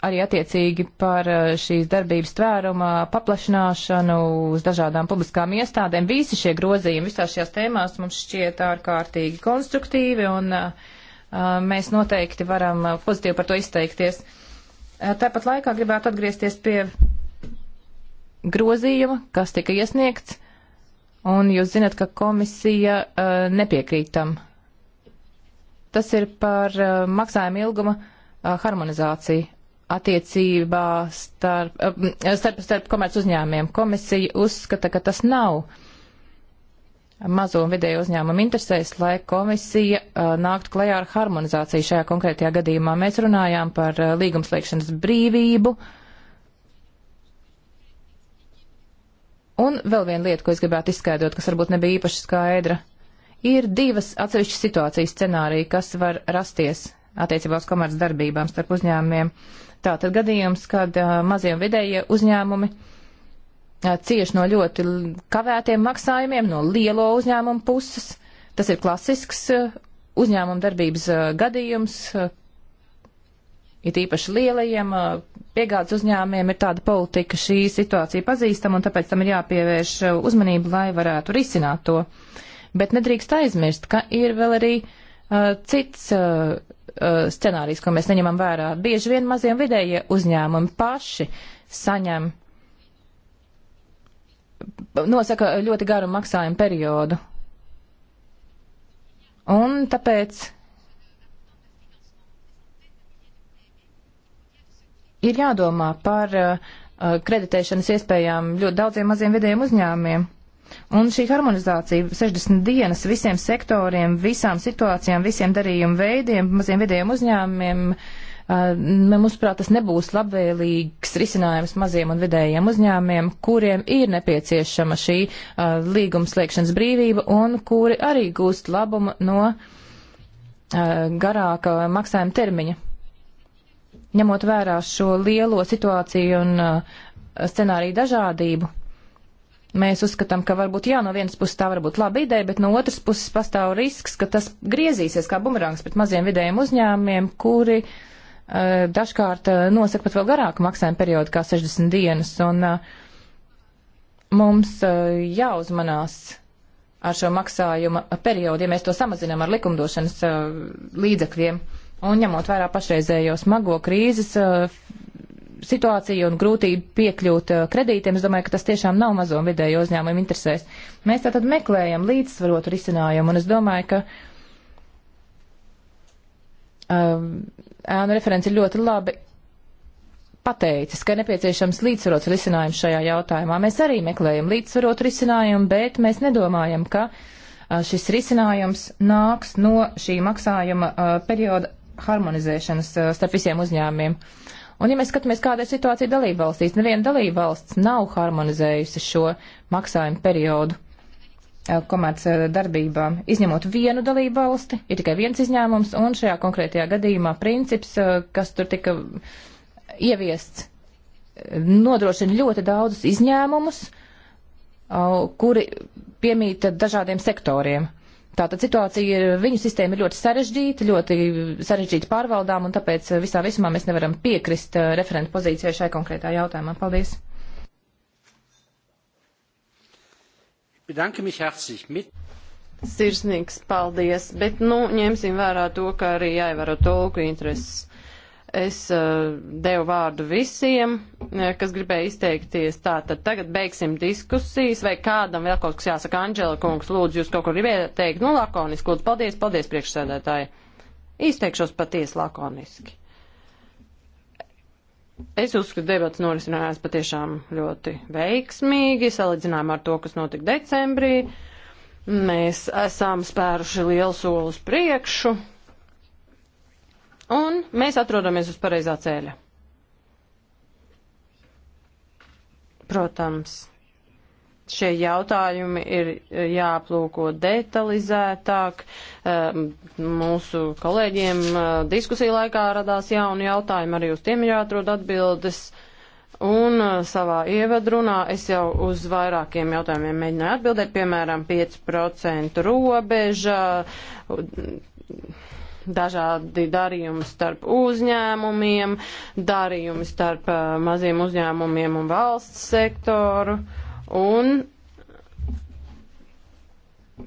arī attiecīgi par uh, šīs darbības tvērumā paplašināšanu uz dažādām publiskām iestādēm. Visi šie grozījumi visās šajās tēmās mums šķiet ārkārtīgi konstruktīvi un uh, uh, mēs noteikti varam uh, pozitīvi par to izteikties. Tāpat laikā gribētu atgriezties pie grozījuma, kas tika iesniegts un jūs zinat, ka komisija uh, nepiekrīt tam. Tas ir par uh, maksājuma ilguma uh, harmonizāciju attiecībā starp, uh, starp, starp komerc uzņēmiem. Komisija uzskata, ka tas nav mazo un vidēju uzņēmumu interesēs, lai komisija uh, nāktu klajā ar harmonizāciju šajā konkrētajā gadījumā. Mēs runājām par uh, līgumslēgšanas brīvību. Uh, Un vēl viena lieta, ko es gribētu izskaidrot, kas varbūt nebija īpaši skaidra, ir divas atsevišķas situācijas scenārija, kas var rasties attiecībā uz komerc darbībām starp uzņēmumiem. Tātad gadījums, kad uh, mazie un vidējie uzņēmumi uh, cieš no ļoti kavētiem maksājumiem no lielo uzņēmumu puses. Tas ir klasisks uh, uzņēmuma darbības gadījums, it īpaši lielajiem piegādes uzņēmumiem ir tāda politika, šī situācija pazīstama un tāpēc tam ir jāpievērš uzmanība, lai varētu risināt to. Bet nedrīkst aizmirst, ka ir vēl arī uh, cits uh, scenārijs, ko mēs neņemam vērā. Bieži vien maziem vidējie uzņēmumi paši saņem, nosaka ļoti garu maksājumu periodu. Un tāpēc ir jādomā par uh, uh, kreditēšanas iespējām ļoti daudziem maziem vidējiem uzņēmumiem. Un šī harmonizācija 60 dienas visiem sektoriem, visām situācijām, visiem darījumu veidiem, maziem vidējiem uzņēmumiem, uh, mūsuprāt, tas nebūs labvēlīgs risinājums maziem un vidējiem uzņēmumiem, kuriem ir nepieciešama šī līgumslēgšanas brīvība un kuri arī gūst labumu no garāka maksājuma termiņa ņemot vērā šo lielo situāciju un uh, scenāriju dažādību, mēs uzskatām, ka varbūt jā, no vienas puses tā var būt laba ideja, bet no otras puses pastāv risks, ka tas griezīsies kā bumerāns pret maziem vidējiem uzņēmumiem, kuri uh, dažkārt uh, nosaka pat vēl garāku maksājumu periodu kā 60 dienas. Un mums jāuzmanās ar šo maksājuma periodu, ja mēs to samazinām ar likumdošanas līdzekļiem. Un ņemot vērā pašreizējo smago krīzes eh, situāciju un grūtību piekļūt eh, kredītiem, es domāju, ka tas tiešām nav mazo un vidējo uzņēmumu interesēs. Mēs tātad meklējam līdzsvarotu risinājumu, un es domāju, ka eh, ēnu referents ir ļoti labi pateicis, ka nepieciešams līdzsvarots risinājums šajā jautājumā. Mēs arī meklējam līdzsvarotu risinājumu, bet mēs nedomājam, ka šis risinājums nāks no šī maksājuma perioda harmonizēšanas eh, starp visiem uzņēmumiem. Un, ja mēs skatāmies, kāda ir situācija dalība valstīs, neviena dalība valsts nav harmonizējusi šo maksājumu periodu eh, komerc eh, darbībām, izņemot vienu dalību valsti, ir tikai viens izņēmums, un šajā konkrētajā gadījumā princips, kas tur tika ieviests, nodrošina ļoti daudzus izņēmumus, kuri piemīta dažādiem sektoriem. Tātad situācija ir, viņu sistēma ir ļoti sarežģīta, ļoti sarežģīta pārvaldām, un tāpēc eh, visā visumā mēs nevaram piekrist uh, eh, referentu pozīcijai šai konkrētā jautājumā. Paldies! Bedanke mich herzlich mit. Sirsnīgs paldies, bet nu ņemsim vērā to, ka arī jāievēro tulku intereses. Es uh, devu vārdu visiem, eh, kas gribēja izteikties. Tā tad tagad beigsim diskusijas, vai kādam vēl kaut kas jāsaka. Anģela kungs, lūdzu, jūs kaut ko gribējāt teikt. Nu, lakoniski, lūdzu, paldies, paldies, priekšsēdētāji. Izteikšos patiesi lakoniski. Es uzskatu, debats norisinājās patiešām ļoti veiksmīgi, salīdzinājumā ar to, kas notika decembrī. Mēs esam spēruši lielu soli uz priekšu un mēs atrodamies uz pareizā ceļa. Protams, šie jautājumi ir jāplūko detalizētāk. Ehm, mūsu kolēģiem eh, diskusiju laikā radās jauni jautājumi, arī uz tiem jāatrod atbildes. Un eh, savā ievadrunā es jau uz vairākiem jautājumiem mēģināju atbildēt, piemēram, 5% robeža, dažādi darījumi starp uzņēmumiem, darījumi starp uh, maziem uzņēmumiem un valsts sektoru. Un,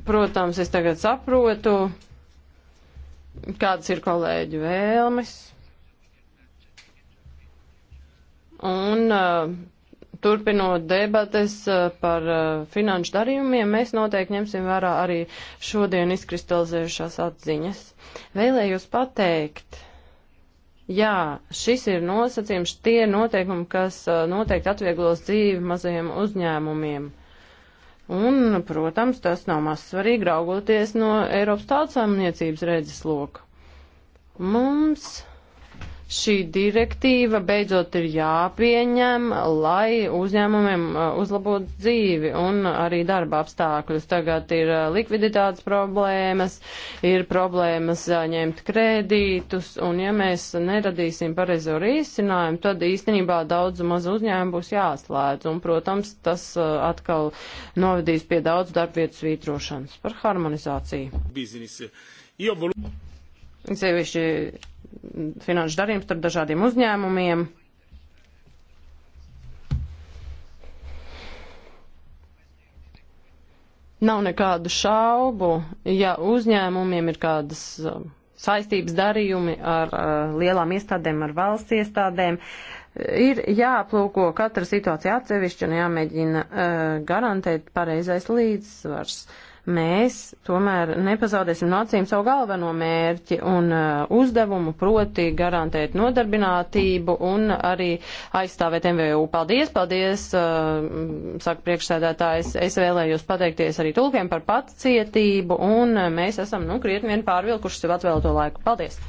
protams, es tagad saprotu, kādas ir kolēģu vēlmes. Un uh, turpinot debates eh, par finanšu darījumiem, mēs noteikti ņemsim vērā arī šodien izkristalizējušās atziņas. Vēlējos pateikt, jā, šis ir nosacījums, tie ir noteikumi, kas uh, noteikti atvieglos dzīvi mazajiem uzņēmumiem. Un, protams, tas nav maz svarīgi raugoties no Eiropas tautsāmniecības redzes loka. Mums šī direktīva beidzot ir jāpieņem, lai uzņēmumiem uh, uzlabotu dzīvi un arī darba apstākļus. Tagad ir uh, likviditātes problēmas, ir problēmas uh, ņemt kredītus, un ja mēs neradīsim pareizo risinājumu, tad īstenībā daudz mazu uzņēmumu būs jāslēdz, un, protams, tas atkal novedīs pie daudz darbvietu svītrošanas par harmonizāciju. Biznesi. Io vol- Sevišķi finanšu darījumus starp dažādiem uzņēmumiem. Nav nekādu šaubu, ja uzņēmumiem ir kādas um, saistības darījumi ar uh, lielām iestādēm, ar valsts iestādēm. Ir jāaplūko katra situācija atsevišķi un jāmēģina uh, garantēt pareizais līdzsvars. Uh, mēs tomēr nepazaudēsim no acīm savu galveno mērķi un uh, uzdevumu, proti garantēt nodarbinātību un arī aizstāvēt MVU. Paldies, paldies, uh, saka priekšsēdētājs. Es vēlējos pateikties arī tulkiem par pacietību un uh, mēs esam, nu, krietni vien pārvilkuši sev atvēlto laiku. Paldies!